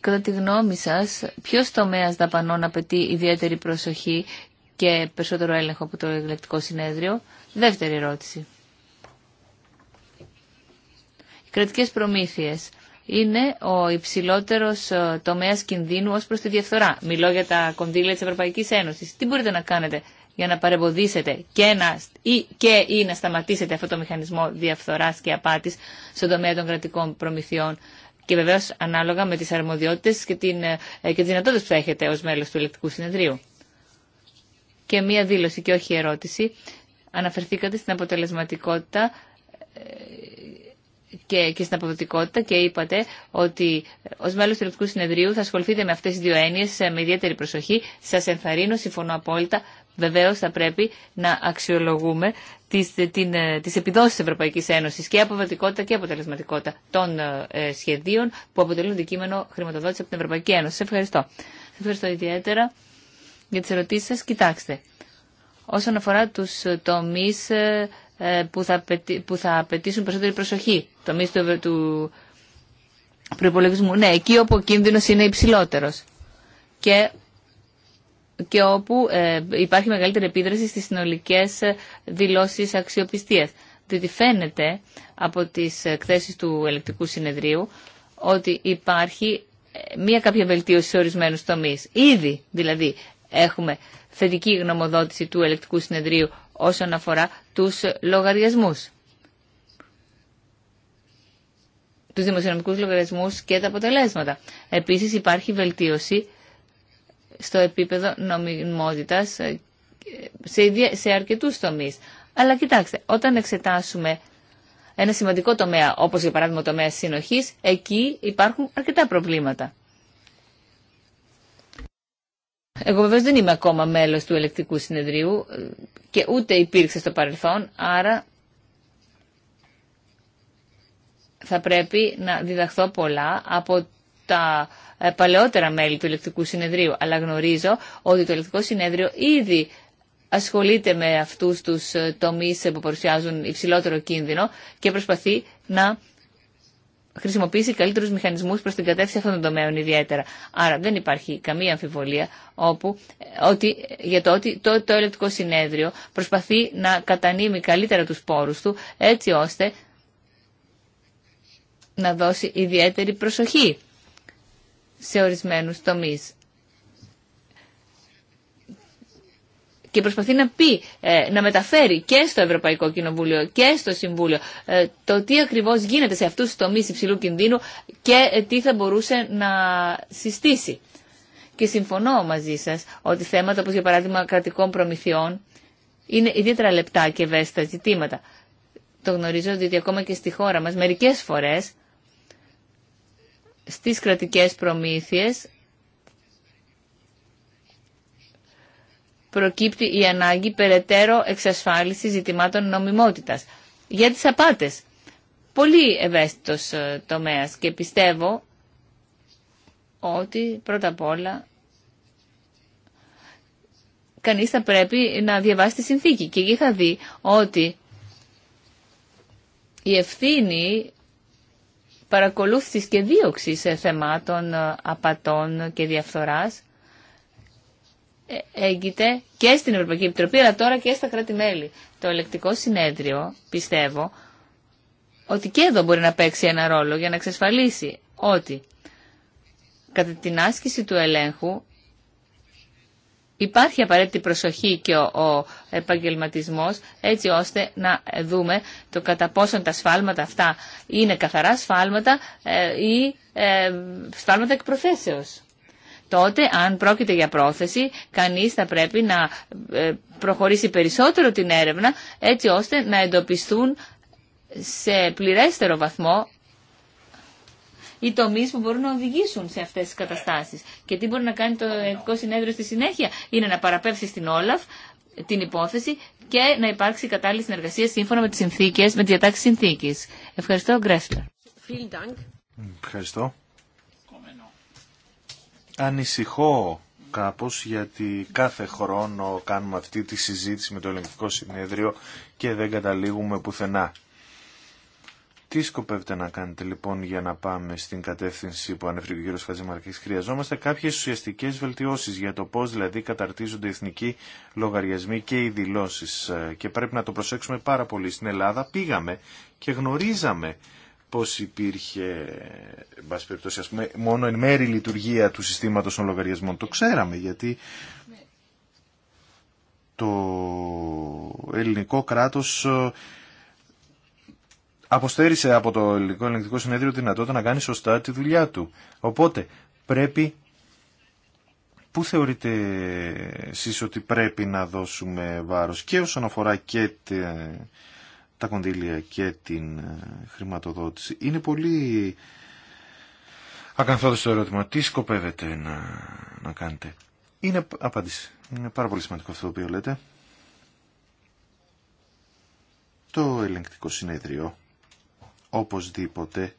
Κατά τη γνώμη σας, ποιος τομέας δαπανών απαιτεί ιδιαίτερη προσοχή και περισσότερο έλεγχο από το Ελεκτικό Συνέδριο. Δεύτερη ερώτηση. Οι κρατικές προμήθειες είναι ο υψηλότερος ε, τομέας κινδύνου ως προς τη διαφθορά. Μιλώ για τα κονδύλια της Ευρωπαϊκής Ένωσης. Τι μπορείτε να κάνετε για να παρεμποδίσετε και, ή, και ή να σταματήσετε αυτό το μηχανισμό διαφθοράς και απάτης στον τομέα των κρατικών προμηθειών και βεβαίω ανάλογα με τι αρμοδιότητε και, την, ε, και τι δυνατότητε που έχετε ω μέλο του Ελεκτικού Συνεδρίου. Και μία δήλωση και όχι ερώτηση. Αναφερθήκατε στην αποτελεσματικότητα ε, και, και στην αποδοτικότητα και είπατε ότι ως μέλος του Ελεκτικού Συνεδρίου θα ασχοληθείτε με αυτές τις δύο έννοιες ε, με ιδιαίτερη προσοχή. Σας ενθαρρύνω, συμφωνώ απόλυτα. Βεβαίω θα πρέπει να αξιολογούμε τις, την, τις επιδόσεις της Ευρωπαϊκής Ένωσης και αποδοτικότητα και αποτελεσματικότητα των ε, ε, σχεδίων που αποτελούν δικείμενο χρηματοδότηση από την Ευρωπαϊκή Ένωση. Σας ευχαριστώ. Σας ευχαριστώ ιδιαίτερα για τις ερωτήσεις σας. Κοιτάξτε, όσον αφορά τους ε, τομείς που θα, που θα απαιτήσουν περισσότερη προσοχή, τομείς του, του προπολογισμού, ναι, εκεί όπου ο κίνδυνος είναι υψηλότερο. Και και όπου ε, υπάρχει μεγαλύτερη επίδραση στις συνολικές ε, δηλώσεις αξιοπιστίας. Διότι φαίνεται από τις εκθέσεις του ελεκτικού συνεδρίου ότι υπάρχει ε, μία κάποια βελτίωση σε ορισμένους τομείς. Ήδη δηλαδή έχουμε θετική γνωμοδότηση του ελεκτικού συνεδρίου όσον αφορά τους λογαριασμούς. Τους δημοσιονομικούς λογαριασμούς και τα αποτελέσματα. Επίσης υπάρχει βελτίωση στο επίπεδο νομιμότητας ε, σε αρκετούς τομείς. Αλλά κοιτάξτε, όταν εξετάσουμε ένα σημαντικό τομέα, όπως για παράδειγμα το τομέα συνοχής, εκεί υπάρχουν αρκετά προβλήματα. Εγώ βεβαίω δεν είμαι ακόμα μέλος του ελεκτικού συνεδρίου ε, και ούτε υπήρξε στο παρελθόν, άρα θα πρέπει να διδαχθώ πολλά από τα ε, παλαιότερα μέλη του ηλεκτρικού συνεδρίου, αλλά γνωρίζω ότι το ηλεκτρικό συνέδριο ήδη ασχολείται με αυτούς τους ε, τομείς που παρουσιάζουν υψηλότερο κίνδυνο και προσπαθεί να χρησιμοποιήσει καλύτερους μηχανισμούς προς την κατεύθυνση αυτών των τομέων ιδιαίτερα. Άρα δεν υπάρχει καμία αμφιβολία όπου, ε, ότι, για το ότι το, το ελεκτικό συνέδριο προσπαθεί να κατανείμει καλύτερα τους πόρους του έτσι ώστε να δώσει ιδιαίτερη προσοχή σε ορισμένους τομείς. Και προσπαθεί να πει, ε, να μεταφέρει και στο Ευρωπαϊκό Κοινοβούλιο και στο Συμβούλιο ε, το τι ακριβώς γίνεται σε αυτούς τους τομείς υψηλού κινδύνου και ε, τι θα μπορούσε να συστήσει. Και συμφωνώ μαζί σας ότι θέματα όπως για παράδειγμα κρατικών προμηθειών είναι ιδιαίτερα λεπτά και ευαίσθητα ζητήματα. Το γνωρίζω ότι ακόμα και στη χώρα μας μερικές φορές στις κρατικές προμήθειες προκύπτει η ανάγκη περαιτέρω εξασφάλιση ζητημάτων νομιμότητας. Για τις απάτες. Πολύ ευαίσθητος ε, τομέας και πιστεύω ότι πρώτα απ' όλα κανείς θα πρέπει να διαβάσει τη συνθήκη. Και εκεί θα δει ότι η ευθύνη παρακολούθησης και δίωξης ε, θεμάτων ε, απατών και διαφθοράς ε, έγκυται και στην Ευρωπαϊκή Επιτροπή αλλά τώρα και στα κράτη-μέλη. Το ελεκτικό συνέδριο πιστεύω ότι και εδώ μπορεί να παίξει ένα ρόλο για να εξασφαλίσει ότι κατά την άσκηση του ελέγχου υπάρχει απαραίτητη προσοχή και ο, ο επαγγελματισμός έτσι ώστε να δούμε το κατά πόσον τα σφάλματα αυτά είναι καθαρά σφάλματα ε, ή ε, σφάλματα εκ προθέσεως. Τότε, αν πρόκειται για πρόθεση, κανείς θα πρέπει να ε, προχωρήσει περισσότερο την έρευνα έτσι ώστε να εντοπιστούν σε πληρέστερο βαθμό οι τομεί που μπορούν να οδηγήσουν σε αυτέ τι καταστάσει. Και τι μπορεί να κάνει το Ελληνικό Συνέδριο στη συνέχεια, είναι να παραπέμψει στην Όλαφ την υπόθεση και να υπάρξει κατάλληλη συνεργασία σύμφωνα με τι συνθήκε, με τι διατάξει συνθήκη. Ευχαριστώ, Γκρέσλερ.
Ευχαριστώ. Ανησυχώ κάπως γιατί κάθε χρόνο κάνουμε αυτή τη συζήτηση με το Ελληνικό συνέδριο και δεν καταλήγουμε πουθενά. Τι σκοπεύετε να κάνετε λοιπόν για να πάμε στην κατεύθυνση που ανέφερε ο κ. Χατζημαρκή. Χρειαζόμαστε κάποιε ουσιαστικέ βελτιώσει για το πώ δηλαδή καταρτίζονται οι εθνικοί λογαριασμοί και οι δηλώσει. Ε, και πρέπει να το προσέξουμε πάρα πολύ. Στην Ελλάδα πήγαμε και γνωρίζαμε πώ υπήρχε, εν περιπτώσει, μόνο εν μέρη λειτουργία του συστήματο των λογαριασμών. Το ξέραμε γιατί το ελληνικό κράτος ε, αποστέρισε από το ελληνικό ελεγκτικό συνέδριο τη δυνατότητα να κάνει σωστά τη δουλειά του. Οπότε πρέπει... Πού θεωρείτε εσείς ότι πρέπει να δώσουμε βάρος και όσον αφορά και τα κονδύλια και την ε, χρηματοδότηση. Είναι πολύ ακαθόδες το ερώτημα. Τι σκοπεύετε να, να κάνετε. Είναι απάντηση. Είναι πάρα πολύ σημαντικό αυτό το οποίο λέτε. Το ελεγκτικό συνέδριο οπωσδήποτε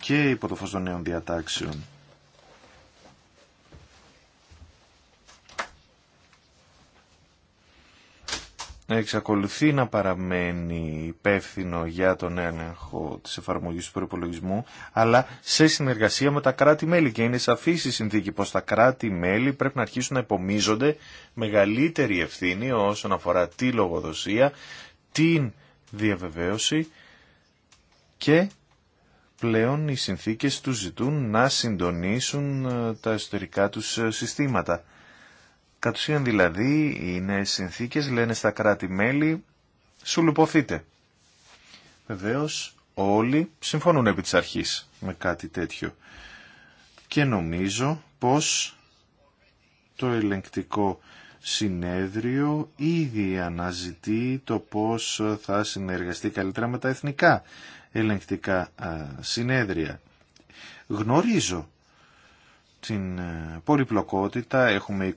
και υπό το φως των νέων διατάξεων. εξακολουθεί να παραμένει υπεύθυνο για τον έλεγχο της εφαρμογής του προπολογισμού, αλλά σε συνεργασία με τα κράτη-μέλη και είναι σαφή η συνθήκη πως τα κράτη-μέλη πρέπει να αρχίσουν να υπομίζονται μεγαλύτερη ευθύνη όσον αφορά τη λογοδοσία, την διαβεβαίωση και πλέον οι συνθήκες τους ζητούν να συντονίσουν ε, τα εσωτερικά τους ε, συστήματα. Κατ' ουσίαν δηλαδή οι νέες συνθήκες λένε στα κράτη-μέλη σου λουποθείτε. Βεβαίως όλοι συμφωνούν επί της αρχής με κάτι τέτοιο. Και νομίζω πως το ελεγκτικό συνέδριο ήδη αναζητεί το πώς θα συνεργαστεί καλύτερα με τα εθνικά ελεγκτικά συνέδρια. Γνωρίζω την ε, πολυπλοκότητα, έχουμε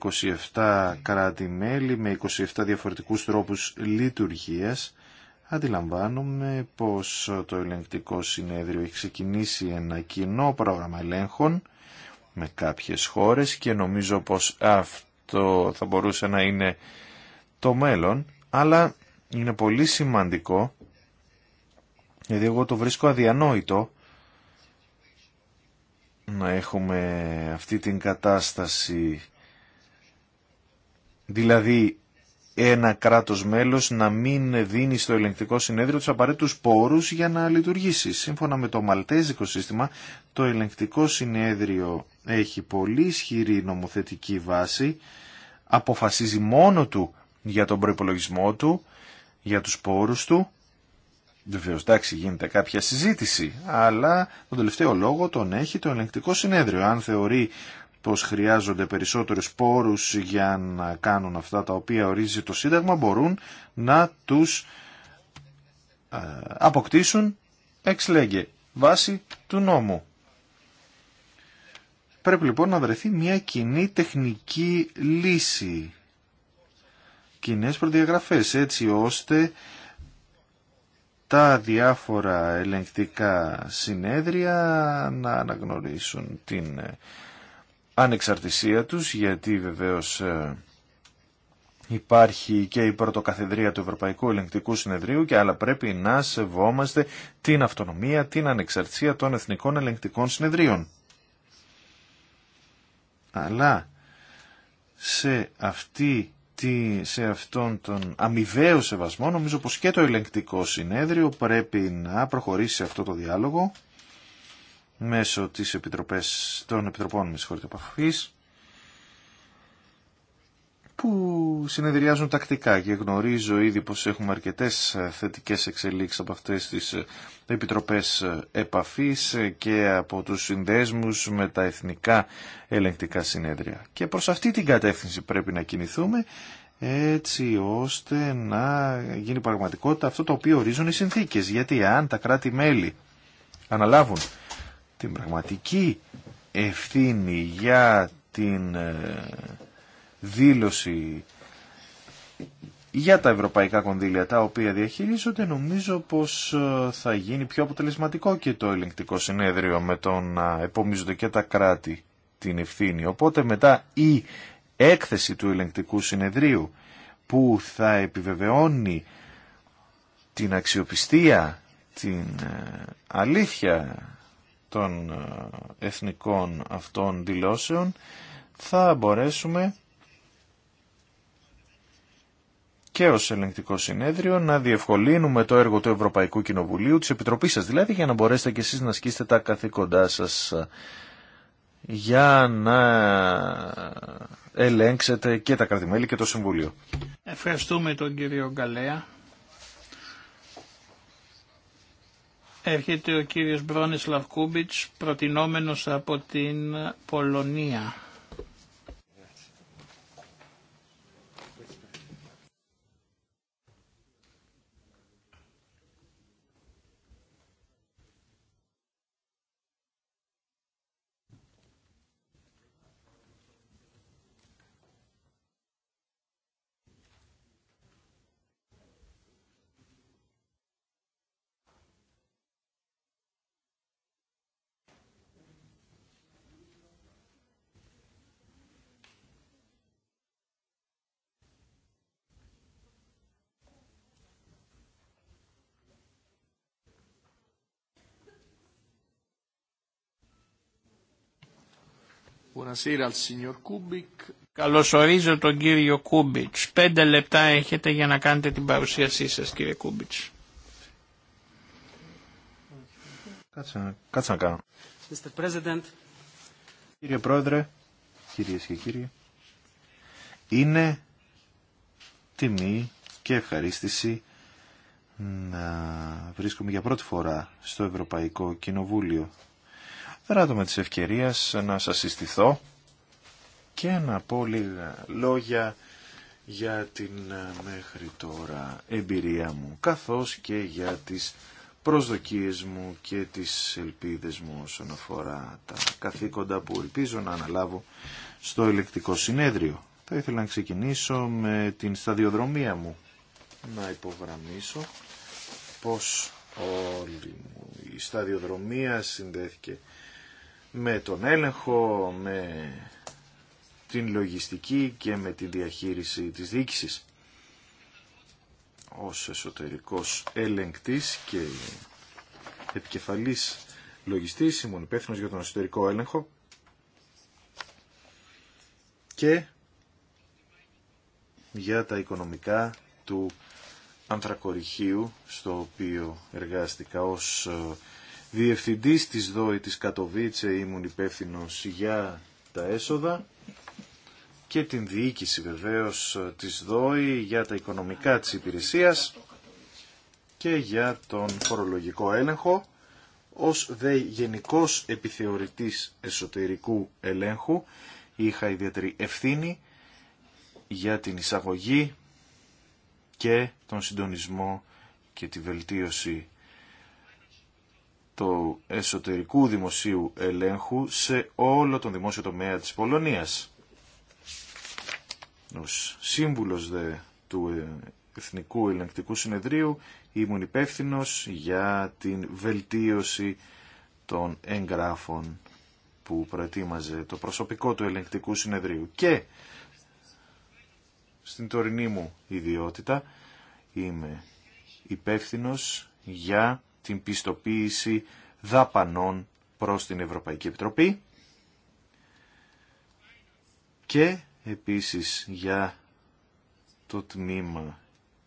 27 κράτη-μέλη με 27 διαφορετικούς τρόπους λειτουργίας. Αντιλαμβάνομαι πως το ελεγκτικό συνέδριο έχει ξεκινήσει ένα κοινό πρόγραμμα ελέγχων με κάποιες χώρες και νομίζω πως αυτό αυτό θα μπορούσε να είναι το μέλλον, αλλά είναι πολύ σημαντικό, γιατί εγώ το βρίσκω αδιανόητο, να έχουμε αυτή την κατάσταση, δηλαδή ένα κράτος μέλος να μην δίνει στο ελεγκτικό συνέδριο τους απαραίτητους πόρους για να λειτουργήσει. Σύμφωνα με το μαλτέζικο σύστημα, το ελεγκτικό συνέδριο έχει πολύ ισχυρή νομοθετική βάση, αποφασίζει μόνο του για τον προϋπολογισμό του, για τους πόρους του. Βεβαίω, εντάξει, γίνεται κάποια συζήτηση, αλλά τον τελευταίο λόγο τον έχει το ελεγκτικό συνέδριο. Αν θεωρεί πως χρειάζονται περισσότερους πόρους για να κάνουν αυτά τα οποία ορίζει το Σύνταγμα, μπορούν να τους ε, αποκτήσουν εξ λέγε, βάση του νόμου. Πρέπει λοιπόν να βρεθεί μια κοινή τεχνική λύση, κοινές προδιαγραφές, έτσι ώστε τα διάφορα ελεγκτικά συνέδρια να αναγνωρίσουν την ανεξαρτησία τους γιατί βεβαίως ε, υπάρχει και η πρωτοκαθεδρία του Ευρωπαϊκού Ελεγκτικού Συνεδρίου και αλλά πρέπει να σεβόμαστε την αυτονομία, την ανεξαρτησία των Εθνικών Ελεγκτικών Συνεδρίων. Αλλά σε, αυτή, τη, σε αυτόν τον αμοιβαίο σεβασμό νομίζω πως και το ελεγκτικό συνέδριο πρέπει να προχωρήσει σε αυτό το διάλογο μέσω της επιτροπές, των επιτροπών της επαφής που συνεδριάζουν τακτικά και γνωρίζω ήδη πως έχουμε αρκετές θετικές εξελίξεις από αυτές τις επιτροπές επαφής και από τους συνδέσμους με τα εθνικά ελεγκτικά συνέδρια. Και προς αυτή την κατεύθυνση πρέπει να κινηθούμε έτσι ώστε να γίνει πραγματικότητα αυτό το οποίο ορίζουν οι συνθήκες. Γιατί αν τα κράτη-μέλη αναλάβουν την πραγματική ευθύνη για την ε, δήλωση για τα ευρωπαϊκά κονδύλια τα οποία διαχειρίζονται νομίζω πως ε, θα γίνει πιο αποτελεσματικό και το ελεγκτικό συνέδριο με το να επομίζονται και τα κράτη την ευθύνη. Οπότε μετά η έκθεση του ελεγκτικού συνεδρίου που θα επιβεβαιώνει την αξιοπιστία, την ε, αλήθεια των ε, εθνικών αυτών δηλώσεων θα μπορέσουμε και ως ελεγκτικό συνέδριο να διευκολύνουμε το έργο του Ευρωπαϊκού Κοινοβουλίου, της Επιτροπής σας δηλαδή, για να μπορέσετε και εσείς να ασκήσετε τα καθήκοντά σας ε, για να ελέγξετε και τα κρατημέλη και το Συμβουλίο.
Ευχαριστούμε τον κύριο Γκαλέα. Έρχεται ο κύριος Μπρόνισλαβ Κούμπιτς, προτινόμενος από την Πολωνία. Καλωσορίζω τον κύριο Κούμπιτ. Πέντε λεπτά έχετε για να κάνετε την παρουσίασή σα, κύριε Κούμπιτ.
Κάτσε, να κάνω. Κύριε Πρόεδρε, κύριε και κύριοι, είναι τιμή και ευχαρίστηση να βρίσκομαι για πρώτη φορά στο Ευρωπαϊκό Κοινοβούλιο Ράτω με της ευκαιρίας να σας συστηθώ και να πω λίγα λόγια για την ε, μέχρι τώρα εμπειρία μου, καθώς και για τις προσδοκίες μου και τις ελπίδες μου όσον αφορά τα καθήκοντα που ελπίζω να αναλάβω στο ελεκτικό συνέδριο. Θα ήθελα να ξεκινήσω με την σταδιοδρομία μου, να υπογραμμίσω πως όλη μου η σταδιοδρομία συνδέθηκε με τον έλεγχο, με την λογιστική και με τη διαχείριση της διοίκησης. Ως εσωτερικός έλεγκτης και επικεφαλής λογιστής ήμουν υπεύθυνο για τον εσωτερικό έλεγχο και για τα οικονομικά του ανθρακοριχείου στο οποίο εργάστηκα ως ε, διευθυντής της ΔΟΗ της Κατοβίτσε ήμουν υπεύθυνο για τα έσοδα και την διοίκηση βεβαίως της ΔΟΗ για τα οικονομικά της υπηρεσίας και για τον φορολογικό έλεγχο ως δε γενικός επιθεωρητής εσωτερικού ελέγχου είχα ιδιαίτερη ευθύνη για την εισαγωγή και τον συντονισμό και τη βελτίωση του εσωτερικού δημοσίου ελέγχου σε όλο τον δημόσιο τομέα της Πολωνίας. Ως σύμβουλος του Εθνικού Ελεγκτικού Συνεδρίου ήμουν υπεύθυνο για την βελτίωση των εγγράφων που προετοίμαζε το προσωπικό του Ελεγκτικού Συνεδρίου και στην τωρινή μου ιδιότητα είμαι υπεύθυνο για την πιστοποίηση δαπανών προς την Ευρωπαϊκή Επιτροπή και επίσης για το τμήμα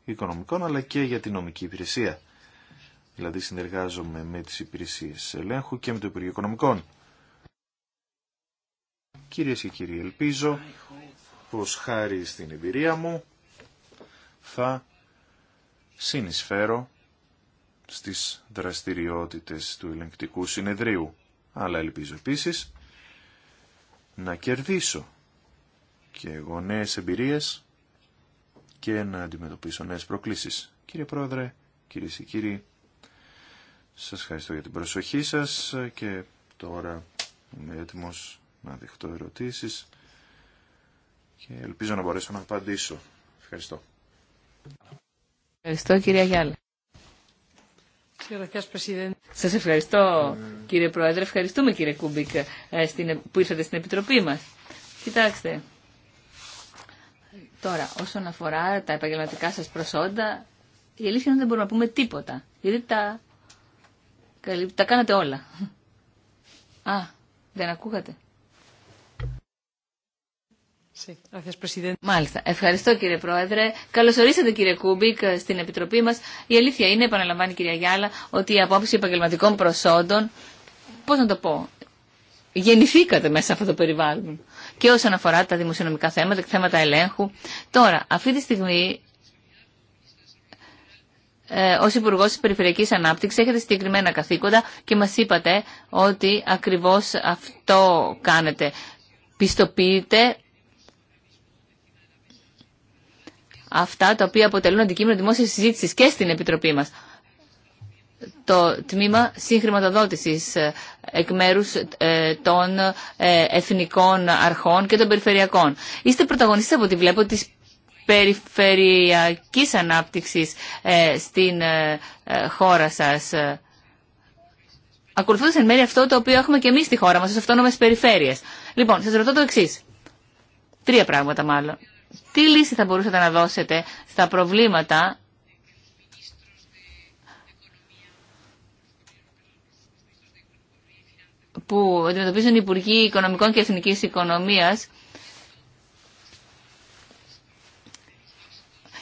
οικονομικών αλλά και για την νομική υπηρεσία. Δηλαδή συνεργάζομαι με τις υπηρεσίες ελέγχου και με το Υπουργείο Οικονομικών. Κυρίες και κύριοι, ελπίζω πως χάρη στην εμπειρία μου θα συνεισφέρω στις δραστηριότητες του ελεγκτικού συνεδρίου. Αλλά ελπίζω επίσης να κερδίσω και εγώ νέες εμπειρίες και να αντιμετωπίσω νέες προκλήσεις. Κύριε Πρόεδρε, κύριε και κύριοι, σας ευχαριστώ για την προσοχή σας και τώρα είμαι έτοιμος να δεχτώ ερωτήσεις και ελπίζω να μπορέσω να απαντήσω. Ευχαριστώ.
Ευχαριστώ κυρία Γιάλη. Σας ευχαριστώ κύριε Πρόεδρε, ευχαριστούμε κύριε Κούμπικ ε, που ήρθατε στην Επιτροπή μας. Κοιτάξτε, τώρα όσον αφορά τα επαγγελματικά σας προσόντα, η αλήθεια είναι ότι δεν μπορούμε να πούμε τίποτα, γιατί τα, τα κάνατε όλα. Α, δεν ακούγατε. Μάλιστα. Ευχαριστώ κύριε Πρόεδρε. Καλωσορίσατε κύριε Κούμπικ στην Επιτροπή μας. Η αλήθεια είναι, επαναλαμβάνει η κυρία Γιάλα, ότι η απόψη επαγγελματικών προσόντων, πώς να το πω, γεννηθήκατε μέσα σε αυτό το περιβάλλον. Και όσον αφορά τα δημοσιονομικά θέματα και θέματα ελέγχου. Τώρα, αυτή τη στιγμή ε, Ω Υπουργό τη Περιφερειακή Ανάπτυξη έχετε συγκεκριμένα καθήκοντα και μα είπατε ότι ακριβώ αυτό κάνετε. Πιστοποιείτε αυτά τα οποία αποτελούν αντικείμενο δημόσια συζήτηση και στην Επιτροπή μα. Το τμήμα συγχρηματοδότηση ε, εκ μέρου ε, των ε, εθνικών αρχών και των περιφερειακών. Είστε πρωταγωνίστε από ό,τι βλέπω τη περιφερειακή ανάπτυξη στην χώρα σα. Ακολουθώντα εν μέρει αυτό το οποίο έχουμε και εμεί στη χώρα μα στι αυτόνομε περιφέρειε. Λοιπόν, σα ρωτώ το εξή. Τρία πράγματα μάλλον τι λύση θα μπορούσατε να δώσετε στα προβλήματα που αντιμετωπίζουν οι Υπουργοί Οικονομικών και Εθνικής Οικονομίας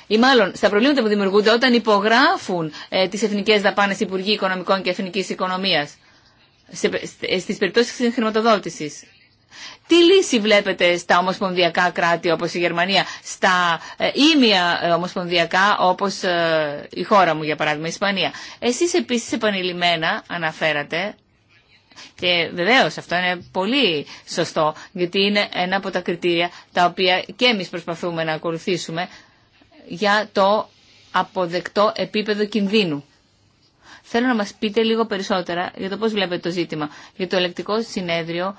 ή μάλλον στα προβλήματα που δημιουργούνται όταν υπογράφουν ε, τις εθνικές δαπάνες Υπουργοί Οικονομικών και Εθνικής Οικονομίας σε, στις περιπτώσεις της χρηματοδότησης. Τι λύση βλέπετε στα ομοσπονδιακά κράτη όπως η Γερμανία, στα ήμια ε, ε, ομοσπονδιακά όπως ε, η χώρα μου για παράδειγμα η Ισπανία. Εσείς επίσης επανειλημμένα αναφέρατε και βεβαίως αυτό είναι πολύ σωστό γιατί είναι ένα από τα κριτήρια τα οποία και εμείς προσπαθούμε να ακολουθήσουμε για το αποδεκτό επίπεδο κινδύνου. Θέλω να μας πείτε λίγο περισσότερα για το πώς βλέπετε το ζήτημα. Για το ελεκτικό συνέδριο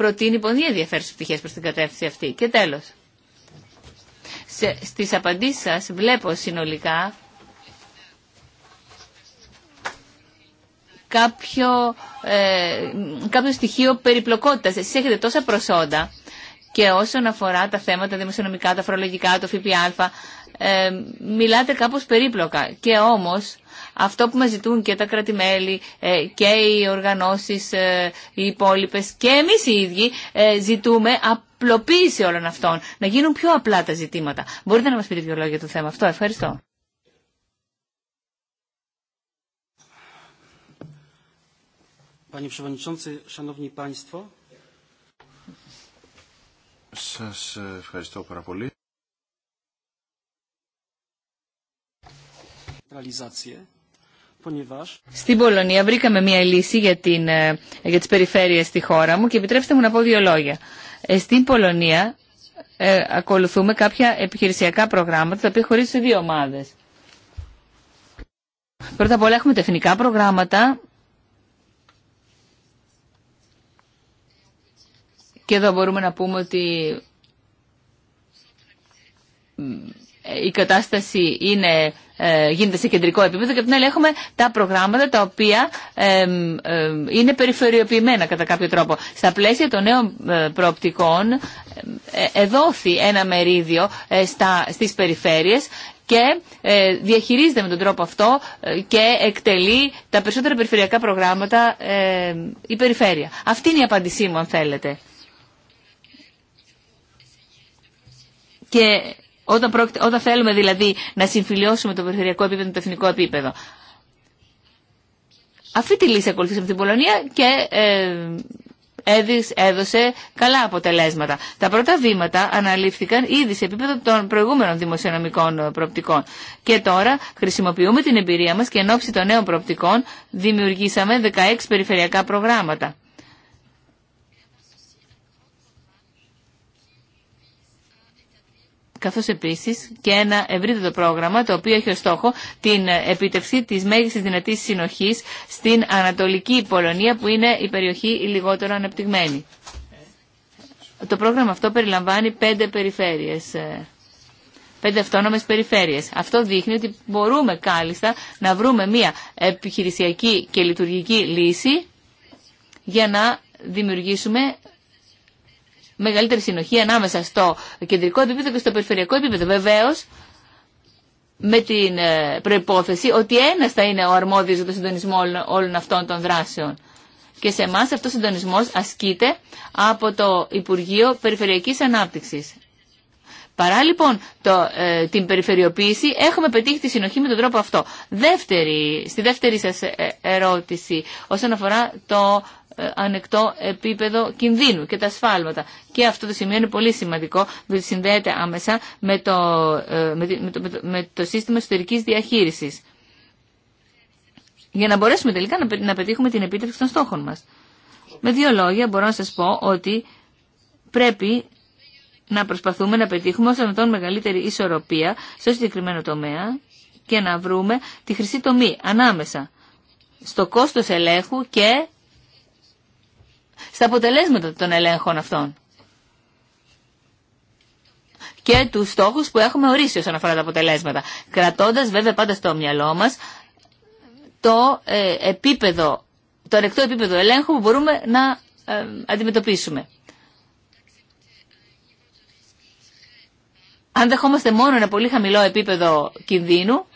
προτείνει πολύ ενδιαφέρουσε πτυχέ προ την κατεύθυνση αυτή. Και τέλο. Στι απαντήσει σα βλέπω συνολικά κάποιο, ε, κάποιο στοιχείο περιπλοκότητα. Εσείς έχετε τόσα προσόντα και όσον αφορά τα θέματα δημοσιονομικά, τα φορολογικά, το ΦΠΑ, ε, μιλάτε κάπως περίπλοκα. Και όμως αυτό που μας ζητούν και τα κρατημέλη ε, και οι οργανώσεις ε, οι υπόλοιπε και εμείς οι ίδιοι ε, ζητούμε απλοποίηση όλων αυτών. Να γίνουν πιο απλά τα ζητήματα. Μπορείτε να μας πείτε δύο λόγια για το θέμα αυτό. Ευχαριστώ.
Σας ευχαριστώ πάρα πολύ.
Στην
Πολωνία βρήκαμε μια λύση για, την, ε, για τις περιφέρειες στη χώρα μου και επιτρέψτε μου να πω δύο λόγια. Ε, στην Πολωνία ε, ακολουθούμε κάποια επιχειρησιακά προγράμματα τα οποία χωρίζουν σε δύο ομάδες. Πρώτα απ' όλα έχουμε τεχνικά προγράμματα και εδώ μπορούμε να πούμε ότι η κατάσταση είναι, ε, γίνεται σε κεντρικό επίπεδο και από την άλλη έχουμε τα προγράμματα τα οποία ε, ε, είναι περιφερειοποιημένα κατά κάποιο τρόπο. Στα πλαίσια των νέων προοπτικών εδόθη ένα μερίδιο στα, στις περιφέρειες και διαχειρίζεται με τον τρόπο αυτό και εκτελεί τα περισσότερα περιφερειακά προγράμματα η περιφέρεια. Αυτή είναι η απάντησή μου αν θέλετε. Όταν, θέλουμε δηλαδή να συμφιλιώσουμε το περιφερειακό επίπεδο με το εθνικό επίπεδο. Αυτή τη λύση ακολουθήσαμε την Πολωνία και ε, έδωσε καλά αποτελέσματα. Τα πρώτα βήματα αναλήφθηκαν ήδη σε επίπεδο των προηγούμενων δημοσιονομικών προοπτικών. Και τώρα χρησιμοποιούμε την εμπειρία μας και εν ώψη των νέων προοπτικών δημιουργήσαμε 16 περιφερειακά προγράμματα. καθώς επίσης και ένα ευρύτερο πρόγραμμα το οποίο έχει ως στόχο την επίτευξη της μέγιστης δυνατής συνοχής στην Ανατολική Πολωνία που είναι η περιοχή η λιγότερο αναπτυγμένη. Το πρόγραμμα αυτό περιλαμβάνει πέντε περιφέρειες, ε, πέντε αυτόνομες περιφέρειες. Αυτό δείχνει ότι μπορούμε κάλλιστα να βρούμε μια επιχειρησιακή και λειτουργική λύση για να δημιουργήσουμε μεγαλύτερη συνοχή ανάμεσα στο κεντρικό επίπεδο και στο περιφερειακό επίπεδο. Βεβαίω, με την ε, προπόθεση ότι ένα θα είναι ο αρμόδιο για το συντονισμό όλων αυτών των δράσεων. Και σε εμά αυτό ο συντονισμό ασκείται από το Υπουργείο Περιφερειακή Ανάπτυξη. Παρά λοιπόν το, ε, την περιφερειοποίηση, έχουμε πετύχει τη συνοχή με τον τρόπο αυτό. Δεύτερη, στη δεύτερη σας ε, ερώτηση, όσον αφορά το ανεκτό επίπεδο κινδύνου και τα ασφάλματα. Και αυτό το σημείο είναι πολύ σημαντικό, διότι συνδέεται άμεσα με το, ε, με το, με σύστημα εσωτερική διαχείριση. Για να μπορέσουμε τελικά να πετύχουμε την επίτευξη των στόχων μας. Με δύο λόγια μπορώ να σας πω ότι πρέπει να προσπαθούμε να πετύχουμε όσο να μεγαλύτερη ισορροπία στο συγκεκριμένο τομέα και να βρούμε τη χρυσή τομή ανάμεσα στο κόστος ελέγχου και στα αποτελέσματα των ελέγχων αυτών και τους στόχους που έχουμε ορίσει όσον αφορά τα αποτελέσματα. Κρατώντας βέβαια πάντα στο μυαλό μας το ε, επίπεδο, το ανεκτό επίπεδο ελέγχου που μπορούμε να ε, αντιμετωπίσουμε. Αν δεχόμαστε μόνο ένα πολύ χαμηλό επίπεδο κινδύνου,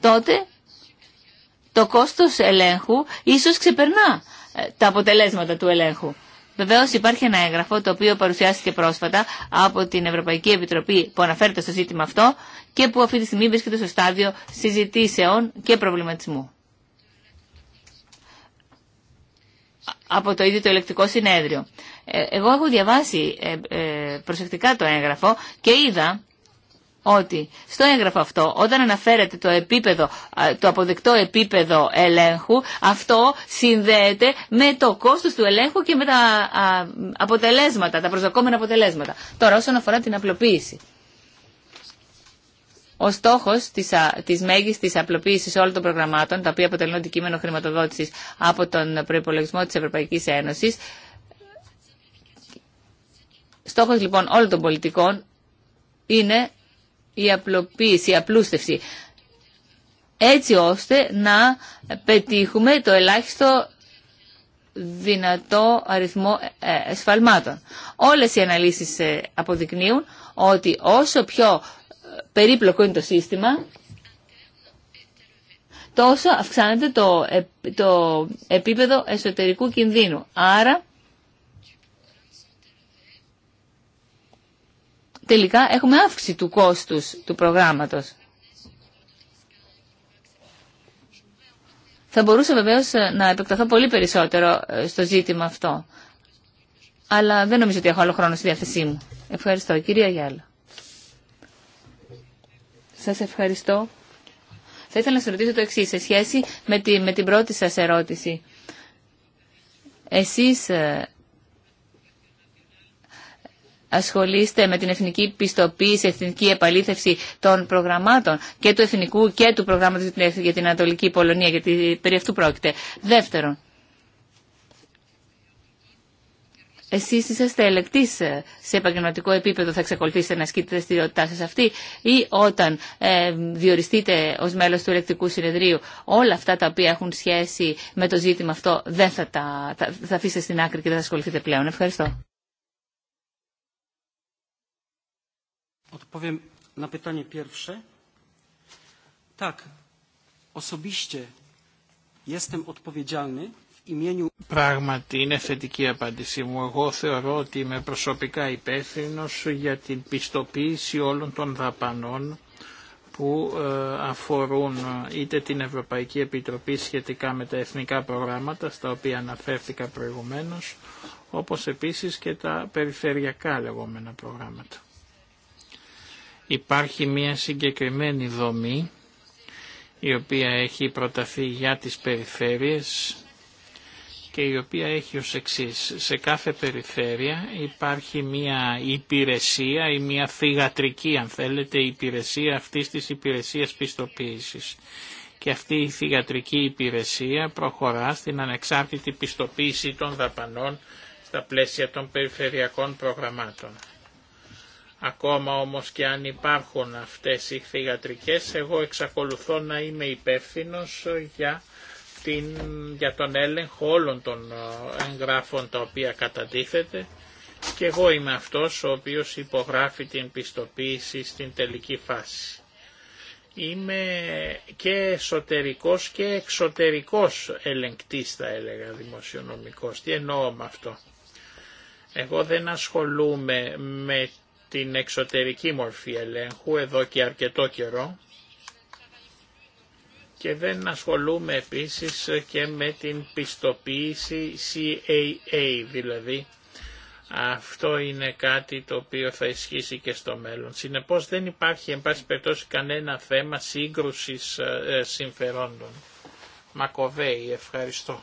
τότε το κόστος ελέγχου ίσως ξεπερνά τα αποτελέσματα του ελέγχου. Βεβαίω υπάρχει ένα έγγραφο το οποίο παρουσιάστηκε πρόσφατα από την Ευρωπαϊκή Επιτροπή που αναφέρεται στο ζήτημα αυτό και που αυτή τη στιγμή βρίσκεται στο στάδιο συζητήσεων και προβληματισμού. Από το ίδιο το ηλεκτρικό συνέδριο. Ε, εγώ έχω διαβάσει ε, ε, προσεκτικά το έγγραφο και είδα ότι στο έγγραφο αυτό, όταν αναφέρεται το επίπεδο, το αποδεκτό επίπεδο ελέγχου, αυτό συνδέεται με το κόστος του ελέγχου και με τα αποτελέσματα, τα προσδοκόμενα αποτελέσματα. Τώρα, όσον αφορά την απλοποίηση. Ο στόχο τη της μέγιστη απλοποίηση όλων των προγραμμάτων, τα οποία αποτελούν αντικείμενο χρηματοδότηση από τον προπολογισμό τη Ευρωπαϊκή Ένωση, Στόχο λοιπόν όλων των πολιτικών είναι η απλοποίηση, η απλούστευση έτσι ώστε να πετύχουμε το ελάχιστο δυνατό αριθμό ε, εσφαλμάτων. Όλες οι αναλύσεις ε, αποδεικνύουν ότι όσο πιο ε, περίπλοκο είναι το σύστημα, τόσο αυξάνεται το, το επίπεδο εσωτερικού κινδύνου. Άρα τελικά έχουμε αύξηση του κόστους του προγράμματος. Θα μπορούσα βεβαίως ε, να επεκταθώ πολύ περισσότερο ε, στο ζήτημα αυτό. Αλλά δεν νομίζω ότι έχω άλλο χρόνο στη διάθεσή μου. Ευχαριστώ. Κυρία Γιάλα. Σας ευχαριστώ. Θα ήθελα να σας ρωτήσω το εξής, σε σχέση με, τη, με την πρώτη σας ερώτηση. Εσείς ε, ασχολείστε με την εθνική πιστοποίηση, εθνική επαλήθευση των προγραμμάτων και του εθνικού και του προγράμματος για την Ανατολική Πολωνία, γιατί περί αυτού πρόκειται. Δεύτερον, εσείς είσαστε ελεκτής σε επαγγελματικό επίπεδο, θα εξακολουθήσετε να ασκείτε τη δραστηριότητά σας αυτή ή όταν ε, διοριστείτε ως μέλος του ελεκτικού συνεδρίου όλα αυτά τα οποία έχουν σχέση με το ζήτημα αυτό δεν θα τα θα, θα αφήσετε στην άκρη και δεν θα ασχοληθείτε πλέον. Ευχαριστώ.
Odpowiem na pytanie pierwsze. Tak, osobiście jestem odpowiedzialny w imieniu... Πράγματι είναι θετική απάντησή μου. Εγώ θεωρώ ότι είμαι προσωπικά υπεύθυνο για την πιστοποίηση όλων των δαπανών που ε, αφορούν ε, είτε την Ευρωπαϊκή Επιτροπή σχετικά με τα εθνικά προγράμματα στα οποία αναφέρθηκα προηγουμένως, όπως επίσης και τα περιφερειακά λεγόμενα προγράμματα. Υπάρχει μια συγκεκριμένη δομή η οποία έχει προταθεί για τις περιφέρειες και η οποία έχει ως εξής. Σε κάθε περιφέρεια υπάρχει μια υπηρεσία ή μια θηγατρική αν θέλετε υπηρεσία αυτής της υπηρεσίας πιστοποίησης. Και αυτή η θηγατρική υπηρεσία προχωρά στην ανεξάρτητη πιστοποίηση των δαπανών στα πλαίσια των περιφερειακών προγραμμάτων. Ακόμα όμως και αν υπάρχουν αυτές οι θηγατρικές, εγώ εξακολουθώ να είμαι υπεύθυνο για, για τον έλεγχο όλων των ε, εγγράφων τα οποία κατατίθεται και εγώ είμαι αυτός ο οποίος υπογράφει την πιστοποίηση στην τελική φάση. Είμαι και εσωτερικός και εξωτερικός ελεγκτής θα έλεγα δημοσιονομικός. Τι εννοώ με αυτό. Εγώ δεν ασχολούμαι με την εξωτερική μορφή ελέγχου εδώ και αρκετό καιρό και δεν ασχολούμαι επίσης και με την πιστοποίηση CAA δηλαδή. Αυτό είναι κάτι το οποίο θα ισχύσει και στο μέλλον. Συνεπώς δεν υπάρχει εν πάση περιπτώσει κανένα θέμα σύγκρουσης ε, συμφερόντων. Μακοβέη, ευχαριστώ.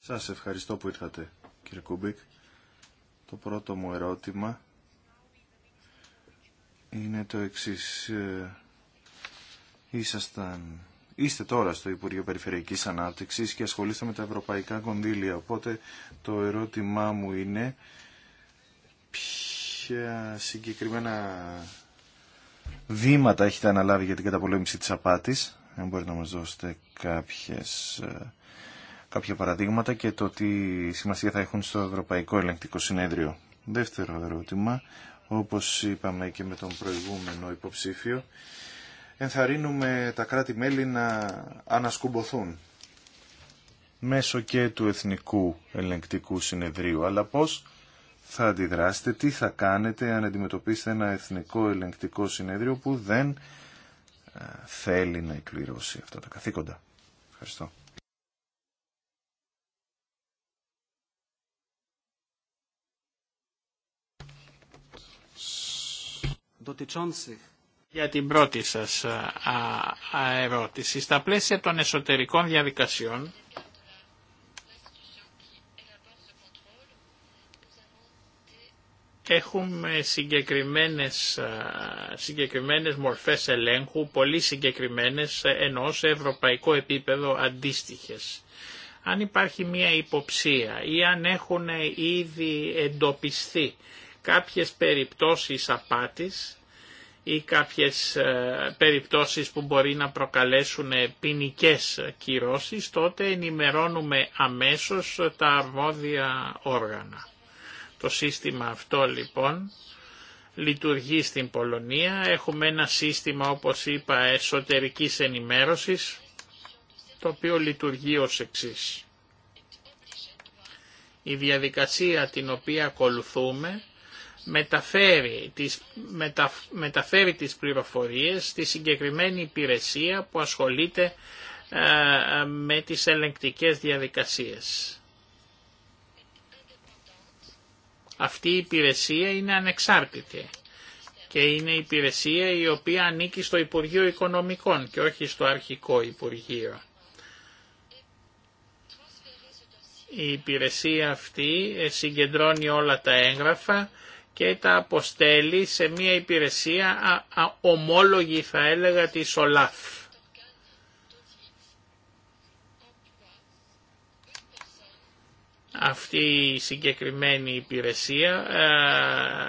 Σας ευχαριστώ που ήρθατε κύριε Κούμπικ. Το πρώτο μου ερώτημα είναι το εξής. Ε, ήσασταν, είστε τώρα στο Υπουργείο Περιφερειακής Ανάπτυξης και ασχολείστε με τα ευρωπαϊκά κονδύλια. Οπότε το ερώτημά μου είναι ποια συγκεκριμένα βήματα έχετε αναλάβει για την καταπολέμηση της απάτης. Αν μπορείτε να μας δώσετε κάποιες ε, κάποια παραδείγματα και το τι σημασία θα έχουν στο Ευρωπαϊκό Ελεγκτικό Συνέδριο. Δεύτερο ερώτημα, όπως είπαμε και με τον προηγούμενο υποψήφιο, ενθαρρύνουμε τα κράτη-μέλη να ανασκουμποθούν μέσω και του Εθνικού Ελεγκτικού Συνεδρίου. Αλλά πώς θα αντιδράσετε, τι θα κάνετε αν αντιμετωπίσετε ένα Εθνικό Ελεγκτικό Συνέδριο που δεν ε, θέλει να εκπληρώσει αυτά τα καθήκοντα. Ευχαριστώ.
Για την πρώτη σας ερώτηση, στα πλαίσια των εσωτερικών διαδικασιών, έχουμε συγκεκριμένες, συγκεκριμένες μορφές ελέγχου, πολύ συγκεκριμένες, ενώ σε ευρωπαϊκό επίπεδο αντίστοιχες. Αν υπάρχει μία υποψία ή αν έχουν ήδη εντοπιστεί κάποιες περιπτώσεις απάτης ή κάποιες ε, περιπτώσεις που μπορεί να προκαλέσουν ποινικέ κυρώσεις, τότε ενημερώνουμε αμέσως τα αρμόδια όργανα. Το σύστημα αυτό λοιπόν λειτουργεί στην Πολωνία. Έχουμε ένα σύστημα όπως είπα εσωτερικής ενημέρωσης, το οποίο λειτουργεί ως εξής. Η διαδικασία την οποία ακολουθούμε μεταφέρει τις, μετα, μεταφέρει τις πληροφορίες στη συγκεκριμένη υπηρεσία που ασχολείται ε, με τις ελεγκτικές διαδικασίες. Αυτή η υπηρεσία είναι ανεξάρτητη και είναι η υπηρεσία η οποία ανήκει στο Υπουργείο Οικονομικών και όχι στο αρχικό Υπουργείο. Η υπηρεσία αυτή συγκεντρώνει όλα τα έγγραφα και τα αποστέλει σε μια υπηρεσία α, ομόλογη θα έλεγα της ΟΛΑΦ. Αυτή η συγκεκριμένη υπηρεσία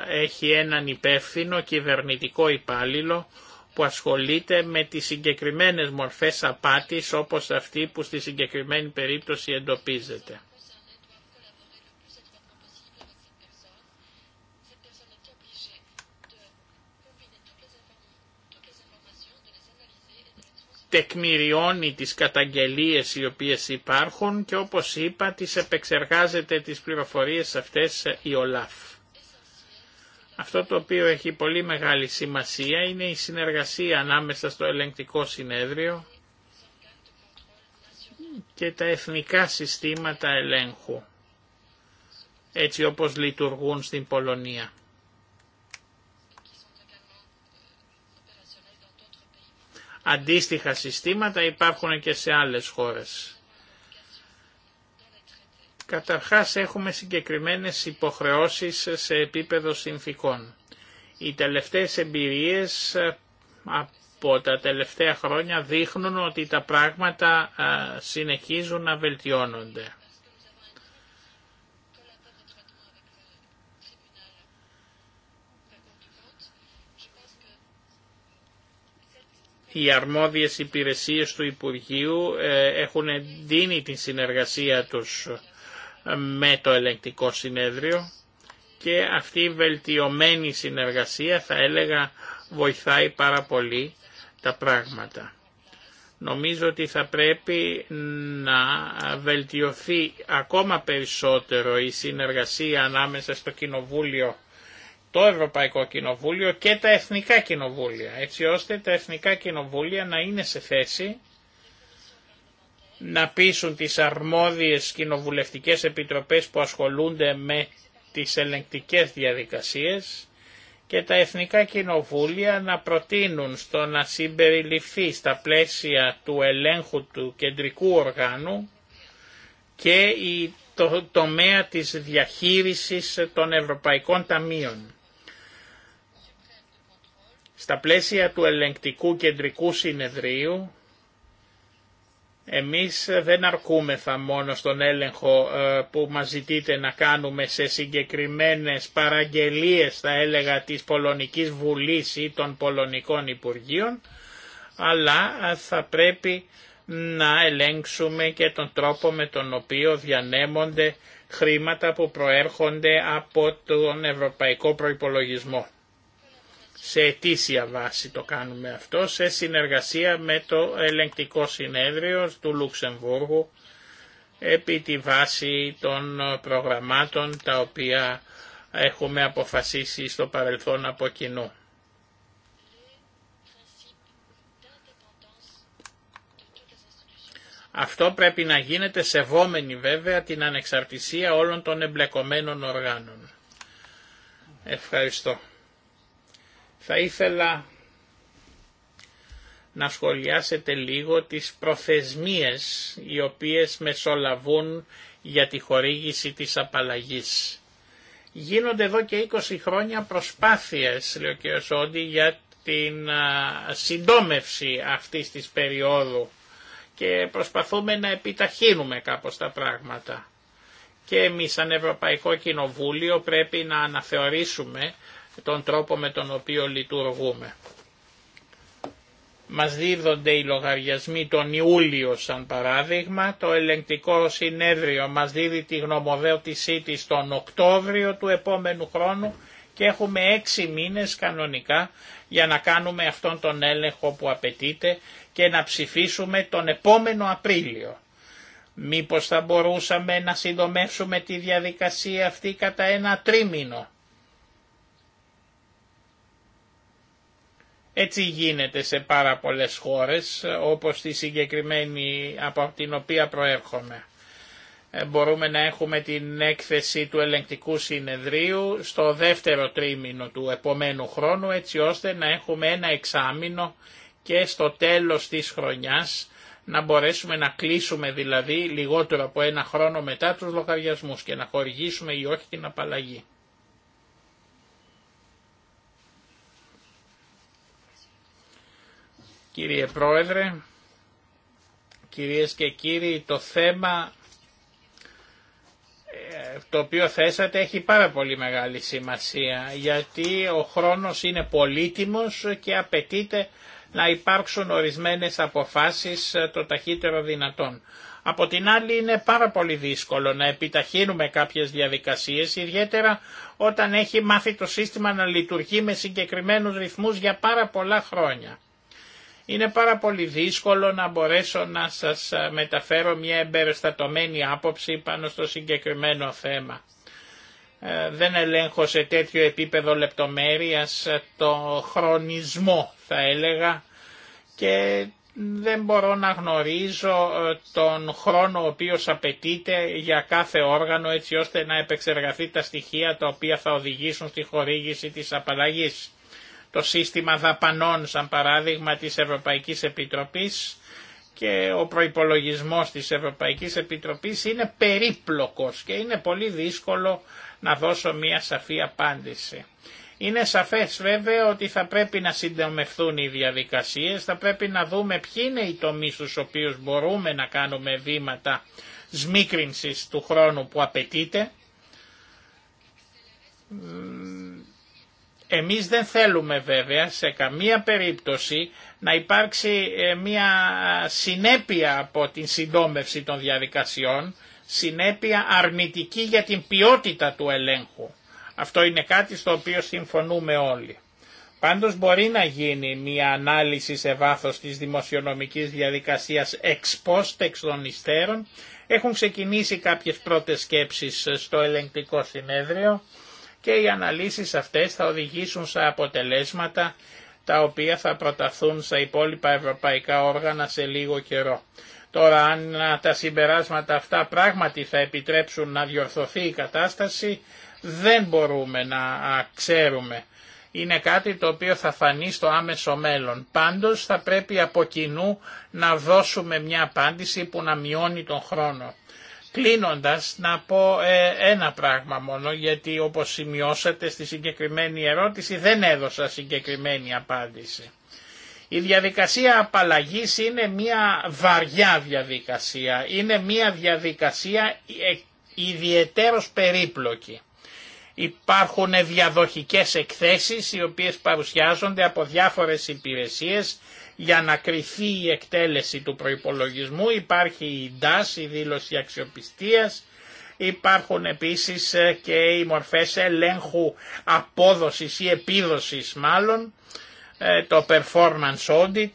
έχει έναν υπεύθυνο κυβερνητικό υπάλληλο που ασχολείται με τις συγκεκριμένες μορφές απάτης όπως αυτή που στη συγκεκριμένη περίπτωση εντοπίζεται. τεκμηριώνει τις καταγγελίες οι οποίες υπάρχουν και όπως είπα τις επεξεργάζεται τις πληροφορίες αυτές η ΟΛΑΦ. Αυτό το οποίο έχει πολύ μεγάλη σημασία είναι η συνεργασία ανάμεσα στο ελεγκτικό συνέδριο και τα εθνικά συστήματα ελέγχου, έτσι όπως λειτουργούν στην Πολωνία. Αντίστοιχα συστήματα υπάρχουν και σε άλλες χώρες. Καταρχάς έχουμε συγκεκριμένες υποχρεώσεις σε επίπεδο συνθήκων. Οι τελευταίες εμπειρίες ε, από τα τελευταία χρόνια δείχνουν ότι τα πράγματα ε, συνεχίζουν να βελτιώνονται. οι αρμόδιες υπηρεσίες του Υπουργείου ε, έχουν δίνει την συνεργασία τους ε, με το ελεγκτικό συνέδριο και αυτή η βελτιωμένη συνεργασία θα έλεγα βοηθάει πάρα πολύ τα πράγματα. Νομίζω ότι θα πρέπει να βελτιωθεί ακόμα περισσότερο η συνεργασία ανάμεσα στο Κοινοβούλιο το Ευρωπαϊκό Κοινοβούλιο και τα Εθνικά Κοινοβούλια, έτσι ώστε τα Εθνικά Κοινοβούλια να είναι σε θέση να πείσουν τις αρμόδιες κοινοβουλευτικές επιτροπές που ασχολούνται με τις ελεγκτικές διαδικασίες και τα Εθνικά Κοινοβούλια να προτείνουν στο να συμπεριληφθεί στα πλαίσια του ελέγχου του κεντρικού οργάνου και η τομέα της διαχείρισης των Ευρωπαϊκών Ταμείων. Στα πλαίσια του ελεγκτικού κεντρικού συνεδρίου εμείς δεν αρκούμεθα μόνο στον έλεγχο ε, που μας ζητείτε να κάνουμε σε συγκεκριμένες παραγγελίες, θα έλεγα, της Πολωνικής Βουλής ή των Πολωνικών Υπουργείων, αλλά ε, θα πρέπει να ελέγξουμε και τον τρόπο με τον οποίο διανέμονται χρήματα που προέρχονται από τον Ευρωπαϊκό Προϋπολογισμό σε αιτήσια βάση το κάνουμε αυτό, σε συνεργασία με το ελεγκτικό συνέδριο του Λουξεμβούργου, επί τη βάση των προγραμμάτων τα οποία έχουμε αποφασίσει στο παρελθόν από κοινού. Αυτό πρέπει να γίνεται σεβόμενη βέβαια την ανεξαρτησία όλων των εμπλεκομένων οργάνων. Ευχαριστώ. Θα ήθελα να σχολιάσετε λίγο τις προθεσμίες οι οποίες μεσολαβούν για τη χορήγηση της απαλλαγής. Γίνονται εδώ και 20 χρόνια προσπάθειες, λέει ο κ. Σόντι, για την συντόμευση αυτής της περίοδου και προσπαθούμε να επιταχύνουμε κάπως τα πράγματα. Και εμείς σαν Ευρωπαϊκό Κοινοβούλιο πρέπει να αναθεωρήσουμε τον τρόπο με τον οποίο λειτουργούμε. Μας δίδονται οι λογαριασμοί τον Ιούλιο σαν παράδειγμα, το ελεγκτικό συνέδριο μας δίδει τη γνωμοδότησή της τον Οκτώβριο του επόμενου χρόνου και έχουμε έξι μήνες κανονικά για να κάνουμε αυτόν τον έλεγχο που απαιτείται και να ψηφίσουμε τον επόμενο Απρίλιο. Μήπως θα μπορούσαμε να συντομεύσουμε τη διαδικασία αυτή κατά ένα τρίμηνο Έτσι γίνεται σε πάρα πολλές χώρες, όπως τη συγκεκριμένη από την οποία προέρχομαι. Ε, μπορούμε να έχουμε την έκθεση του ελεγκτικού συνεδρίου στο δεύτερο τρίμηνο του επομένου χρόνου, έτσι ώστε να έχουμε ένα εξάμηνο και στο τέλος της χρονιάς να μπορέσουμε να κλείσουμε δηλαδή λιγότερο από ένα χρόνο μετά τους λογαριασμούς και να χορηγήσουμε ή όχι την απαλλαγή. Κύριε Πρόεδρε, κυρίες και κύριοι, το θέμα ε, το οποίο θέσατε έχει πάρα πολύ μεγάλη σημασία γιατί ο χρόνος είναι πολύτιμος και απαιτείται να υπάρξουν ορισμένες αποφάσεις ε, το ταχύτερο δυνατόν. Από την άλλη είναι πάρα πολύ δύσκολο να επιταχύνουμε κάποιες διαδικασίες, ιδιαίτερα όταν έχει μάθει το σύστημα να λειτουργεί με συγκεκριμένους ρυθμούς για πάρα πολλά χρόνια. Είναι πάρα πολύ δύσκολο να μπορέσω να σας ε, μεταφέρω μια εμπεριστατωμένη άποψη πάνω στο συγκεκριμένο θέμα. Ε, δεν ελέγχω σε τέτοιο επίπεδο λεπτομέρειας ε, το χρονισμό θα έλεγα και δεν μπορώ να γνωρίζω τον χρόνο ο οποίος απαιτείται για κάθε όργανο έτσι ώστε να επεξεργαθεί τα στοιχεία τα οποία θα οδηγήσουν στη χορήγηση της απαλλαγής το σύστημα δαπανών σαν παράδειγμα της Ευρωπαϊκής Επιτροπής και ο προϋπολογισμός της Ευρωπαϊκής Επιτροπής είναι περίπλοκος και είναι πολύ δύσκολο να δώσω μια σαφή απάντηση. Είναι σαφές βέβαια ότι θα πρέπει να συντομευθούν οι διαδικασίες, θα πρέπει να δούμε ποιοι είναι οι τομείς στους οποίους μπορούμε να κάνουμε βήματα σμίκρινσης του χρόνου που απαιτείται εμείς δεν θέλουμε βέβαια σε καμία περίπτωση να υπάρξει ε, μια συνέπεια από την συντόμευση των διαδικασιών, συνέπεια αρνητική για την ποιότητα του ελέγχου. Αυτό είναι κάτι στο οποίο συμφωνούμε όλοι. Πάντως μπορεί να γίνει μια ανάλυση σε βάθος της δημοσιονομικής διαδικασίας εξ εξ των υστέρων. Έχουν ξεκινήσει κάποιες πρώτες σκέψεις στο ελεγκτικό συνέδριο και οι αναλύσεις αυτές θα οδηγήσουν σε αποτελέσματα τα οποία θα προταθούν σε υπόλοιπα ευρωπαϊκά όργανα σε λίγο καιρό. Τώρα αν τα συμπεράσματα αυτά πράγματι θα επιτρέψουν να διορθωθεί η κατάσταση δεν μπορούμε να ξέρουμε. Είναι κάτι το οποίο θα φανεί στο άμεσο μέλλον. Πάντως θα πρέπει από κοινού να δώσουμε μια απάντηση που να μειώνει τον χρόνο. Κλείνοντας να πω ε, ένα πράγμα μόνο γιατί όπως σημειώσατε στη συγκεκριμένη ερώτηση δεν έδωσα συγκεκριμένη απάντηση. Η διαδικασία απαλλαγής είναι μια βαριά διαδικασία, είναι μια διαδικασία ε, ιδιαίτερος περίπλοκη. Υπάρχουν διαδοχικές εκθέσεις οι οποίες παρουσιάζονται από διάφορες υπηρεσίες για να κριθεί η εκτέλεση του προϋπολογισμού. Υπάρχει η DAS, η δήλωση αξιοπιστίας, υπάρχουν επίσης ε, και οι μορφές ελέγχου απόδοσης ή επίδοσης μάλλον, ε, το performance audit.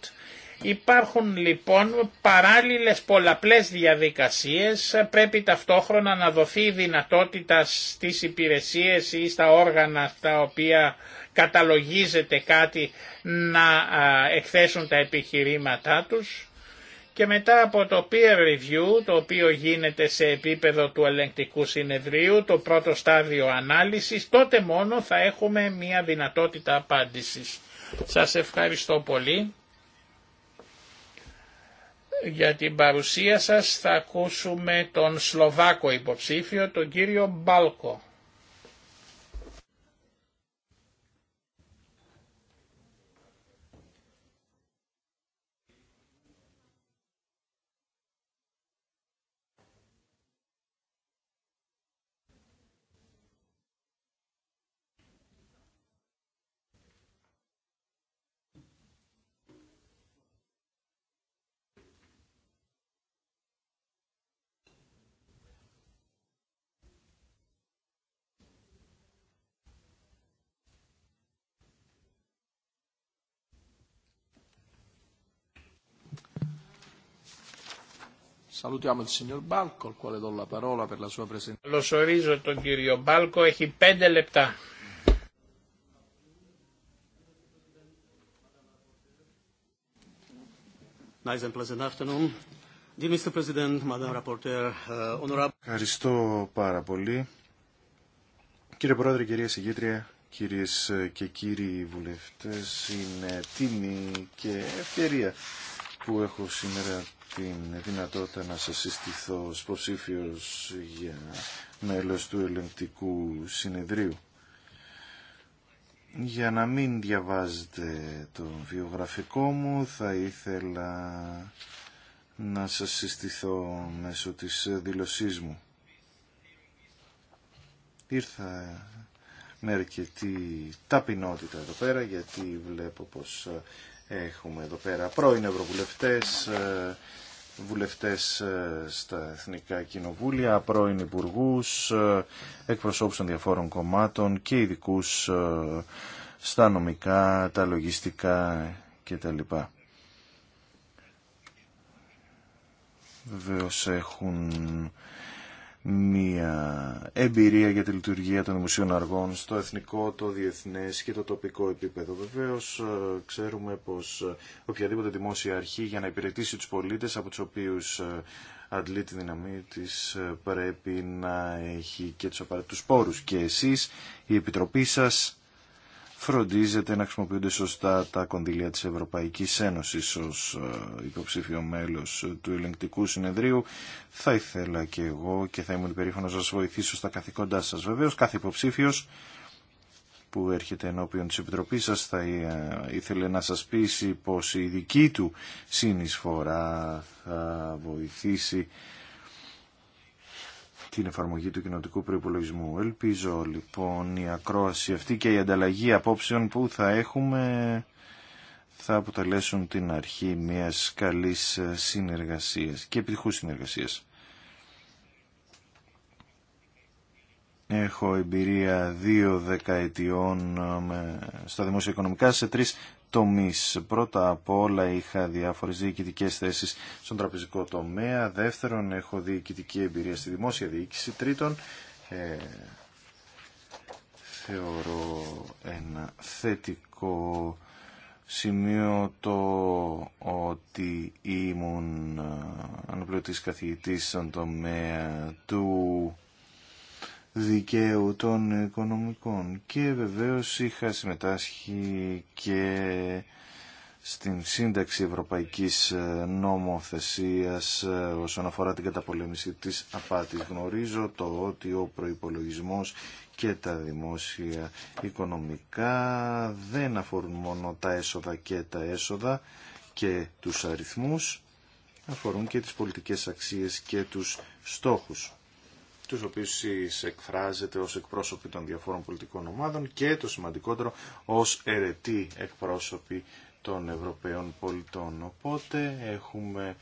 Υπάρχουν λοιπόν παράλληλες πολλαπλές διαδικασίες, πρέπει ταυτόχρονα να δοθεί η δυνατότητα στις υπηρεσίες ή στα όργανα τα οποία καταλογίζεται κάτι να εκθέσουν τα επιχειρήματά τους και μετά από το peer review το οποίο γίνεται σε επίπεδο του ελεγκτικού συνεδρίου το πρώτο στάδιο ανάλυσης τότε μόνο θα έχουμε μια δυνατότητα απάντησης. Σας ευχαριστώ πολύ για την παρουσία σας θα ακούσουμε τον Σλοβάκο υποψήφιο, τον κύριο Μπάλκο. Καλωσορίζω τον κύριο Μπάλκο, έχει πέντε λεπτά. Uh,
Ευχαριστώ πάρα πολύ. Κύριε Πρόεδρε, κυρία Συγγήτρια, κυρίες ε, και κύριοι βουλευτές, είναι τιμή και ευκαιρία που έχω σήμερα την δυνατότητα να σας συστηθώ ως προσήφιος για μέλος του ελεγκτικού συνεδρίου. Για να μην διαβάζετε το βιογραφικό μου θα ήθελα να σας συστηθώ μέσω της δηλωσής μου. Ήρθα με αρκετή ταπεινότητα εδώ πέρα γιατί βλέπω πως Έχουμε εδώ πέρα πρώην ευρωβουλευτές, ε, βουλευτές ε, στα Εθνικά Κοινοβούλια, πρώην υπουργού, ε, εκπροσώπους των διαφόρων κομμάτων και ειδικού στα νομικά, τα λογιστικά κτλ. Βεβαίω έχουν μια εμπειρία για τη λειτουργία των δημοσίων αργών στο εθνικό, το διεθνές και το τοπικό επίπεδο. Βεβαίως ε, ξέρουμε πως οποιαδήποτε δημόσια αρχή για να υπηρετήσει τους πολίτες από τους οποίους ε, αντλεί τη δυναμή της ε, πρέπει να έχει και τους απαραίτητους πόρους. Και εσείς, η Επιτροπή σας φροντίζεται να χρησιμοποιούνται σωστά τα κονδύλια της Ευρωπαϊκής Ένωσης ως ε, υποψήφιο μέλος του ελεγκτικού συνεδρίου. Θα ήθελα και εγώ και θα ήμουν περήφανος να σας βοηθήσω στα καθήκοντά σας. Βεβαίως κάθε υποψήφιος που έρχεται ενώπιον της Επιτροπής σας θα ε, ήθελε να σας πείσει πως η δική του συνεισφορά θα βοηθήσει την εφαρμογή του κοινοτικού προπολογισμού. Ελπίζω λοιπόν η ακρόαση αυτή και η ανταλλαγή απόψεων που θα έχουμε θα αποτελέσουν την αρχή μιας καλής συνεργασίας και επιτυχούς συνεργασίας. Έχω εμπειρία δύο δεκαετιών στα δημόσια οικονομικά σε τρεις Πρώτα απ' όλα είχα διάφορες διοικητικές θέσεις στον τραπεζικό τομέα. Δεύτερον, έχω διοικητική εμπειρία στη δημόσια διοίκηση. Τρίτον, ε, θεωρώ ένα θετικό σημείο το ότι ήμουν ε, αναπληρωτής καθηγητής στον τομέα του δικαίου των οικονομικών και βεβαίως είχα συμμετάσχει και στην σύνταξη ευρωπαϊκής νομοθεσίας όσον αφορά την καταπολέμηση της απάτης. Γνωρίζω το ότι ο προϋπολογισμός και τα δημόσια οικονομικά δεν αφορούν μόνο τα έσοδα και τα έσοδα και τους αριθμούς, αφορούν και τις πολιτικές αξίες και τους στόχους τους οποίους εκφράζεται ως εκπρόσωποι των διαφόρων πολιτικών ομάδων και το σημαντικότερο ως ερετή εκπρόσωποι των Ευρωπαίων πολιτών. Οπότε έχουμε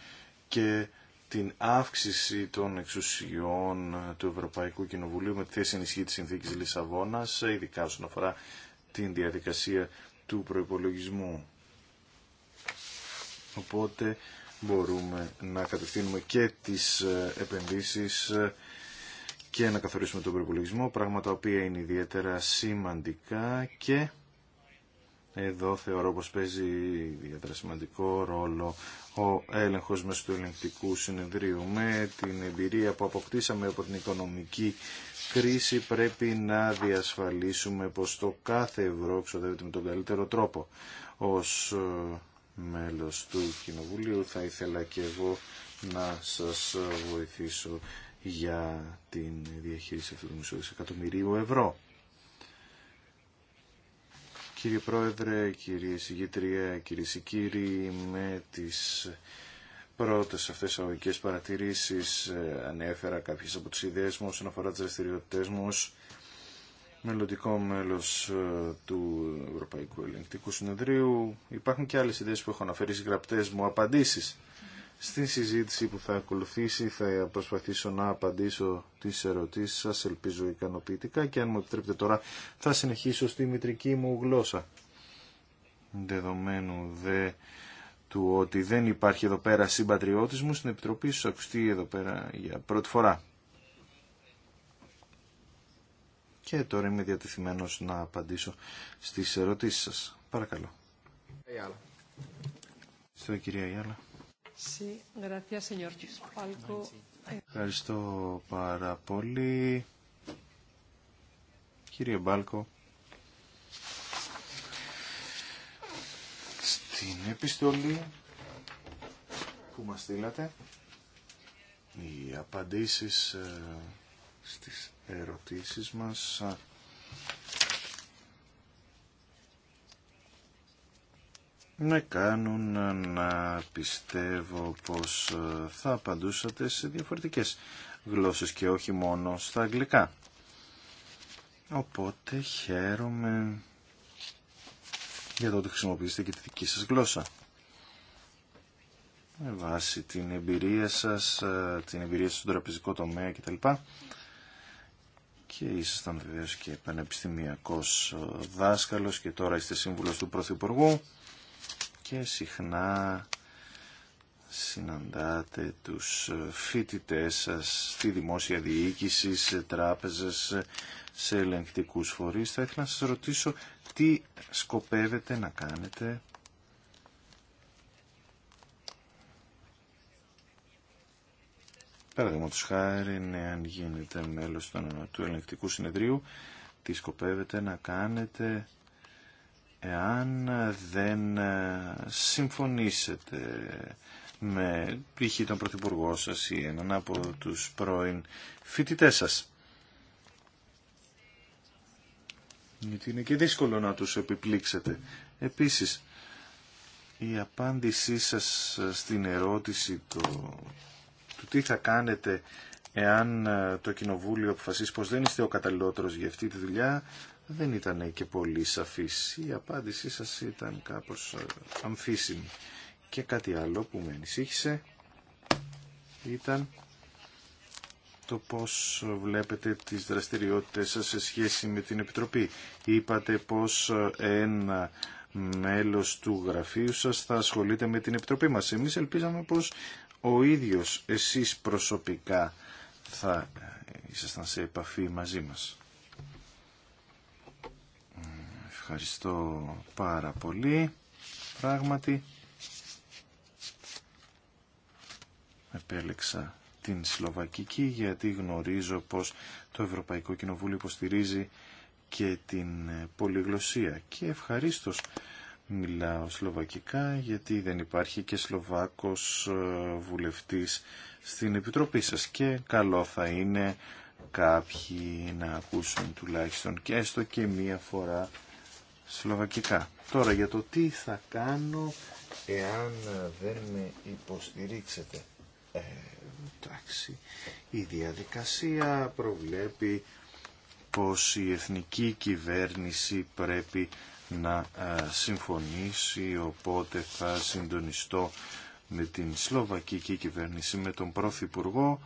και την αύξηση των εξουσιών του Ευρωπαϊκού Κοινοβουλίου με τη θέση ενισχύ της Συνθήκης Λισαβόνας, ειδικά όσον αφορά την διαδικασία του προϋπολογισμού. Οπότε μπορούμε να κατευθύνουμε και τις επενδύσεις και να καθορίσουμε τον προπολογισμό, πράγματα οποία είναι ιδιαίτερα σημαντικά και εδώ θεωρώ πως παίζει ιδιαίτερα σημαντικό ρόλο ο έλεγχος μέσω του ελεγκτικού συνεδρίου. Με την εμπειρία που αποκτήσαμε από την οικονομική κρίση πρέπει να διασφαλίσουμε πως το κάθε ευρώ ξοδεύεται με τον καλύτερο τρόπο. Ως ε, μέλος του Κοινοβουλίου θα ήθελα και εγώ να σας βοηθήσω για την διαχείριση αυτού του μισού δισεκατομμυρίου ευρώ. Κύριε Πρόεδρε, κύριε Συγγήτρια, κύριε και με τις πρώτες αυτές αγωγικές παρατηρήσεις ε, ανέφερα κάποιες από τις ιδέες μου όσον αφορά τις δραστηριότητε μου ως μελλοντικό μέλος ε, του Ευρωπαϊκού Ελεγκτικού Συνεδρίου. Υπάρχουν και άλλες ιδέες που έχω αναφέρει στις γραπτές μου απαντήσεις. Στη συζήτηση που θα ακολουθήσει θα προσπαθήσω να απαντήσω τις ερωτήσεις σας, ελπίζω ικανοποιητικά και αν μου επιτρέπετε τώρα θα συνεχίσω στη μητρική μου γλώσσα. Δεδομένου δε του ότι δεν υπάρχει εδώ πέρα μου στην Επιτροπή σου ακουστεί εδώ πέρα για πρώτη φορά. Και τώρα είμαι διατεθειμένος να απαντήσω στις ερωτήσεις σας. Παρακαλώ. Στο κυρία Γιάλα. Ευχαριστώ πάρα πολύ. Κύριε Μπάλκο. Στην επιστολή που μας στείλατε, οι απαντήσεις ε, στις ερωτήσεις μας με κάνουν να πιστεύω πως ε, θα απαντούσατε σε διαφορετικές γλώσσες και όχι μόνο στα αγγλικά. Οπότε χαίρομαι για το ότι χρησιμοποιήσετε και τη δική σας γλώσσα. Με βάση την εμπειρία σας, ε, την εμπειρία σας στον τραπεζικό τομέα κτλ. Και ήσασταν βεβαίως και πανεπιστημιακός ε, δάσκαλος και τώρα είστε σύμβουλος του Πρωθυπουργού και συχνά συναντάτε τους φοιτητέ σας στη δημόσια διοίκηση, σε τράπεζες, σε ελεγκτικούς φορείς. Θα ήθελα να σας ρωτήσω τι σκοπεύετε να κάνετε Παραδείγματο χάρη, ναι, αν γίνετε μέλος του ελεγκτικού συνεδρίου, τι σκοπεύετε να κάνετε εάν δεν ε, συμφωνήσετε με π.χ. τον Πρωθυπουργό σας ή έναν από τους πρώην φοιτητές σας. Γιατί είναι και δύσκολο να τους επιπλήξετε. Επίσης, η απάντησή σας στην ερώτηση του τι θα κάνετε εάν ε, το Κοινοβούλιο αποφασίσει πως δεν είστε ο καταλληλότερος για αυτή τη δουλειά, δεν ήταν και πολύ σαφής. Η απάντησή σας ήταν κάπως ε, αμφίσιμη. Και κάτι άλλο που με ανησύχησε ήταν το πώς βλέπετε τις δραστηριότητες σας σε σχέση με την Επιτροπή. Είπατε πως ε, ένα μέλος του γραφείου σας θα ασχολείται με την Επιτροπή μας. Εμείς ελπίζαμε πως ο ίδιος εσείς προσωπικά θα ε, ήσασταν σε επαφή μαζί μας ευχαριστώ πάρα πολύ. Πράγματι, επέλεξα την Σλοβακική γιατί γνωρίζω πως το Ευρωπαϊκό Κοινοβούλιο υποστηρίζει και την πολυγλωσία και ευχαριστώ μιλάω σλοβακικά γιατί δεν υπάρχει και σλοβάκος ε, βουλευτής στην Επιτροπή σας και καλό θα είναι κάποιοι να ακούσουν τουλάχιστον και έστω και μία φορά σλοβακικά. Τώρα για το τι θα κάνω εάν δεν με υποστηρίξετε. Ε, εντάξει, η διαδικασία προβλέπει πως η εθνική κυβέρνηση πρέπει να ε, συμφωνήσει, οπότε θα συντονιστώ με την Σλοβακική κυβέρνηση, με τον Πρωθυπουργό,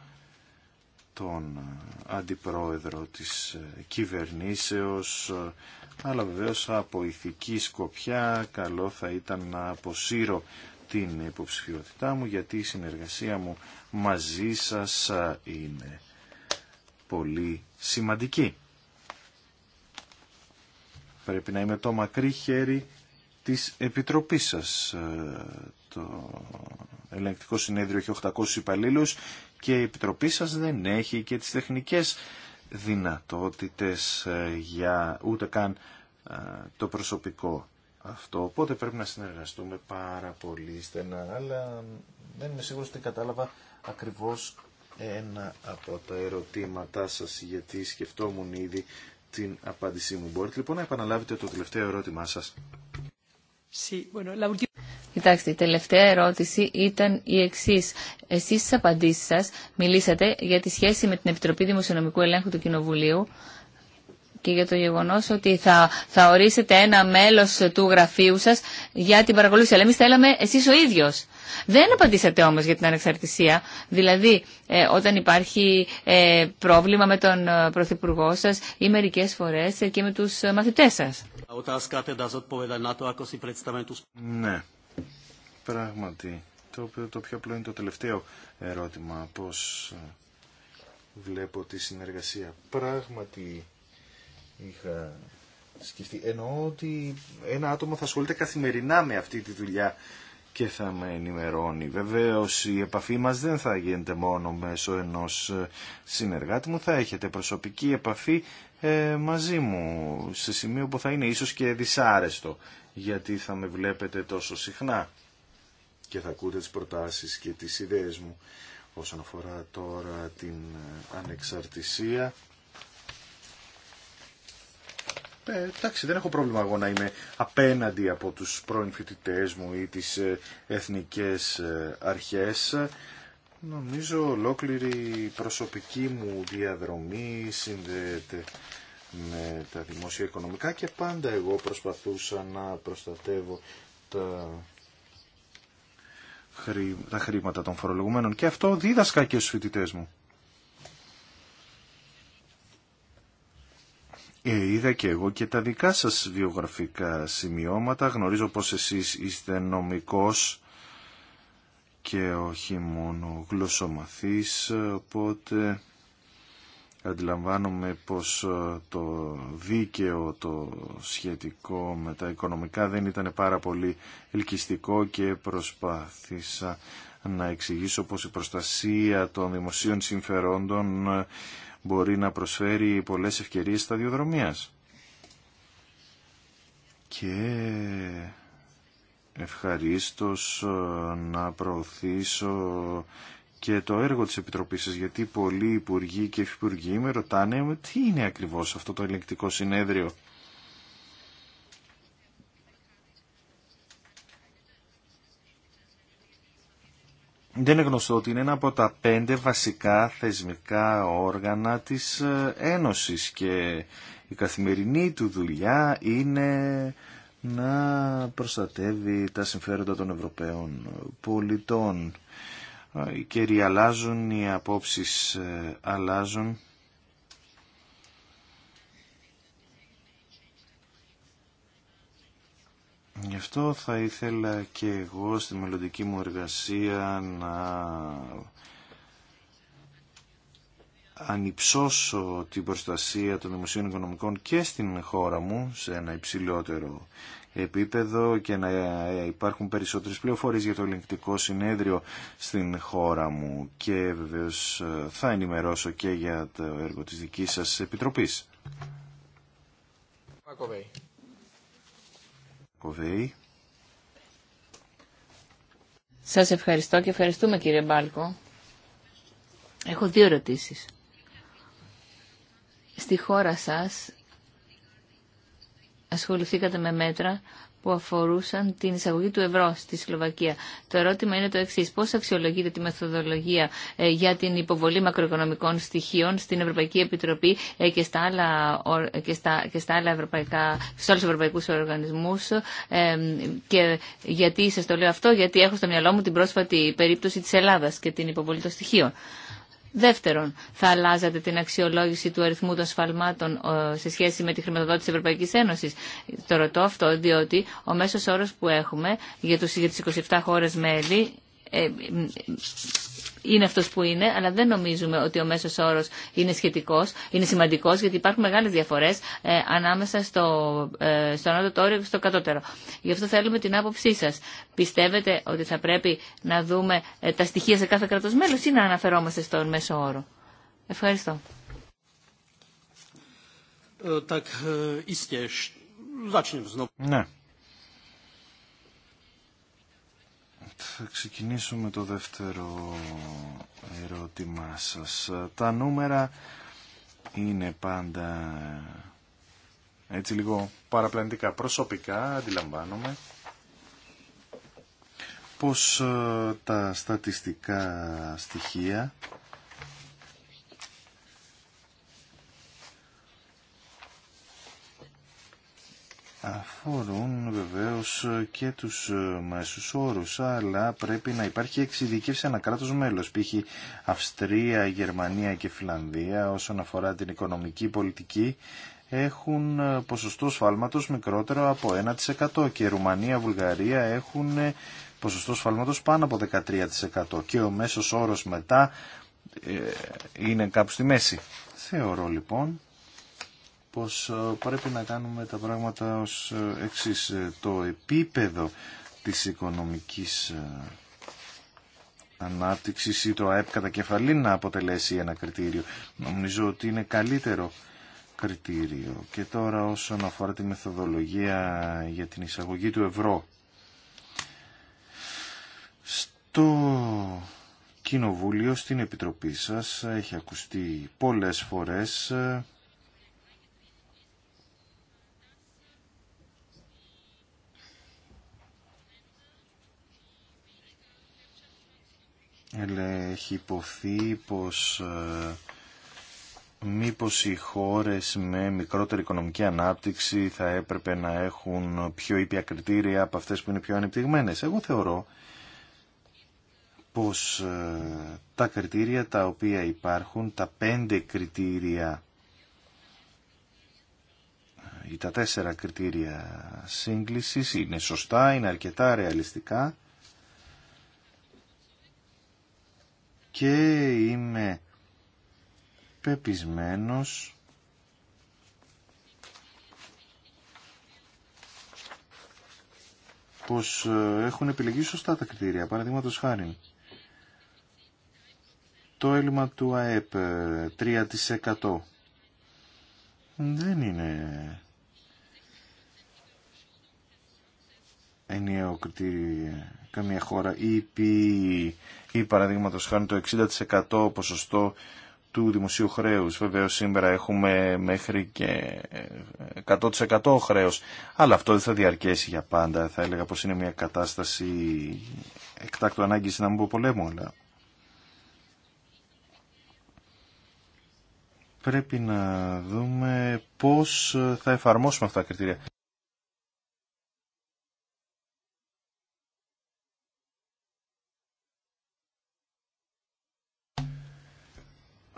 τον ε, Αντιπρόεδρο της ε, κυβερνήσεως, αλλά βεβαίως από ηθική σκοπιά καλό θα ήταν να αποσύρω την υποψηφιότητά μου γιατί η συνεργασία μου μαζί σας είναι πολύ σημαντική. Πρέπει να είμαι το μακρύ χέρι της Επιτροπής σας. Το ελεγκτικό συνέδριο έχει 800 υπαλλήλους και η Επιτροπή σας δεν έχει και τις τεχνικές δυνατότητες ε, για ούτε καν ε, το προσωπικό αυτό. Οπότε πρέπει να συνεργαστούμε πάρα πολύ στενά, αλλά δεν είμαι σίγουρος ότι κατάλαβα ακριβώς ένα από τα ερωτήματά σας, γιατί σκεφτόμουν ήδη την απάντησή μου. Μπορείτε λοιπόν να επαναλάβετε το τελευταίο ερώτημά σας.
Κοιτάξτε, η τελευταία ερώτηση ήταν η εξή. Εσεί στι απαντήσει σα μιλήσατε για τη σχέση με την Επιτροπή Δημοσιονομικού Ελέγχου του Κοινοβουλίου και για το γεγονό ότι θα, θα ορίσετε ένα μέλος του γραφείου σας για την παρακολούθηση. Αλλά εμείς θέλαμε εσείς ο ίδιος. Δεν απαντήσατε όμως για την ανεξαρτησία. Δηλαδή, ε, όταν υπάρχει ε, πρόβλημα με τον ε, Πρωθυπουργό σας ή μερικές φορές και με τους μαθητές σας.
Ναι, πράγματι. Το, το πιο απλό είναι το τελευταίο ερώτημα. Πώς βλέπω τη συνεργασία. Πράγματι είχα σκεφτεί. Εννοώ ότι ένα άτομο θα ασχολείται καθημερινά με αυτή τη δουλειά και θα με ενημερώνει. Βεβαίως η επαφή μας δεν θα γίνεται μόνο μέσω ενός συνεργάτη μου, θα έχετε προσωπική επαφή ε, μαζί μου, σε σημείο που θα είναι ίσως και δυσάρεστο, γιατί θα με βλέπετε τόσο συχνά και θα ακούτε τις προτάσεις και τις ιδέες μου όσον αφορά τώρα την ε, ανεξαρτησία. Ε, εντάξει, δεν έχω πρόβλημα εγώ να είμαι απέναντι από τους πρώην μου ή τις ε, εθνικές ε, αρχές. Νομίζω ολόκληρη η προσωπική μου διαδρομή συνδέεται με τα δημόσια οικονομικά και πάντα εγώ προσπαθούσα να προστατεύω τα, χρή... τα χρήματα των φορολογουμένων και αυτό δίδασκα και στους φοιτητές μου. Ε, είδα και εγώ και τα δικά σας βιογραφικά σημειώματα. Γνωρίζω πως εσείς είστε νομικός και όχι μόνο γλωσσομαθείς, οπότε αντιλαμβάνομαι πως ε, το δίκαιο το σχετικό με τα οικονομικά δεν ήταν πάρα πολύ ελκυστικό και προσπάθησα να εξηγήσω πως η προστασία των δημοσίων συμφερόντων ε, μπορεί να προσφέρει πολλές ευκαιρίες σταδιοδρομίας. Και ευχαρίστως ε, να προωθήσω και το έργο της Επιτροπής σας, γιατί πολλοί υπουργοί και υφυπουργοί με ρωτάνε τι είναι ακριβώς αυτό το ελεγκτικό συνέδριο. Δεν είναι γνωστό ότι είναι ένα από τα πέντε βασικά θεσμικά όργανα της ε, Ένωσης και η καθημερινή του δουλειά είναι να προστατεύει τα συμφέροντα των Ευρωπαίων πολιτών. Οι ριαλάζουν αλλάζουν, οι απόψεις ε, αλλάζουν. Γι' αυτό θα ήθελα και εγώ στη μελλοντική μου εργασία να ανυψώσω την προστασία των δημοσίων οικονομικών και στην χώρα μου σε ένα υψηλότερο επίπεδο και να υπάρχουν περισσότερες πληροφορίες για το ελεγκτικό συνέδριο στην χώρα μου και βεβαίως ε, θα ενημερώσω και για το έργο της δικής σας επιτροπής.
Σα Σας ευχαριστώ και ευχαριστούμε κύριε Μπάλκο. Έχω δύο ερωτήσεις στη χώρα σας ασχοληθήκατε με μέτρα που αφορούσαν την εισαγωγή του ευρώ στη Σλοβακία. Το ερώτημα είναι το εξής. Πώς αξιολογείτε τη μεθοδολογία ε, για την υποβολή μακροοικονομικών στοιχείων στην Ευρωπαϊκή Επιτροπή ε, και στα άλλα, ε, και στα, και στα άλλα ευρωπαϊκά, στους άλλους ευρωπαϊκούς ευρωπαϊκού οργανισμού. και γιατί σας το λέω αυτό, γιατί έχω στο μυαλό μου την πρόσφατη περίπτωση της Ελλάδας και την υποβολή των στοιχείων. Δεύτερον, θα αλλάζατε την αξιολόγηση του αριθμού των σφαλμάτων ε, σε σχέση με τη χρηματοδότηση της Ευρωπαϊκής Ένωσης. Το ρωτώ αυτό, διότι ο μέσος όρος που έχουμε για, τους, τις 27 χώρες μέλη ε, είναι αυτό που είναι, αλλά δεν νομίζουμε ότι ο μέσο όρο είναι σχετικό, είναι σημαντικό, γιατί υπάρχουν μεγάλε διαφορέ ε, ανάμεσα στο, ε, στο ανώτατο όριο και στο κατώτερο. Γι' αυτό θέλουμε την άποψή σα. Πιστεύετε ότι θα πρέπει να δούμε ε, τα στοιχεία σε κάθε κράτο μέλο ή να αναφερόμαστε στον μέσο όρο. Ευχαριστώ.
Ε, ναι. Θα
ξεκινήσουμε το δεύτερο ερώτημά σας. Τα νούμερα είναι πάντα έτσι λίγο παραπλανητικά. Προσωπικά αντιλαμβάνομαι πως ε, τα στατιστικά στοιχεία αφορούν βεβαίως ε, και τους ε, μέσους όρους, αλλά πρέπει να υπάρχει εξειδικεύση ένα κράτος μέλος, π.χ. Αυστρία, Γερμανία και Φιλανδία όσον αφορά την οικονομική πολιτική έχουν ε, ποσοστό σφάλματος μικρότερο από 1% και Ρουμανία, Βουλγαρία έχουν ποσοστό σφάλματος πάνω από 13% και ο μέσος όρος μετά είναι κάπου στη μέση. Θεωρώ λοιπόν πως ε, πρέπει να κάνουμε τα πράγματα ως ε, εξής. Ε, το επίπεδο της οικονομικής ανάπτυξης ή το ΑΕΠ κατά κεφαλή να αποτελέσει ένα κριτήριο. Νομίζω ότι είναι καλύτερο κριτήριο. Και τώρα όσον αφορά τη μεθοδολογία για την εισαγωγή του ευρώ. Στο Κοινοβούλιο, στην Επιτροπή σας, έχει ακουστεί πολλές φορές έχει υποθεί πως ε, μήπως οι χώρες με μικρότερη οικονομική ανάπτυξη θα έπρεπε να έχουν πιο ήπια κριτήρια από αυτές που είναι πιο ανεπτυγμένες. Εγώ θεωρώ πως ε, τα κριτήρια τα οποία υπάρχουν, τα πέντε κριτήρια ε, ή τα τέσσερα κριτήρια σύγκλησης είναι σωστά, είναι αρκετά ρεαλιστικά και είμαι πεπισμένος πως ε, έχουν επιλεγεί σωστά τα κριτήρια, παραδείγματος χάρη. Το έλλειμμα του ΑΕΠ 3% ε, δεν είναι ενιαίο κριτήριο καμία χώρα ή, ή παραδείγματος χάνει το 60% ποσοστό του δημοσίου χρέους. Βεβαίως σήμερα έχουμε μέχρι και 100% χρέος. Αλλά αυτό δεν θα διαρκέσει για πάντα. Θα έλεγα πως είναι μια κατάσταση εκτάκτου ανάγκης να μην πω πολέμου. Αλλά... Πρέπει να δούμε πώς θα εφαρμόσουμε αυτά τα κριτήρια.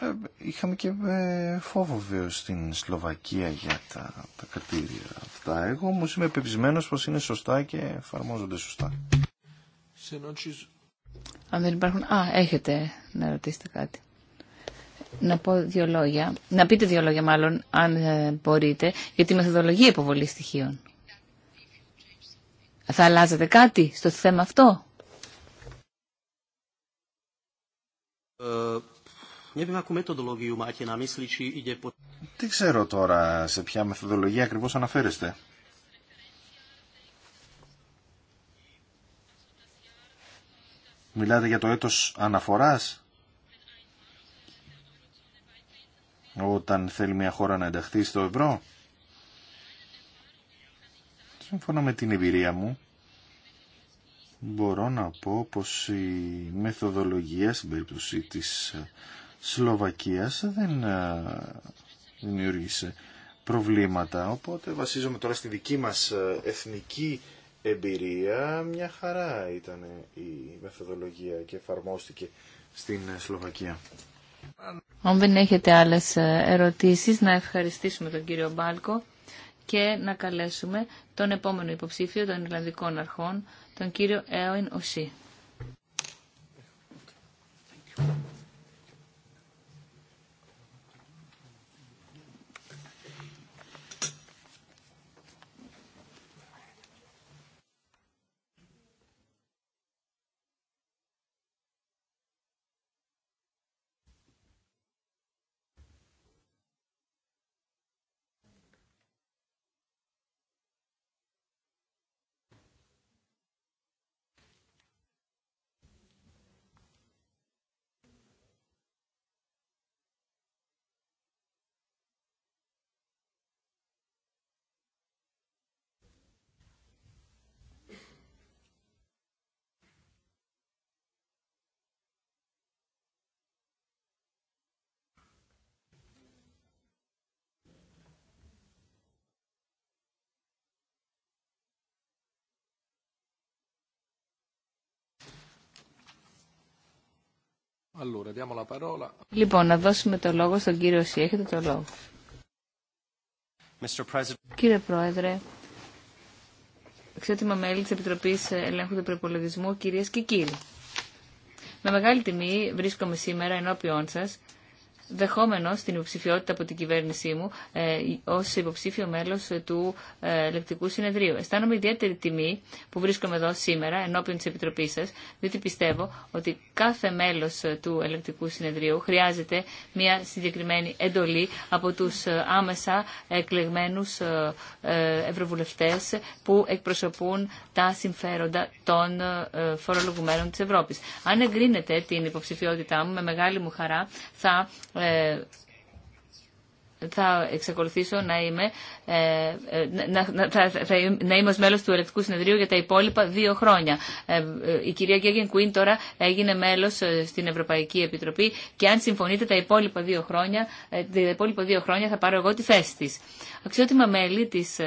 Ε, είχαμε και ε, φόβο βέβαια στην Σλοβακία για τα, τα αυτά. Εγώ όμω είμαι πεπισμένο πως είναι σωστά και εφαρμόζονται σωστά.
Αν δεν υπάρχουν... Α, έχετε να ρωτήσετε κάτι. Να πω δύο λόγια. Να πείτε δύο λόγια μάλλον, αν ε, μπορείτε, για τη μεθοδολογία υποβολή στοιχείων. Θα αλλάζετε κάτι στο θέμα αυτό.
Neviem,
ξέρω τώρα σε ποια μεθοδολογία ακριβώς αναφέρεστε. Μιλάτε για το έτος αναφοράς. Όταν θέλει μια χώρα να ενταχθεί στο ευρώ. Σύμφωνα με την εμπειρία μου, μπορώ να πω πως η μεθοδολογία στην περίπτωση της Σλοβακίας δεν ε, δημιούργησε προβλήματα. Οπότε βασίζομαι τώρα στη δική μας ε, εθνική εμπειρία. Μια χαρά ήταν η μεθοδολογία και εφαρμόστηκε στην ε, Σλοβακία.
Αν δεν έχετε άλλες ερωτήσεις, να ευχαριστήσουμε τον κύριο Μπάλκο και να καλέσουμε τον επόμενο υποψήφιο των Ιρλανδικών Αρχών, τον κύριο Έωιν Οσί. Λοιπόν, να δώσουμε το λόγο στον κύριο Σι. Έχετε το λόγο. Κύριε Πρόεδρε, εξέτοιμα μέλη της Επιτροπής Ελέγχου του Προπολογισμού, κυρίες και κύριοι. Με μεγάλη τιμή βρίσκομαι σήμερα ενώπιόν σας δεχόμενο την υποψηφιότητα από την κυβέρνησή μου ε, ω υποψήφιο μέλο του ε, Ελεκτικού Συνεδρίου. Αισθάνομαι ιδιαίτερη τιμή που βρίσκομαι εδώ σήμερα ενώπιον τη Επιτροπή σα, διότι πιστεύω ότι κάθε μέλο του Ελεκτικού Συνεδρίου χρειάζεται μια συγκεκριμένη εντολή από του ε, άμεσα εκλεγμένου ε, ευρωβουλευτέ που εκπροσωπούν τα συμφέροντα των φορολογουμένων τη Ευρώπη. Αν εγκρίνετε την υποψηφιότητά μου, με μεγάλη μου χαρά θα ε, θα εξακολουθήσω να είμαι, ε, ε, να, θα, θα, να είμαι ως μέλος του Ελεκτικού Συνεδρίου για τα υπόλοιπα δύο χρόνια. η κυρία Γκέγεν Κουίν τώρα έγινε μέλος στην Ευρωπαϊκή Επιτροπή και αν συμφωνείτε τα υπόλοιπα δύο χρόνια, τα υπόλοιπα δύο χρόνια θα πάρω εγώ τη θέση της. Αξιότιμα μέλη της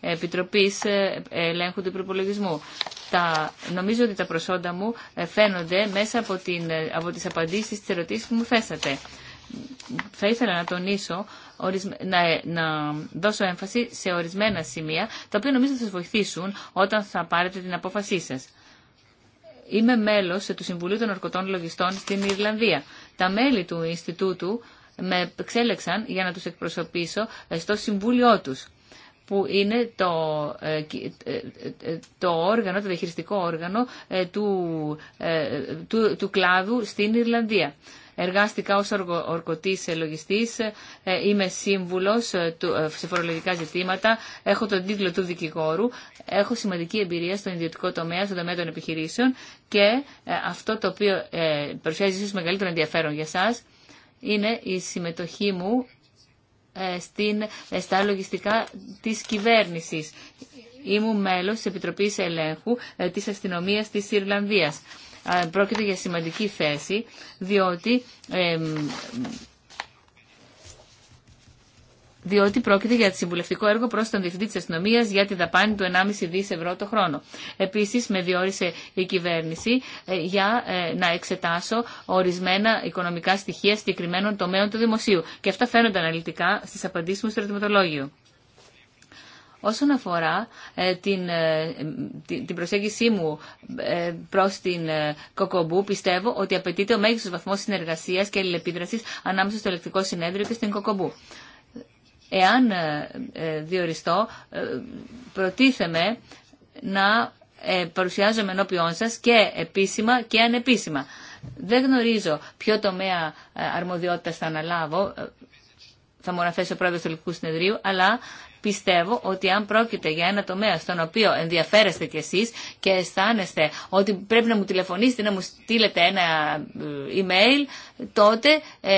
Επιτροπής Ελέγχου του Προπολογισμού. Τα, νομίζω ότι τα προσόντα μου φαίνονται μέσα από, την, από τις απαντήσεις της ερωτήσεις που μου θέσατε θα ήθελα να τονίσω, να, να δώσω έμφαση σε ορισμένα σημεία, τα οποία νομίζω θα σας βοηθήσουν όταν θα πάρετε την απόφασή σας. Είμαι μέλος του Συμβουλίου των Ορκωτών Λογιστών στην Ιρλανδία. Τα μέλη του Ινστιτούτου με εξέλεξαν για να τους εκπροσωπήσω ε, στο Συμβούλιο τους που είναι το, ε, ε, το όργανο, το διαχειριστικό όργανο του, του κλάδου στην Ιρλανδία. Εργάστηκα ως ορκωτής λογιστής, ε, είμαι σύμβουλος ε, ε, σε φορολογικά ζητήματα, έχω τον τίτλο του δικηγόρου, έχω σημαντική εμπειρία στον ιδιωτικό τομέα, στον τομέα των επιχειρήσεων και αυτό το οποίο παρουσιάζει ίσως μεγαλύτερο ενδιαφέρον για σας είναι η συμμετοχή μου στην, στα λογιστικά της κυβέρνησης. Ήμουν μέλος της Επιτροπής Ελέγχου της Αστυνομίας της Ιρλανδίας πρόκειται για σημαντική θέση, διότι διότι πρόκειται για συμβουλευτικό έργο προς τον Διευθυντή της Αστυνομία για τη δαπάνη του 1,5 δις ευρώ το χρόνο. Επίσης, με διόρισε η κυβέρνηση ε, για ε, να εξετάσω ορισμένα οικονομικά στοιχεία συγκεκριμένων τομέων του δημοσίου. Και αυτά φαίνονται αναλυτικά στις απαντήσει μου στο ερωτηματολόγιο. Όσον αφορά ε, την, ε, την προσέγγιση μου ε, προς την Κοκομπού, πιστεύω ότι απαιτείται ο μέγιστος βαθμός συνεργασίας και αλληλεπίδρασης ανάμεσα στο ελεκτικό συνέδριο και στην Κοκομπού. Εάν διοριστώ, προτίθεμαι να παρουσιάζομαι ενώπιόν σας και επίσημα και ανεπίσημα. Δεν γνωρίζω ποιο τομέα αρμοδιότητας θα αναλάβω, θα μου αναφέσει ο πρόεδρος του Ελληνικού Συνεδρίου, αλλά πιστεύω ότι αν πρόκειται για ένα τομέα στον οποίο ενδιαφέρεστε κι εσείς και αισθάνεστε ότι πρέπει να μου τηλεφωνήσετε, να μου στείλετε ένα ε, email, τότε ε,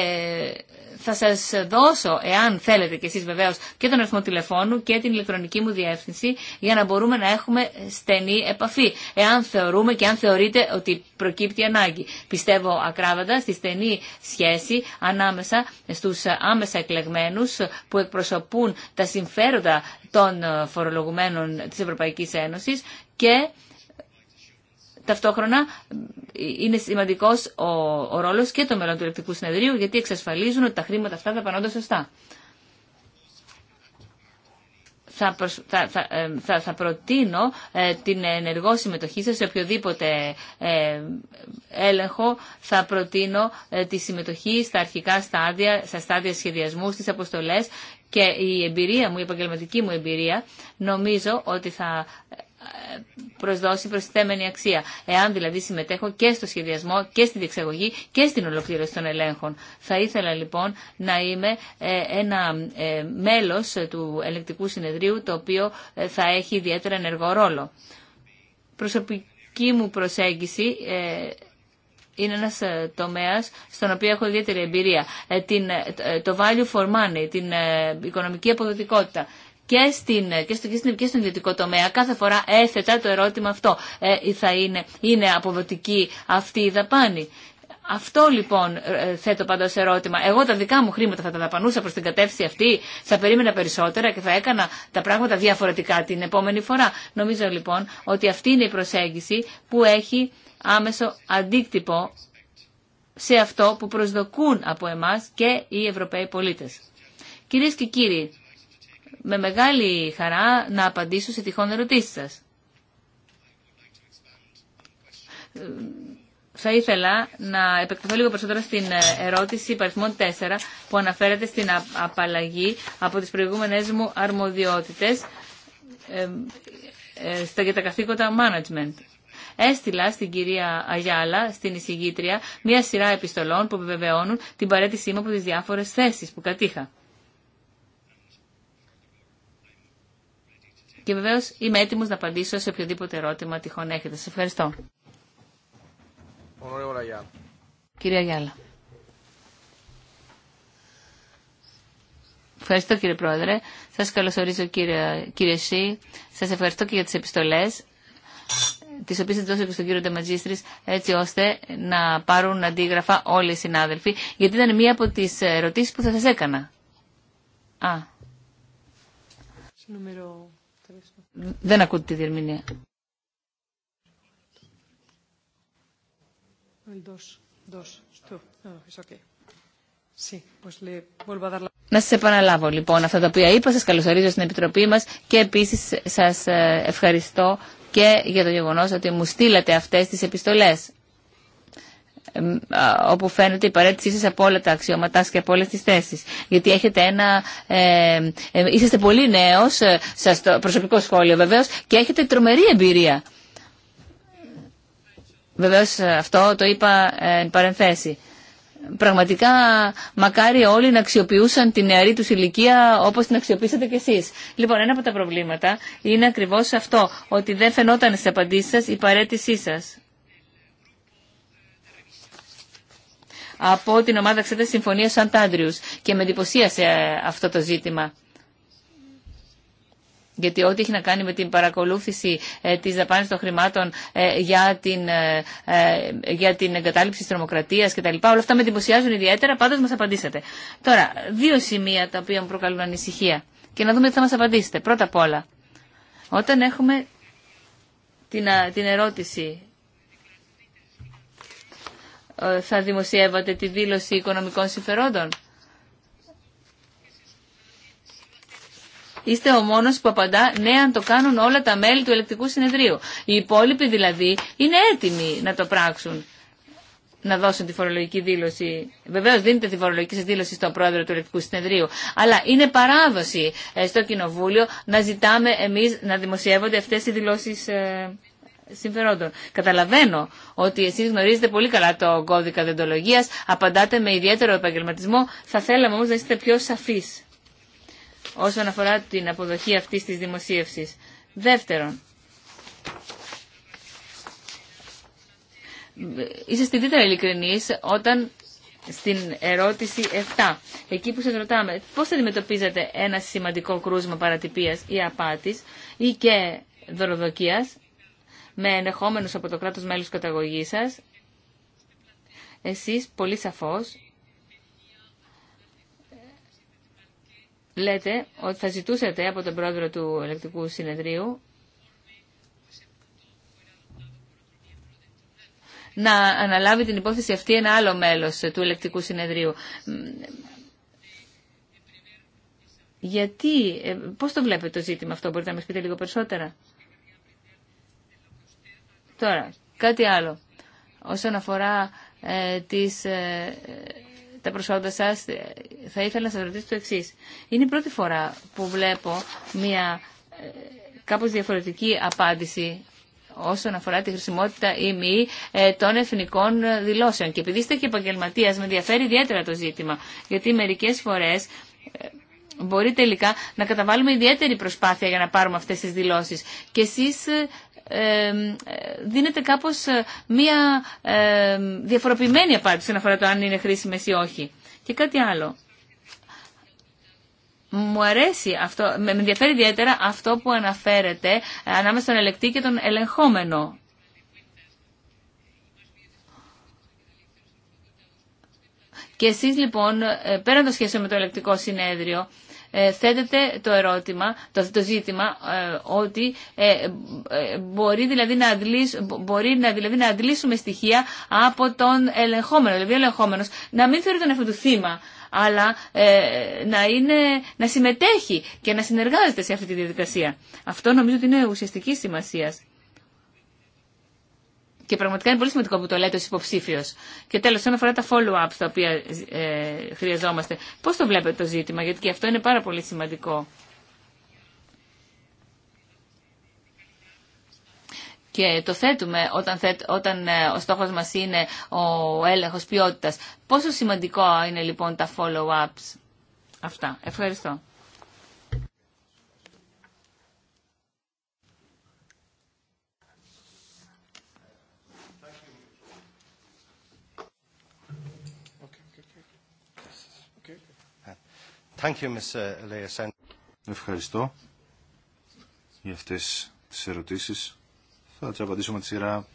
θα σας δώσω, εάν θέλετε και εσείς βεβαίως, και τον αριθμό τηλεφώνου και την ηλεκτρονική μου διεύθυνση για να μπορούμε να έχουμε στενή επαφή. Εάν θεωρούμε και αν θεωρείτε ότι προκύπτει ανάγκη. Πιστεύω ακράβαντα στη στενή σχέση ανάμεσα στους άμεσα εκλεγμένους που εκπροσωπούν τα συμφέροντα των φορολογουμένων της Ευρωπαϊκής Ένωσης και Ταυτόχρονα είναι σημαντικό ο, ο ρόλο και των μέλλον του Ελεκτικού Συνεδρίου γιατί εξασφαλίζουν ότι τα χρήματα αυτά σωστά. Θα, θα, ε, θα, θα προτείνω ε, την ενεργό συμμετοχή σας σε οποιοδήποτε ε, έλεγχο. Θα προτείνω τη συμμετοχή στα αρχικά στάδια, στα στάδια σχεδιασμού, στις αποστολές και η εμπειρία μου, η επαγγελματική μου εμπειρία, νομίζω ότι θα προσδώσει προσθέμενη αξία. Εάν δηλαδή συμμετέχω και στο σχεδιασμό και στη διεξαγωγή και στην ολοκλήρωση των ελέγχων. Θα ήθελα λοιπόν να είμαι ε, ένα ε, μέλος του ελεκτικού συνεδρίου το οποίο ε, θα έχει ιδιαίτερα ενεργό ρόλο. Προσωπική μου προσέγγιση είναι ένας τομέας στον οποίο έχω ιδιαίτερη εμπειρία. το value for money, την οικονομική αποδοτικότητα και, στην, και, στο, και, στον ιδιωτικό τομέα. Κάθε φορά έθετα το ερώτημα αυτό. Ε, θα είναι, είναι αποδοτική αυτή η δαπάνη. Αυτό λοιπόν ε, θέτω πάντα σε ερώτημα. Εγώ τα δικά μου χρήματα θα τα δαπανούσα προς την κατεύθυνση αυτή, θα περίμενα περισσότερα και θα έκανα τα πράγματα διαφορετικά την επόμενη φορά. Νομίζω λοιπόν ότι αυτή είναι η προσέγγιση που έχει άμεσο αντίκτυπο σε αυτό που προσδοκούν από εμάς και οι Ευρωπαίοι πολίτες. Κυρίες και κύριοι, με μεγάλη χαρά να απαντήσω σε τυχόν ερωτήσεις σας. Θα ήθελα να επεκταθώ λίγο περισσότερο στην ερώτηση παριθμών 4 που αναφέρεται στην απαλλαγή από τις προηγούμενες μου αρμοδιότητες ε, στα για τα καθήκοντα management. Έστειλα στην κυρία Αγιάλα, στην εισηγήτρια, μία σειρά επιστολών που επιβεβαιώνουν την παρέτησή μου από τις διάφορες θέσεις που κατήχα. και βεβαίω είμαι έτοιμο να απαντήσω σε οποιοδήποτε ερώτημα τυχόν έχετε. Σα ευχαριστώ. Κυρία Γιάλα. Ευχαριστώ κύριε Πρόεδρε. Σας καλωσορίζω κύριε, κύριε Σύ. Σας ευχαριστώ και για τις επιστολές τι οποίε θα δώσω και στον κύριο Ντεματζίστρη, έτσι ώστε να πάρουν αντίγραφα όλοι οι συνάδελφοι, γιατί ήταν μία από τι ερωτήσει που θα σα έκανα. Α. Δεν ακούτε τη διερμηνία. Να σα επαναλάβω λοιπόν αυτά τα οποία είπα, σα καλωσορίζω στην Επιτροπή μας και επίση σας ε, ευχαριστώ και για το γεγονό ότι μου στείλατε αυτές τις επιστολές όπου φαίνεται η παρέτησή σα από όλα τα αξιώματά και από όλε τι θέσει. Γιατί έχετε ένα. Ε, ε είσαστε πολύ νέο, ε, σας προσωπικό σχόλιο βεβαίω, και έχετε τρομερή εμπειρία. Βεβαίω αυτό το είπα ε, εν παρενθέσει. Πραγματικά μακάρι όλοι να αξιοποιούσαν την νεαρή του ηλικία όπως την αξιοποιήσατε κι εσεί. Λοιπόν, ένα από τα προβλήματα είναι ακριβώς αυτό, ότι δεν φαινόταν στι απαντήσεις σα η παρέτησή σα. από την ομάδα εξέταση συμφωνία Σαντάντριου και με εντυπωσίασε ε, αυτό το ζήτημα. Γιατί ό,τι έχει να κάνει με την παρακολούθηση ε, της δαπάνης των χρημάτων ε, για, την, ε, για την εγκατάλειψη της τρομοκρατίας λοιπά, Όλα αυτά με εντυπωσιάζουν ιδιαίτερα, πάντως μας απαντήσατε. Τώρα, δύο σημεία τα οποία μου προκαλούν ανησυχία. Και να δούμε τι θα μας απαντήσετε. Πρώτα απ' όλα, όταν έχουμε την, την ερώτηση ε, θα δημοσιεύατε τη δήλωση οικονομικών συμφερόντων. Είστε ο μόνο που απαντά ναι αν το κάνουν όλα τα μέλη του ελεκτικού συνεδρίου. Οι υπόλοιποι δηλαδή είναι έτοιμοι να το πράξουν. Να δώσουν τη φορολογική δήλωση. Βεβαίω δίνετε τη φορολογική σας δήλωση στον πρόεδρο του ελεκτικού συνεδρίου. Αλλά είναι παράδοση ε, στο κοινοβούλιο να ζητάμε εμεί να δημοσιεύονται αυτέ οι δηλώσει ε, συμφερόντων. Καταλαβαίνω ότι εσείς γνωρίζετε πολύ καλά το κώδικα δεντολογίας, απαντάτε με ιδιαίτερο επαγγελματισμό, θα θέλαμε όμω να είστε πιο σαφείς όσον αφορά την αποδοχή αυτή τη δημοσίευση. Δεύτερον, είσαστε ιδιαίτερα ειλικρινείς όταν στην ερώτηση 7, εκεί που σας ρωτάμε πώς αντιμετωπίζετε ένα σημαντικό κρούσμα παρατυπίας ή απάτης ή και δωροδοκίας, με ενεχόμενους από το κράτος μέλους καταγωγής σας, εσείς πολύ σαφώς λέτε ότι θα ζητούσατε από τον πρόεδρο του ελεκτικού συνεδρίου να αναλάβει την υπόθεση αυτή ένα άλλο μέλος του ελεκτικού συνεδρίου. Γιατί, ε, πώς το βλέπετε το ζήτημα αυτό, μπορείτε να μας πείτε λίγο περισσότερα. Τώρα, κάτι άλλο. Όσον αφορά ε, τις, ε, τα προσόντα σα, ε, θα ήθελα να σα ρωτήσω το εξή. Είναι η πρώτη φορά που βλέπω μια ε, κάπως διαφορετική απάντηση όσον αφορά τη χρησιμότητα ή μη των εθνικών δηλώσεων. Και επειδή είστε και επαγγελματία, με ενδιαφέρει ιδιαίτερα το ζήτημα. Γιατί μερικέ φορέ μπορεί τελικά να καταβάλουμε ιδιαίτερη προσπάθεια για να πάρουμε αυτές τις δηλώσεις. Και εσείς δίνεται κάπως ε, μία διαφοροποιημένη απάντηση να αφορά το αν είναι χρήσιμες ή όχι. Και κάτι άλλο. Μου αρέσει αυτό, με ενδιαφέρει ιδιαίτερα αυτό που αναφέρεται ε, ανάμεσα στον ελεκτή και τον ελεγχόμενο. Και εσείς λοιπόν, ε, πέραν το σχέσιο με το ελεκτικό συνέδριο, ε, θέτεται το ερώτημα, το, ζήτημα ότι μπορεί δηλαδή να, αντλήσουμε, στοιχεία από τον ελεγχόμενο. Δηλαδή ο ελεγχόμενος να μην θεωρεί τον εαυτό του θύμα αλλά ε, να, είναι, να συμμετέχει και να συνεργάζεται σε αυτή τη διαδικασία. Αυτό νομίζω ότι είναι ουσιαστική σημασία. Και πραγματικά είναι πολύ σημαντικό που το λέτε ω υποψήφιο. Και τέλο, όσον αφορά τα follow ups τα οποία ε, χρειαζόμαστε, πώ το βλέπετε το ζήτημα, γιατί και αυτό είναι πάρα πολύ σημαντικό. Και το θέτουμε όταν, θέτ, όταν ε, ο στόχος μας είναι ο έλεγχος ποιότητας. Πόσο σημαντικό είναι λοιπόν τα follow-ups αυτά. Ευχαριστώ.
Uh, Ευχαριστώ για αυτές τις ερωτήσεις. Θα τις απαντήσω με τη σειρά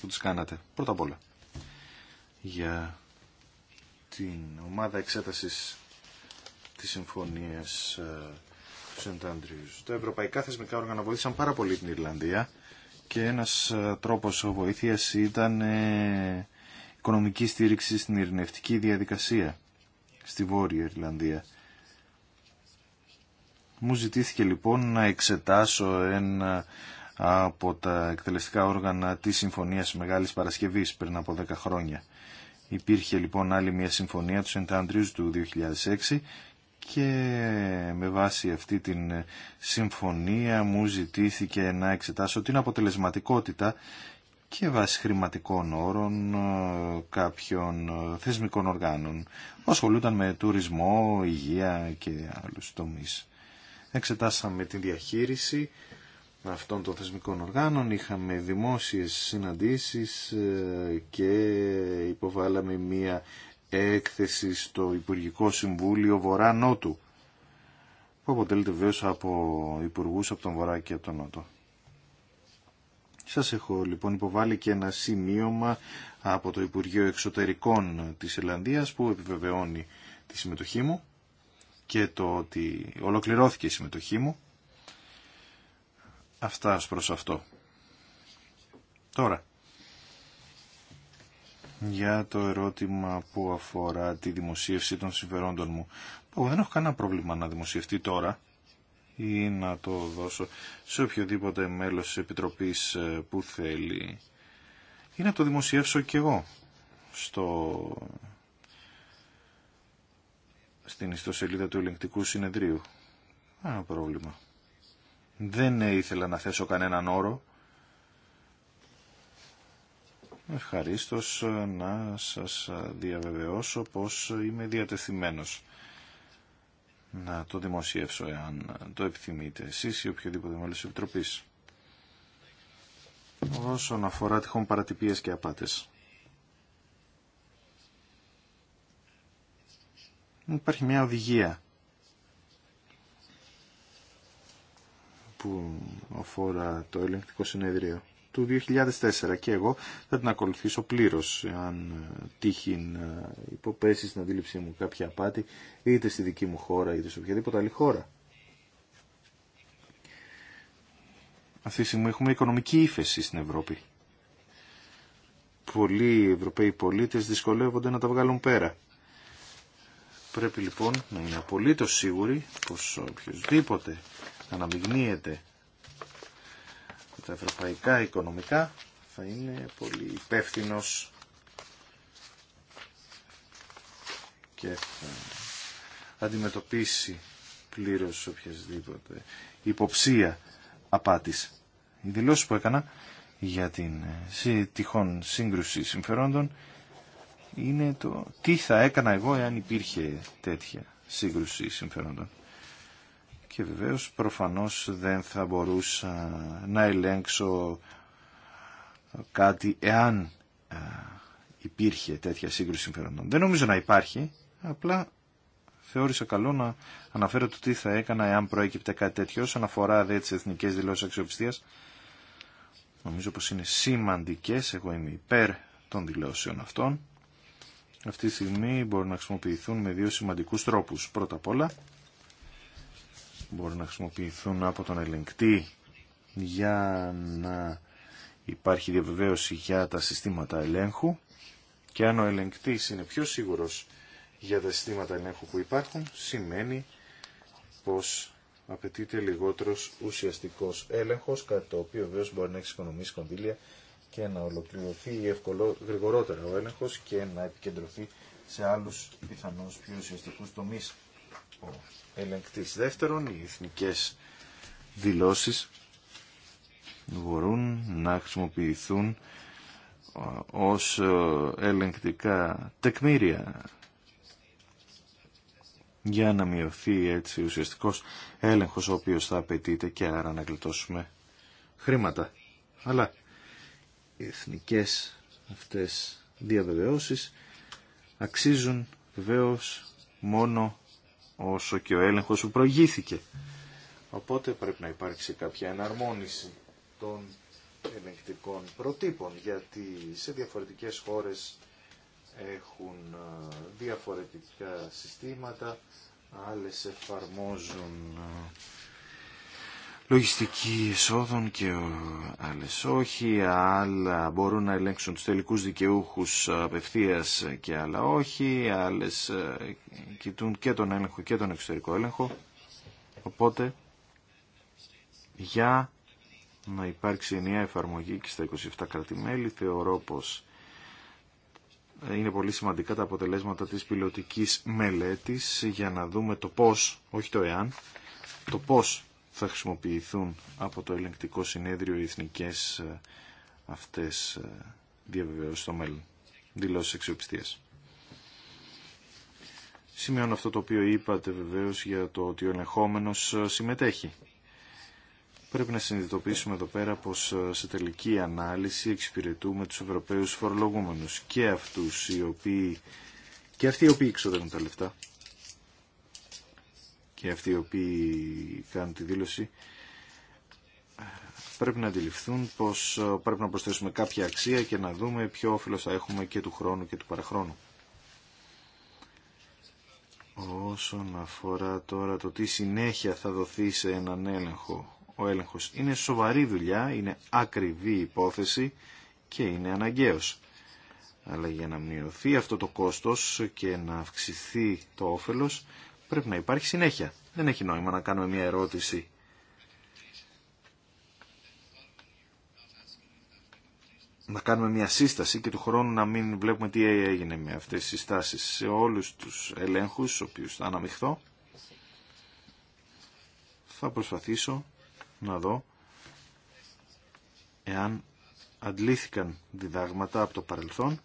που τις κάνατε. Πρώτα απ' όλα, για την ομάδα εξέτασης της συμφωνίας ε, του Σεντ Τα ευρωπαϊκά θεσμικά όργανα βοήθησαν πάρα πολύ την Ιρλανδία και ένας ε, τρόπος βοήθειας ήταν ε, οικονομική στήριξη στην ειρηνευτική διαδικασία στη Βόρεια Ιρλανδία. Μου ζητήθηκε λοιπόν να εξετάσω ένα από τα εκτελεστικά όργανα της Συμφωνίας Μεγάλης Παρασκευής πριν από 10 χρόνια. Υπήρχε λοιπόν άλλη μια συμφωνία του Σεντ του 2006 και με βάση αυτή την συμφωνία μου ζητήθηκε να εξετάσω την αποτελεσματικότητα και βάσει χρηματικών όρων ε, κάποιων ε, θεσμικών οργάνων που ασχολούνταν με τουρισμό, υγεία και άλλους τομείς εξετάσαμε την διαχείριση αυτών των θεσμικών οργάνων, είχαμε δημόσιες συναντήσεις ε, και υποβάλαμε μία έκθεση στο Υπουργικό Συμβούλιο Βορρά Νότου που αποτελείται βεβαίω από υπουργού από τον Βορρά και από τον Νότο. Σας έχω λοιπόν υποβάλει και ένα σημείωμα από το Υπουργείο Εξωτερικών της Ιρλανδίας που επιβεβαιώνει τη συμμετοχή μου και το ότι ολοκληρώθηκε η συμμετοχή μου. Αυτά ως προς αυτό. Τώρα, για το ερώτημα που αφορά τη δημοσίευση των συμφερόντων μου. Που δεν έχω κανένα πρόβλημα να δημοσιευτεί τώρα ή να το δώσω σε οποιοδήποτε μέλος της Επιτροπής ε, που θέλει ή να το δημοσιεύσω κι εγώ στο στην ιστοσελίδα του ελεγκτικού συνεδρίου. Ένα πρόβλημα. Δεν ήθελα να θέσω κανέναν όρο. Ευχαρίστως να σας διαβεβαιώσω πως είμαι διατεθειμένος να το δημοσιεύσω εάν το επιθυμείτε εσείς ή οποιοδήποτε μέλος επιτροπής. Όσον αφορά τυχόν παρατυπίες και απάτες. Υπάρχει μια οδηγία που αφορά το ελεγκτικό συνέδριο του 2004 και εγώ θα την ακολουθήσω πλήρως αν τύχει να υποπέσει στην αντίληψή μου κάποια απάτη είτε στη δική μου χώρα είτε σε οποιαδήποτε άλλη χώρα. Αυτή τη στιγμή έχουμε οικονομική ύφεση στην Ευρώπη. Πολλοί Ευρωπαίοι πολίτες δυσκολεύονται να τα βγάλουν πέρα. Πρέπει λοιπόν να είναι απολύτω σίγουροι πως οποιοδήποτε αναμειγνύεται τα ευρωπαϊκά οικονομικά θα είναι πολύ υπεύθυνο και θα αντιμετωπίσει πλήρως οποιασδήποτε υποψία απάτης. Η δηλώση που έκανα για την ε, τυχόν σύγκρουση συμφερόντων είναι το τι θα έκανα εγώ εάν υπήρχε τέτοια σύγκρουση συμφέροντων. Και βεβαίως προφανώς δεν θα μπορούσα να ελέγξω κάτι εάν υπήρχε τέτοια σύγκρουση συμφέροντων. Δεν νομίζω να υπάρχει, απλά θεώρησα καλό να αναφέρω το τι θα έκανα εάν προέκυπτε κάτι τέτοιο όσον αφορά δε τις εθνικές δηλώσεις αξιοπιστίας. Νομίζω πως είναι σημαντικές, εγώ είμαι υπέρ των δηλώσεων αυτών αυτή τη στιγμή μπορούν να χρησιμοποιηθούν με δύο σημαντικούς τρόπους. Πρώτα απ' όλα μπορούν να χρησιμοποιηθούν από τον ελεγκτή για να υπάρχει διαβεβαίωση για τα συστήματα ελέγχου και αν ο ελεγκτής είναι πιο σίγουρος για τα συστήματα ελέγχου που υπάρχουν, σημαίνει πως απαιτείται λιγότερος ουσιαστικός έλεγχος, κατά το οποίο βέβαια μπορεί να εξοικονομήσει κονδύλια και να ολοκληρωθεί ευκολό, γρηγορότερα ο έλεγχος και να επικεντρωθεί σε άλλους πιθανώς πιο ουσιαστικού τομείς ο ελεγκτής. Δεύτερον, οι εθνικές δηλώσεις μπορούν να χρησιμοποιηθούν ε, ως ε, ελεγκτικά τεκμήρια για να μειωθεί έτσι ουσιαστικός έλεγχος ο οποίος θα απαιτείται και άρα να γλιτώσουμε χρήματα. Αλλά εθνικές αυτές διαβεβαιώσεις αξίζουν βεβαίω μόνο όσο και ο έλεγχος που προηγήθηκε. Οπότε πρέπει να υπάρξει κάποια εναρμόνιση των ελεγκτικών προτύπων, γιατί σε διαφορετικές χώρες έχουν διαφορετικά συστήματα, άλλες εφαρμόζουν λογιστική εισόδων και άλλες όχι, άλλα μπορούν να ελέγξουν τους τελικούς δικαιούχους απευθείας και άλλα όχι, άλλες ε, κοιτούν και τον έλεγχο και τον εξωτερικό έλεγχο. Οπότε, για να υπάρξει ενιαία εφαρμογή και στα 27 κρατημέλη, θεωρώ πως είναι πολύ σημαντικά τα αποτελέσματα της πιλωτικής μελέτης για να δούμε το πώς, όχι το εάν, το πώς θα χρησιμοποιηθούν από το ελεγκτικό συνέδριο οι εθνικές ε, αυτές ε, διαβεβαιώσεις στο μέλλον. Δηλώσεις αξιοπιστίας. Σημειώνω αυτό το οποίο είπατε βεβαίως για το ότι ο ελεγχόμενος ε, συμμετέχει. Πρέπει να συνειδητοποιήσουμε εδώ πέρα πως σε τελική ανάλυση εξυπηρετούμε τους Ευρωπαίους φορολογούμενους και αυτούς οι οποίοι και αυτοί οι οποίοι ξοδεύουν τα λεφτά και αυτοί οι οποίοι κάνουν τη δήλωση πρέπει να αντιληφθούν πως ε, πρέπει να προσθέσουμε κάποια αξία και να δούμε ποιο όφελος θα έχουμε και του χρόνου και του παραχρόνου. Όσον αφορά τώρα το τι συνέχεια θα δοθεί σε έναν έλεγχο, ο έλεγχος είναι σοβαρή δουλειά, είναι ακριβή υπόθεση και είναι αναγκαίος. Αλλά για να μειωθεί αυτό το κόστος και να αυξηθεί το όφελος, Πρέπει να υπάρχει συνέχεια. Δεν έχει νόημα να κάνουμε μια ερώτηση. Να κάνουμε μια σύσταση και του χρόνου να μην βλέπουμε τι έγινε με αυτές τις συστάσεις σε όλους τους ελέγχους, στους οποίους θα αναμειχθώ. Θα προσπαθήσω να δω εάν αντλήθηκαν διδάγματα από το παρελθόν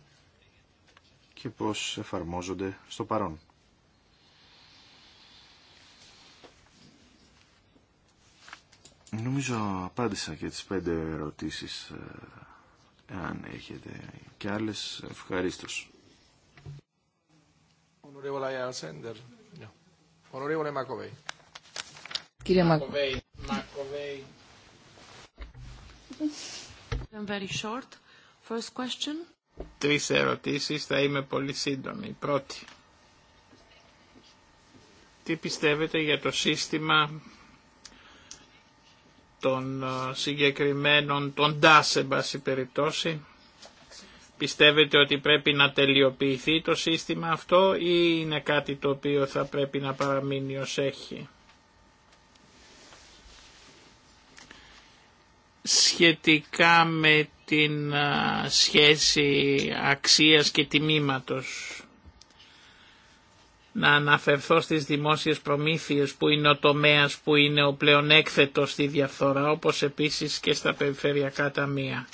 και πώς εφαρμόζονται στο παρόν. Νομίζω απάντησα και τις πέντε ερωτήσεις. Αν ε, έχετε και άλλες, ευχαρίστω.
Κύριε Μακοβέη. Τρεις ερωτήσεις, θα είμαι πολύ σύντομη. Πρώτη. Τι πιστεύετε για το σύστημα των ε, συγκεκριμένων, των ΤΑΣ εν πάση περιπτώσει. Πιστεύετε ότι πρέπει να τελειοποιηθεί το σύστημα αυτό ή είναι κάτι το οποίο θα πρέπει να παραμείνει ως έχει. Σχετικά με την ε, σχέση αξίας και τιμήματος να αναφερθώ στις δημόσιες προμήθειες που είναι ο τομέας που είναι ο πλέον στη διαφθορά όπως επίσης και στα περιφερειακά ταμεία.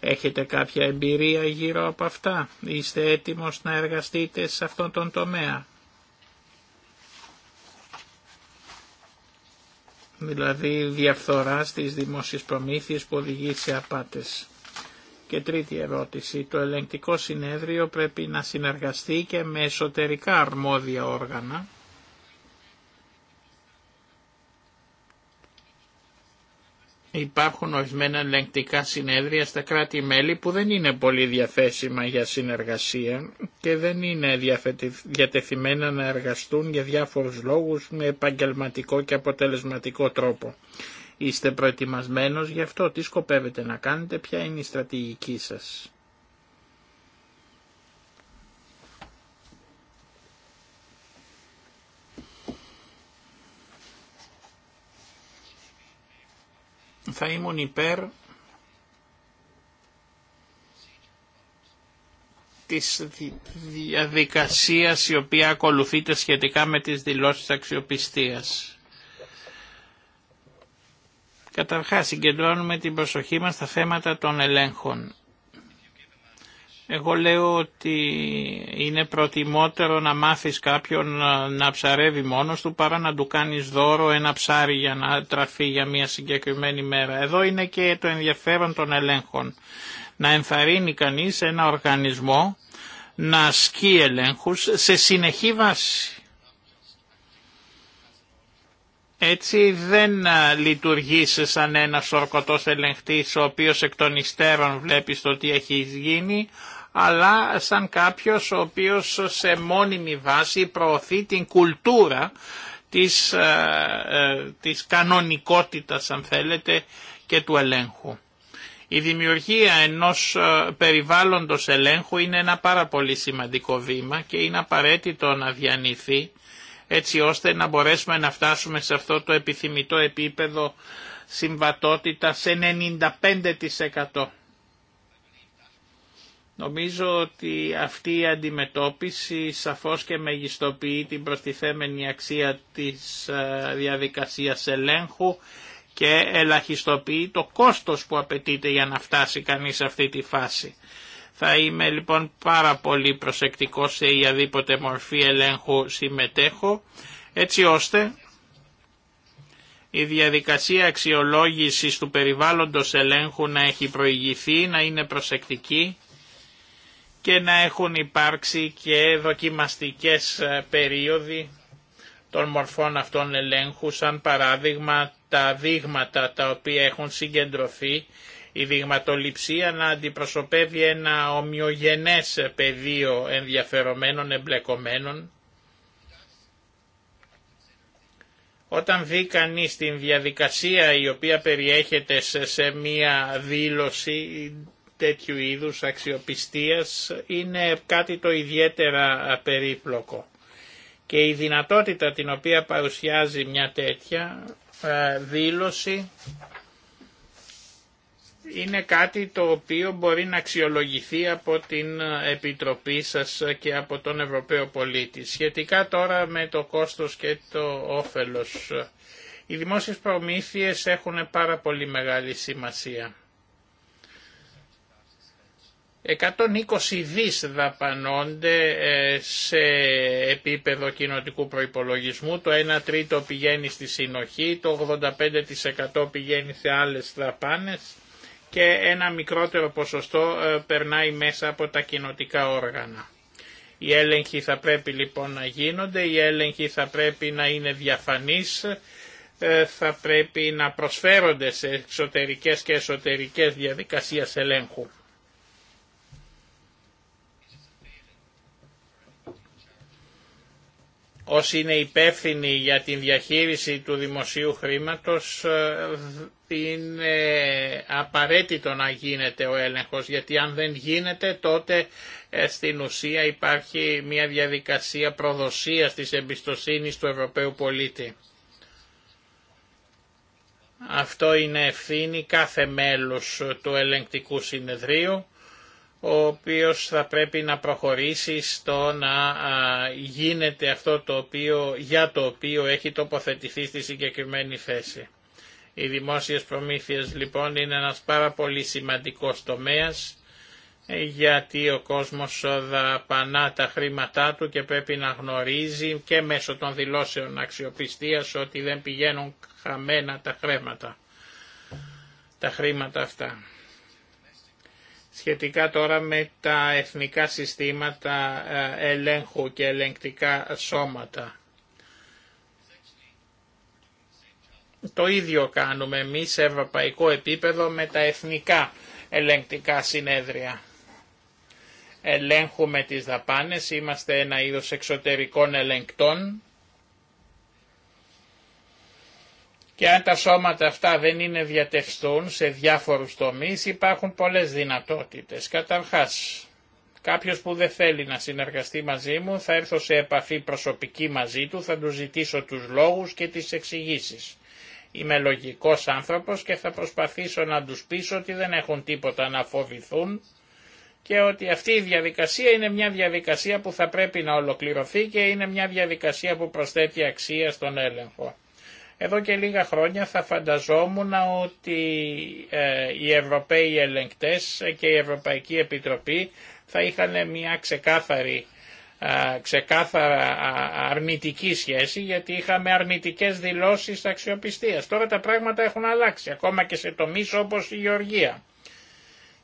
Έχετε κάποια εμπειρία γύρω από αυτά. Είστε έτοιμος να εργαστείτε σε αυτόν τον τομέα. Δηλαδή διαφθορά στις δημόσιες προμήθειες που οδηγεί σε απάτες. Και τρίτη ερώτηση, το ελεγκτικό συνέδριο πρέπει να συνεργαστεί και με εσωτερικά αρμόδια όργανα. Υπάρχουν ορισμένα ελεγκτικά συνέδρια στα κράτη-μέλη που δεν είναι πολύ διαθέσιμα για συνεργασία και δεν είναι διατεθειμένα να εργαστούν για διάφορους λόγους με επαγγελματικό και αποτελεσματικό τρόπο. Είστε προετοιμασμένος γι' αυτό, τι σκοπεύετε να κάνετε, ποια είναι η στρατηγική σας. Θα ήμουν υπέρ της διαδικασίας η οποία ακολουθείται σχετικά με τις δηλώσεις αξιοπιστίας. Καταρχάς συγκεντρώνουμε την προσοχή μας στα θέματα των ελέγχων. Εγώ λέω ότι είναι προτιμότερο να μάθεις κάποιον ε, να ψαρεύει μόνος του παρά να του κάνεις δώρο ένα ψάρι για να τραφεί για μια συγκεκριμένη μέρα. Εδώ είναι και το ενδιαφέρον των ελέγχων. Να ενθαρρύνει κανείς ένα οργανισμό να ασκεί ελέγχους σε συνεχή βάση. Έτσι δεν λειτουργείς σαν ένας ορκωτός ελεγχτής ο οποίος εκ των υστέρων βλέπεις το τι έχει γίνει, αλλά σαν κάποιος ο οποίος σε μόνιμη βάση προωθεί την κουλτούρα της, της κανονικότητας αν θέλετε και του ελέγχου. Η δημιουργία ενός περιβάλλοντος ελέγχου είναι ένα πάρα πολύ σημαντικό βήμα και είναι απαραίτητο να διανυθεί έτσι ώστε να μπορέσουμε να φτάσουμε σε αυτό το επιθυμητό επίπεδο συμβατότητα σε 95%. Νομίζω ότι αυτή η αντιμετώπιση σαφώς και μεγιστοποιεί την προστιθέμενη αξία της ε, διαδικασίας ελέγχου και ελαχιστοποιεί το κόστος που απαιτείται για να φτάσει κανείς σε αυτή τη φάση. Θα είμαι λοιπόν πάρα πολύ προσεκτικός σε οποιαδήποτε μορφή ελέγχου συμμετέχω, έτσι ώστε η διαδικασία αξιολόγησης του περιβάλλοντος ελέγχου να έχει προηγηθεί, να είναι προσεκτική και να έχουν υπάρξει και δοκιμαστικές ε, περίοδοι των μορφών αυτών ελέγχου, σαν παράδειγμα τα δείγματα τα οποία έχουν συγκεντρωθεί η δειγματοληψία να αντιπροσωπεύει ένα ομοιογενές πεδίο ενδιαφερομένων εμπλεκομένων. Όταν δει κανείς την διαδικασία η οποία περιέχεται σε μία δήλωση τέτοιου είδους αξιοπιστίας είναι κάτι το ιδιαίτερα περίπλοκο. Και η δυνατότητα την οποία παρουσιάζει μια τέτοια ε, δήλωση είναι κάτι το οποίο μπορεί να αξιολογηθεί από την Επιτροπή σας και από τον Ευρωπαίο πολίτη. Σχετικά τώρα με το κόστος και το όφελος. Οι δημόσιες προμήθειες έχουν πάρα πολύ μεγάλη σημασία. 120 δις δαπανώνται ε, σε επίπεδο κοινοτικού προϋπολογισμού, το 1 τρίτο πηγαίνει στη συνοχή, το 85% πηγαίνει σε άλλες δαπάνες και ένα μικρότερο ποσοστό ε, περνάει μέσα από τα κοινοτικά όργανα. Οι έλεγχοι θα πρέπει λοιπόν να γίνονται, οι έλεγχοι θα πρέπει να είναι διαφανείς, ε, θα πρέπει να προσφέρονται σε εξωτερικές και εσωτερικές διαδικασίες ελέγχου. όσοι είναι υπεύθυνοι για την διαχείριση του δημοσίου χρήματος ε, είναι απαραίτητο να γίνεται ο έλεγχος γιατί αν δεν γίνεται τότε ε, στην ουσία υπάρχει μια διαδικασία προδοσίας της εμπιστοσύνης του Ευρωπαίου πολίτη. Αυτό είναι ευθύνη κάθε μέλους του ελεγκτικού συνεδρίου ο οποίος θα πρέπει να προχωρήσει στο να γίνεται αυτό το οποίο, για το οποίο έχει τοποθετηθεί στη συγκεκριμένη θέση. Οι δημόσιες προμήθειες λοιπόν είναι ένας πάρα πολύ σημαντικός τομέας γιατί ο κόσμος δαπανά τα χρήματά του και πρέπει να γνωρίζει και μέσω των δηλώσεων αξιοπιστίας ότι δεν πηγαίνουν χαμένα τα χρήματα, τα χρήματα αυτά σχετικά τώρα με τα εθνικά συστήματα ε, ελέγχου και ελεγκτικά σώματα. Το ίδιο κάνουμε εμεί σε ευρωπαϊκό επίπεδο με τα εθνικά ελεγκτικά συνέδρια. Ελέγχουμε τις δαπάνες, είμαστε ένα είδος εξωτερικών ελεγκτών Και αν τα σώματα αυτά δεν είναι διατευστούν σε διάφορους τομείς υπάρχουν πολλές δυνατότητες. Καταρχάς, κάποιος που δεν θέλει να συνεργαστεί μαζί μου θα έρθω σε επαφή προσωπική μαζί του, θα του ζητήσω τους λόγους και τις εξηγήσει. Είμαι λογικός άνθρωπος και θα προσπαθήσω να τους πείσω ότι δεν έχουν τίποτα να φοβηθούν και ότι αυτή η διαδικασία είναι μια διαδικασία που θα πρέπει να ολοκληρωθεί και είναι μια διαδικασία που προσθέτει αξία στον έλεγχο. Εδώ και λίγα χρόνια θα φανταζόμουν ότι ε, οι Ευρωπαίοι ελεγκτές και η Ευρωπαϊκή Επιτροπή θα είχαν μια ξεκάθαρη, ε, ξεκάθαρα αρνητική σχέση γιατί είχαμε αρνητικές δηλώσεις αξιοπιστίας. Τώρα τα πράγματα έχουν αλλάξει ακόμα και σε τομείς όπως η Γεωργία.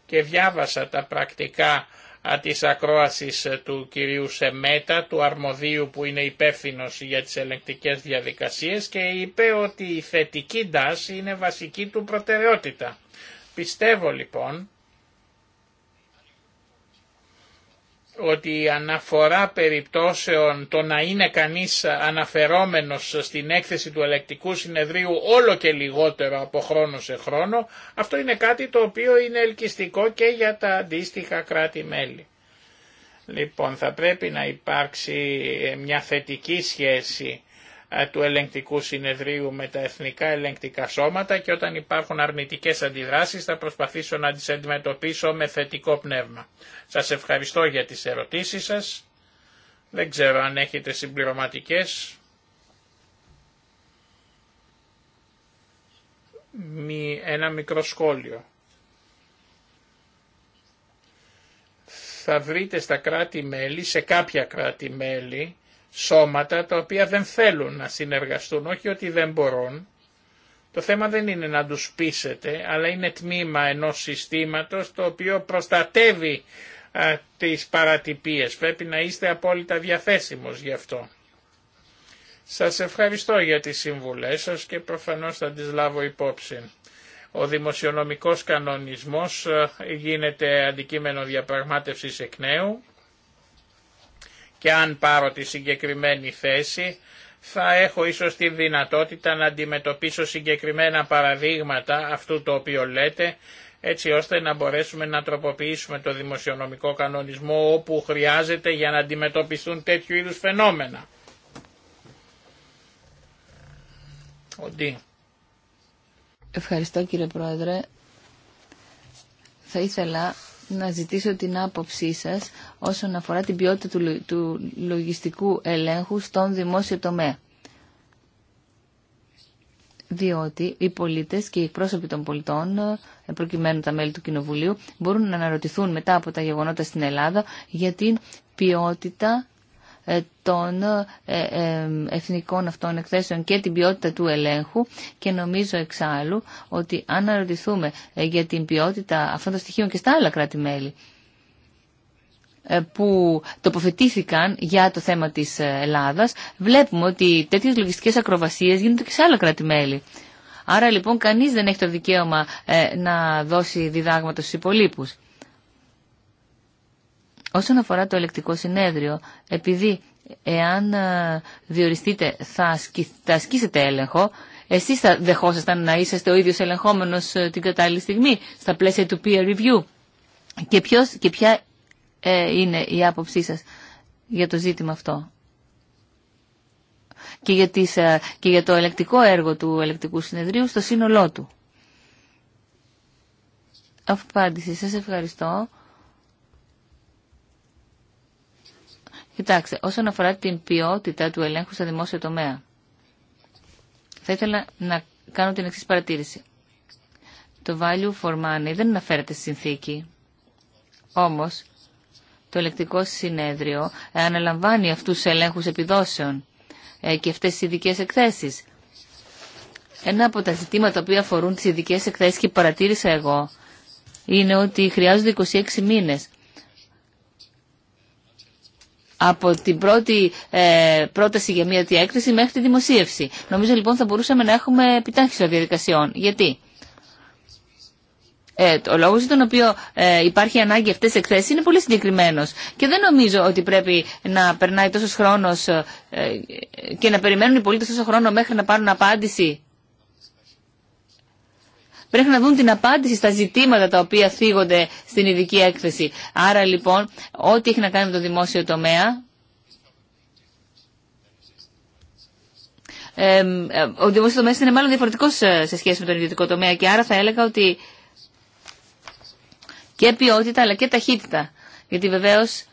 Και διάβασα τα πρακτικά της ακρόασης ε, του κυρίου Σεμέτα, του αρμοδίου που είναι υπεύθυνο για τις ελεγκτικές διαδικασίες και είπε ότι η θετική τάση είναι βασική του προτεραιότητα. Πιστεύω λοιπόν ότι η αναφορά περιπτώσεων το να είναι κανείς αναφερόμενος στην έκθεση του ελεκτικού συνεδρίου όλο και λιγότερο από χρόνο σε χρόνο, αυτό είναι κάτι το οποίο είναι ελκυστικό και για τα αντίστοιχα κράτη-μέλη. Λοιπόν, θα πρέπει να υπάρξει μια θετική σχέση ε, του ελεγκτικού συνεδρίου με τα εθνικά ελεγκτικά σώματα και όταν υπάρχουν αρνητικές αντιδράσεις θα προσπαθήσω να τις αντιμετωπίσω με θετικό πνεύμα. Σας ευχαριστώ για τις ερωτήσεις σας. Δεν ξέρω αν έχετε συμπληρωματικές. Ένα μικρό σχόλιο. Θα βρείτε στα κράτη-μέλη, σε κάποια κράτη-μέλη, σώματα τα οποία δεν θέλουν να συνεργαστούν, όχι ότι δεν μπορούν. Το θέμα δεν είναι να τους πείσετε, αλλά είναι τμήμα ενός συστήματος το οποίο προστατεύει α, τις παρατυπίες. Πρέπει να είστε απόλυτα διαθέσιμος γι' αυτό. Σας ευχαριστώ για τις συμβουλές σας και προφανώς θα τις λάβω υπόψη. Ο δημοσιονομικός κανονισμός γίνεται αντικείμενο διαπραγμάτευσης εκ νέου και αν πάρω τη συγκεκριμένη θέση θα έχω ίσως τη δυνατότητα να αντιμετωπίσω συγκεκριμένα παραδείγματα αυτού το οποίο λέτε έτσι ώστε να μπορέσουμε να τροποποιήσουμε το δημοσιονομικό κανονισμό όπου χρειάζεται για να αντιμετωπιστούν τέτοιου είδους φαινόμενα.
Ευχαριστώ κύριε Πρόεδρε. Θα ήθελα να ζητήσω την άποψή σας όσον αφορά την ποιότητα του λογιστικού ελέγχου στον δημόσιο τομέα. Διότι οι πολίτες και οι πρόσωποι των πολιτών, ε, προκειμένου τα μέλη του Κοινοβουλίου, μπορούν να αναρωτηθούν μετά από τα γεγονότα στην Ελλάδα για την ποιότητα ε, των ε, ε, εθνικών αυτών εκθέσεων και την ποιότητα του ελέγχου και νομίζω εξάλλου ότι αν αναρωτηθούμε για την ποιότητα αυτών των στοιχείων και στα άλλα κράτη-μέλη που τοποθετήθηκαν για το θέμα της Ελλάδας, βλέπουμε ότι τέτοιες λογιστικές ακροβασίες γίνονται και σε άλλα κράτη-μέλη. Άρα λοιπόν κανείς δεν έχει το δικαίωμα να δώσει διδάγματα στους υπολείπους. Όσον αφορά το ελεκτικό συνέδριο, επειδή εάν ε, διοριστείτε θα, θα ασκήσετε έλεγχο, εσείς θα δεχόσασταν να είσαστε ο ίδιος ελεγχόμενος ε, την κατάλληλη στιγμή στα πλαίσια του peer review. Και, ποιος, και ποια ε, είναι η άποψή σας για το ζήτημα αυτό. Και για, τις, και το ελεκτικό έργο του ελεκτικού συνεδρίου στο σύνολό του. Απάντηση. Σας ευχαριστώ. Κοιτάξτε, όσον αφορά την ποιότητα του ελέγχου στα δημόσια τομέα, θα ήθελα να κάνω την εξή παρατήρηση. Το value for money δεν αναφέρεται στη συνθήκη. Όμως, το ελεκτικό συνέδριο αναλαμβάνει αυτούς τους ελέγχους επιδόσεων ε, και αυτές τις ειδικέ εκθέσεις. Ένα από τα ζητήματα που αφορούν τις ειδικέ εκθέσεις και παρατήρησα εγώ είναι ότι χρειάζονται 26 μήνες από την πρώτη ε, πρόταση για μια διέκριση μέχρι τη δημοσίευση. Νομίζω λοιπόν θα μπορούσαμε να έχουμε επιτάχυση των διαδικασιών. Γιατί? Ε, ο λόγο για τον οποίο ε, υπάρχει ανάγκη αυτέ τι εκθέσει είναι πολύ συγκεκριμένο. Και δεν νομίζω ότι πρέπει να περνάει τόσο χρόνο ε, και να περιμένουν οι πολίτε τόσο χρόνο μέχρι να πάρουν απάντηση πρέπει να δουν την απάντηση στα ζητήματα τα οποία θίγονται στην ειδική έκθεση. Άρα λοιπόν, ό,τι έχει να κάνει με το δημόσιο τομέα, ε, ο δημόσιο τομέα είναι μάλλον διαφορετικό ε, σε σχέση με τον ιδιωτικό τομέα και άρα θα έλεγα ότι και ποιότητα αλλά και ταχύτητα. Γιατί βεβαίως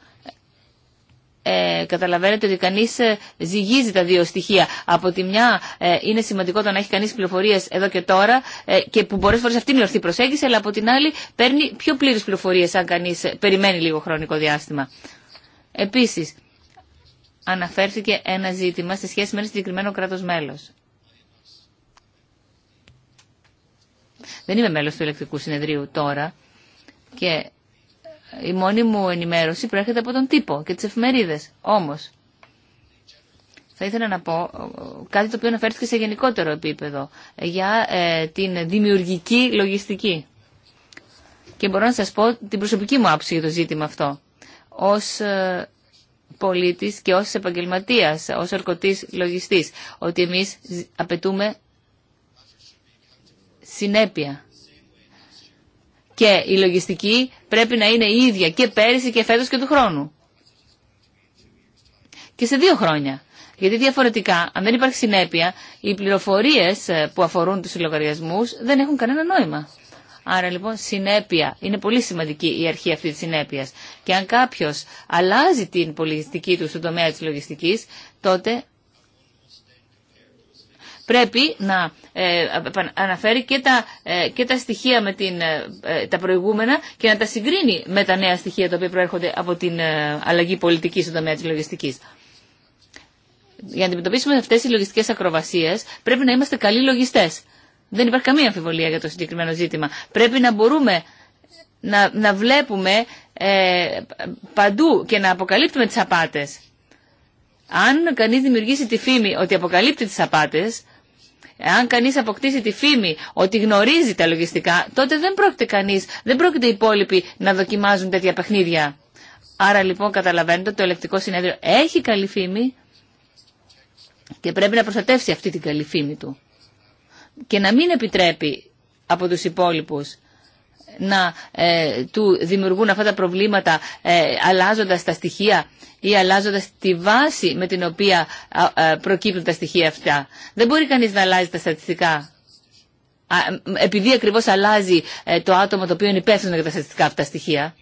ε, καταλαβαίνετε ότι κανείς ε, ζυγίζει τα δύο στοιχεία. Από τη μια ε, είναι σημαντικό το να έχει κανείς πληροφορίες εδώ και τώρα ε, και που πολλές φορές αυτή είναι η ορθή προσέγγιση, αλλά από την άλλη παίρνει πιο πλήρες πληροφορίες αν κανείς περιμένει λίγο χρονικό διάστημα. Επίσης, αναφέρθηκε ένα ζήτημα σε σχέση με ένα συγκεκριμένο κράτος μέλος. Δεν είμαι μέλος του ηλεκτρικού συνεδρίου τώρα και η μόνη μου ενημέρωση προέρχεται από τον τύπο και τις εφημερίδες. Όμως, θα ήθελα να πω κάτι το οποίο αναφέρθηκε σε γενικότερο επίπεδο ε, για ε, την δημιουργική λογιστική. Και μπορώ να σας πω την προσωπική μου άποψη για το ζήτημα αυτό. Ως ε, πολίτης και ως επαγγελματίας, ως ορκωτής λογιστής, ότι εμείς απαιτούμε συνέπεια και η λογιστική πρέπει να είναι η ίδια και πέρυσι και φέτος και του χρόνου. Και σε δύο χρόνια. Γιατί διαφορετικά, αν δεν υπάρχει συνέπεια, οι πληροφορίες ε, που αφορούν τους λογαριασμούς δεν έχουν κανένα νόημα. Άρα λοιπόν συνέπεια. Είναι πολύ σημαντική η αρχή αυτή της συνέπειας. Και αν κάποιος αλλάζει την πολιτιστική του στον τομέα της λογιστικής, τότε πρέπει να ε, αναφέρει και τα, ε, και τα στοιχεία με την, ε, τα προηγούμενα και να τα συγκρίνει με τα νέα στοιχεία τα οποία προέρχονται από την αλλαγή πολιτική στον τομέα τη λογιστική. Για να αντιμετωπίσουμε αυτέ τι λογιστικέ ακροβασίε, πρέπει να είμαστε καλοί λογιστέ. Δεν υπάρχει καμία αμφιβολία για το συγκεκριμένο ζήτημα. Πρέπει να μπορούμε να, να βλέπουμε παντού και να αποκαλύπτουμε τις απάτες. Αν κανείς δημιουργήσει τη φήμη ότι αποκαλύπτει τι απάτε. Αν κανείς αποκτήσει τη φήμη ότι γνωρίζει τα λογιστικά, τότε δεν πρόκειται κανείς, δεν πρόκειται οι υπόλοιποι να δοκιμάζουν τέτοια παιχνίδια. Άρα λοιπόν καταλαβαίνετε ότι το ελεκτικό συνέδριο έχει καλή φήμη και πρέπει να προστατεύσει αυτή την καλή φήμη του. Και να μην επιτρέπει από τους υπόλοιπους να ε, του δημιουργούν αυτά τα προβλήματα ε, αλλάζοντας τα στοιχεία ή αλλάζοντας τη βάση με την οποία ε, προκύπτουν τα στοιχεία αυτά. Δεν μπορεί κανείς να αλλάζει τα στατιστικά επειδή ακριβώς αλλάζει το άτομο το οποίο είναι υπεύθυνο για τα στατιστικά αυτά τα στοιχεία.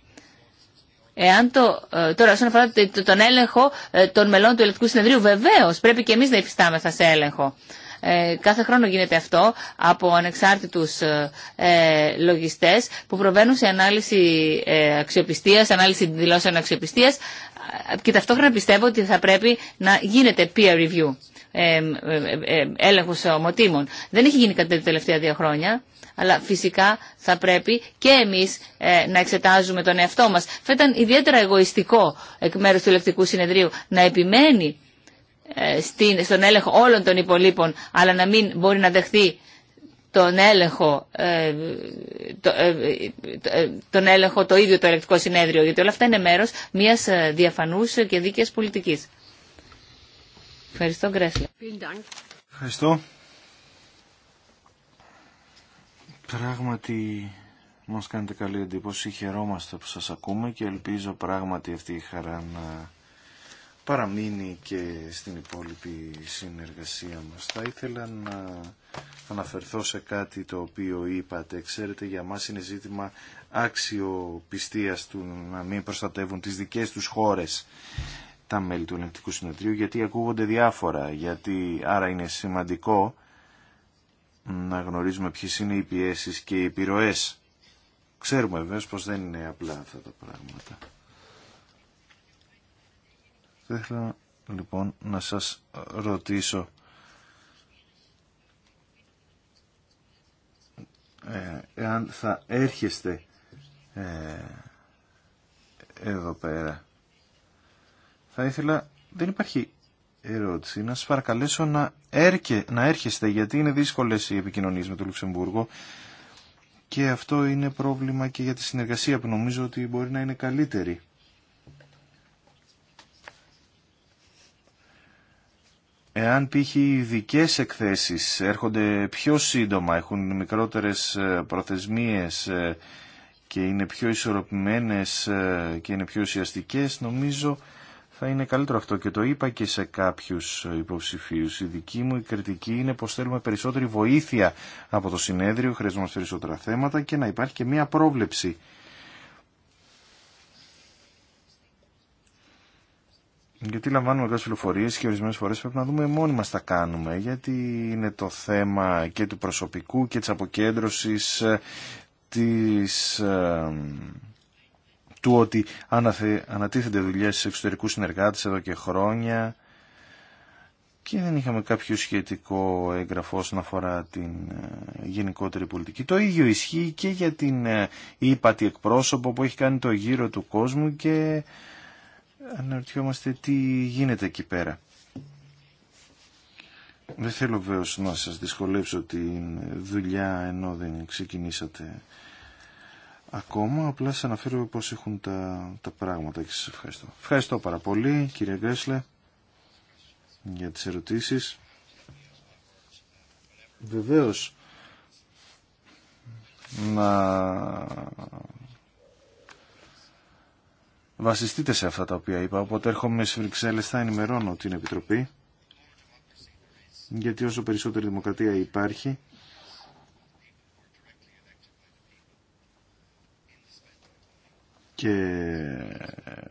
Εάν το, τώρα, όσον αφορά τον έλεγχο των μελών του ελεκτικού συνεδρίου, βεβαίω πρέπει και εμεί να υφιστάμεθα σε έλεγχο. Ε, κάθε χρόνο γίνεται αυτό από ανεξάρτητους ε, ε, λογιστές που προβαίνουν σε ανάλυση αξιοπιστίας, ανάλυση δηλώσεων αξιοπιστίας και ταυτόχρονα πιστεύω ότι θα πρέπει να γίνεται peer review, έλεγχος ομοτήμων. Δεν έχει γίνει κάτι τα τελευταία δύο χρόνια. Αλλά φυσικά θα πρέπει και εμεί να εξετάζουμε τον εαυτό μα. Θα ήταν ιδιαίτερα εγωιστικό εκ μέρου του Ελεκτικού Συνεδρίου να επιμένει ε, στον έλεγχο όλων των υπολείπων, αλλά να μην μπορεί να δεχθεί τον έλεγχο, ε, ε, τον έλεγχο το ίδιο το ελεκτικό συνέδριο, γιατί όλα αυτά είναι μέρος μιας διαφανούς και δίκαιας πολιτικής. Ευχαριστώ, Γκρέσλε.
Ευχαριστώ. Πράγματι μας κάνετε καλή εντύπωση, χαιρόμαστε που σας ακούμε και ελπίζω πράγματι αυτή η χαρά να παραμείνει και στην υπόλοιπη συνεργασία μας. Θα ήθελα να αναφερθώ σε κάτι το οποίο είπατε. Ξέρετε, για μας είναι ζήτημα άξιο πιστείας του να μην προστατεύουν τις δικές τους χώρες τα μέλη του Ελληνικού Συνεδρίου, γιατί ακούγονται διάφορα, γιατί άρα είναι σημαντικό να γνωρίζουμε ποιες είναι οι πιέσεις και οι επιρροές. Ξέρουμε βέβαια πως δεν είναι απλά αυτά τα πράγματα. Θα ήθελα λοιπόν να σας ρωτήσω ε, εάν θα έρχεστε ε, εδώ πέρα. Θα ήθελα, δεν υπάρχει ερώτηση, να σας παρακαλέσω να, έρκε, να έρχεστε γιατί είναι δύσκολες οι επικοινωνίες με το Λουξεμβούργο και αυτό είναι πρόβλημα και για τη συνεργασία που νομίζω ότι μπορεί να είναι καλύτερη. Εάν π.χ. οι ειδικέ εκθέσεις έρχονται πιο σύντομα, έχουν μικρότερες ε, προθεσμίες ε, και είναι πιο ισορροπημένες ε, και είναι πιο ουσιαστικέ, νομίζω θα είναι καλύτερο αυτό και το είπα και σε κάποιου υποψηφίου. Η δική μου η κριτική είναι πω θέλουμε περισσότερη βοήθεια από το συνέδριο, χρειαζόμαστε περισσότερα θέματα και να υπάρχει και μια πρόβλεψη Γιατί λαμβάνουμε κάποιε πληροφορίε και ορισμένε φορέ πρέπει να δούμε μόνοι μα τα κάνουμε. Γιατί είναι το θέμα και του προσωπικού και τη αποκέντρωση της, ε, ε, του ότι αναθε, ανατίθενται δουλειές σε εξωτερικούς συνεργάτες εδώ και χρόνια και δεν είχαμε κάποιο σχετικό έγγραφο όσον αφορά την ε, γενικότερη πολιτική. Το ίδιο ισχύει και για την ύπατη εκπρόσωπο που έχει κάνει το γύρο του κόσμου και αναρωτιόμαστε τι γίνεται εκεί πέρα. Δεν θέλω βέβαιω να σας δυσκολέψω την δουλειά ενώ δεν ξεκινήσατε ακόμα. Απλά σας αναφέρω πώς έχουν τα, τα πράγματα και σας ευχαριστώ. Ευχαριστώ πάρα πολύ κύριε Γκρέσλε για τις ερωτήσεις. Βεβαίως να βασιστείτε σε αυτά τα οποία είπα. Οπότε έρχομαι στις Βρυξέλλες, θα ενημερώνω την Επιτροπή, γιατί όσο περισσότερη δημοκρατία υπάρχει, και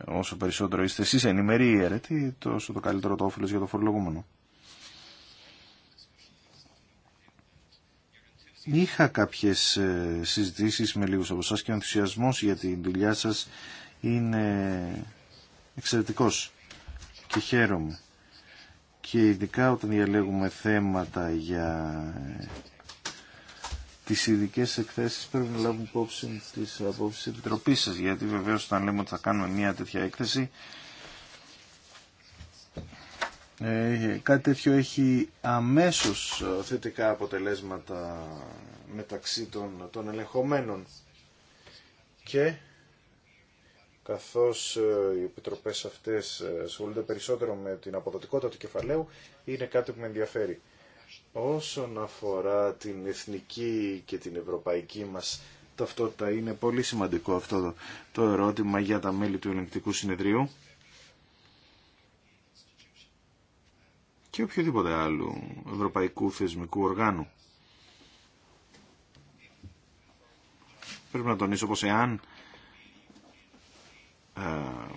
όσο περισσότερο είστε εσείς ενημεροί ή τόσο το καλύτερο το όφελος για το φορολογούμενο. Είχα κάποιες ε, συζητήσεις με λίγους από εσάς και ο ενθουσιασμός για την δουλειά σας είναι εξαιρετικός και χαίρομαι. Και ειδικά όταν διαλέγουμε θέματα για τις ειδικέ εκθέσεις πρέπει να λάβουμε υπόψη της Απόψης της Επιτροπής σας γιατί βεβαίως όταν λέμε ότι θα κάνουμε μια τέτοια έκθεση ε, κάτι τέτοιο έχει αμέσως θετικά αποτελέσματα μεταξύ των, των ελεγχομένων και καθώς ε, οι επιτροπές αυτές ε, ασχολούνται περισσότερο με την αποδοτικότητα του κεφαλαίου, είναι κάτι που με ενδιαφέρει. Όσον αφορά την εθνική και την ευρωπαϊκή μας ταυτότητα, είναι πολύ σημαντικό αυτό το ερώτημα για τα μέλη του ελεγκτικού συνεδρίου και οποιοδήποτε άλλου ευρωπαϊκού θεσμικού οργάνου. Πρέπει να τονίσω πως εάν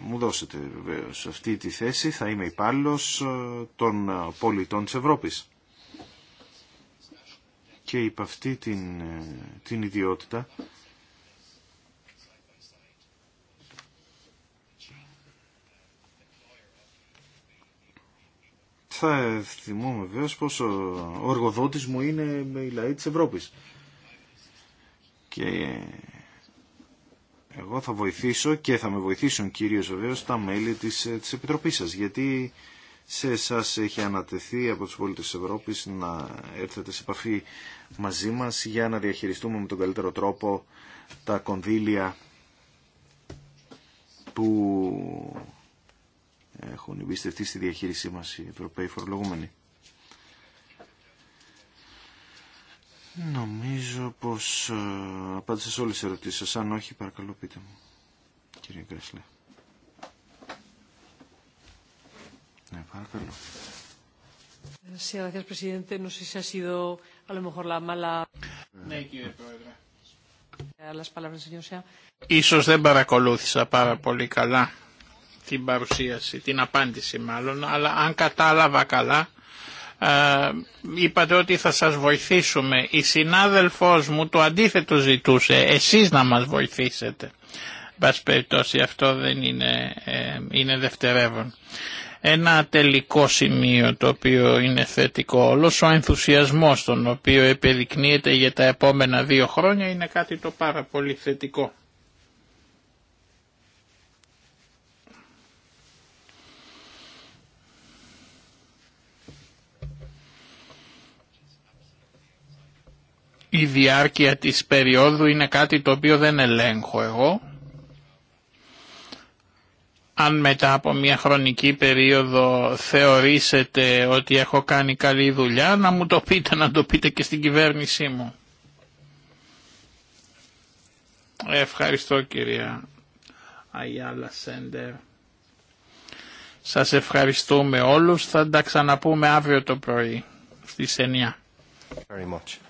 μου δώσετε βεβαίω αυτή τη θέση θα είμαι υπάλληλο ε, των ε, πολιτών της Ευρώπης. Και υπ' αυτή την, ε, την ιδιότητα θα θυμώ βεβαίω πως ο εργοδότης μου είναι οι λαοί της Ευρώπης. Και εγώ θα βοηθήσω και θα με βοηθήσουν κυρίως βεβαίω τα μέλη της, ε, της Επιτροπής σας, γιατί σε εσά έχει ανατεθεί από τους πολίτες της Ευρώπης να έρθετε σε επαφή μαζί μας για να διαχειριστούμε με τον καλύτερο τρόπο τα κονδύλια που έχουν εμπιστευτεί στη διαχείρισή μας οι Ευρωπαίοι φορολογούμενοι. Νομίζω πως ε, απάντησα σε όλες τις ερωτήσεις σας. Αν όχι, παρακαλώ πείτε μου, κύριε Γκρέσλε. Ναι, παρακαλώ.
Ναι, κύριε Πρόεδρε. Ίσως δεν παρακολούθησα πάρα πολύ καλά την παρουσίαση, την απάντηση μάλλον, αλλά αν κατάλαβα καλά, ε, είπατε ότι θα σας βοηθήσουμε. Η συνάδελφός μου το αντίθετο ζητούσε, εσείς να μας βοηθήσετε. Μπας περιπτώσει αυτό δεν είναι, ε, είναι δευτερεύον. Ένα τελικό σημείο το οποίο είναι θετικό. Όλος ο ενθουσιασμός τον οποίο επιδεικνύεται για τα επόμενα δύο χρόνια είναι κάτι το πάρα πολύ θετικό. η διάρκεια της περίοδου είναι κάτι το οποίο δεν ελέγχω εγώ. Αν μετά από μια χρονική περίοδο θεωρήσετε ότι έχω κάνει καλή δουλειά, να μου το πείτε, να το πείτε και στην κυβέρνησή μου. Ευχαριστώ κυρία Αγιάλα Σέντερ. Σας ευχαριστούμε όλους. Θα τα ξαναπούμε αύριο το πρωί στις 9.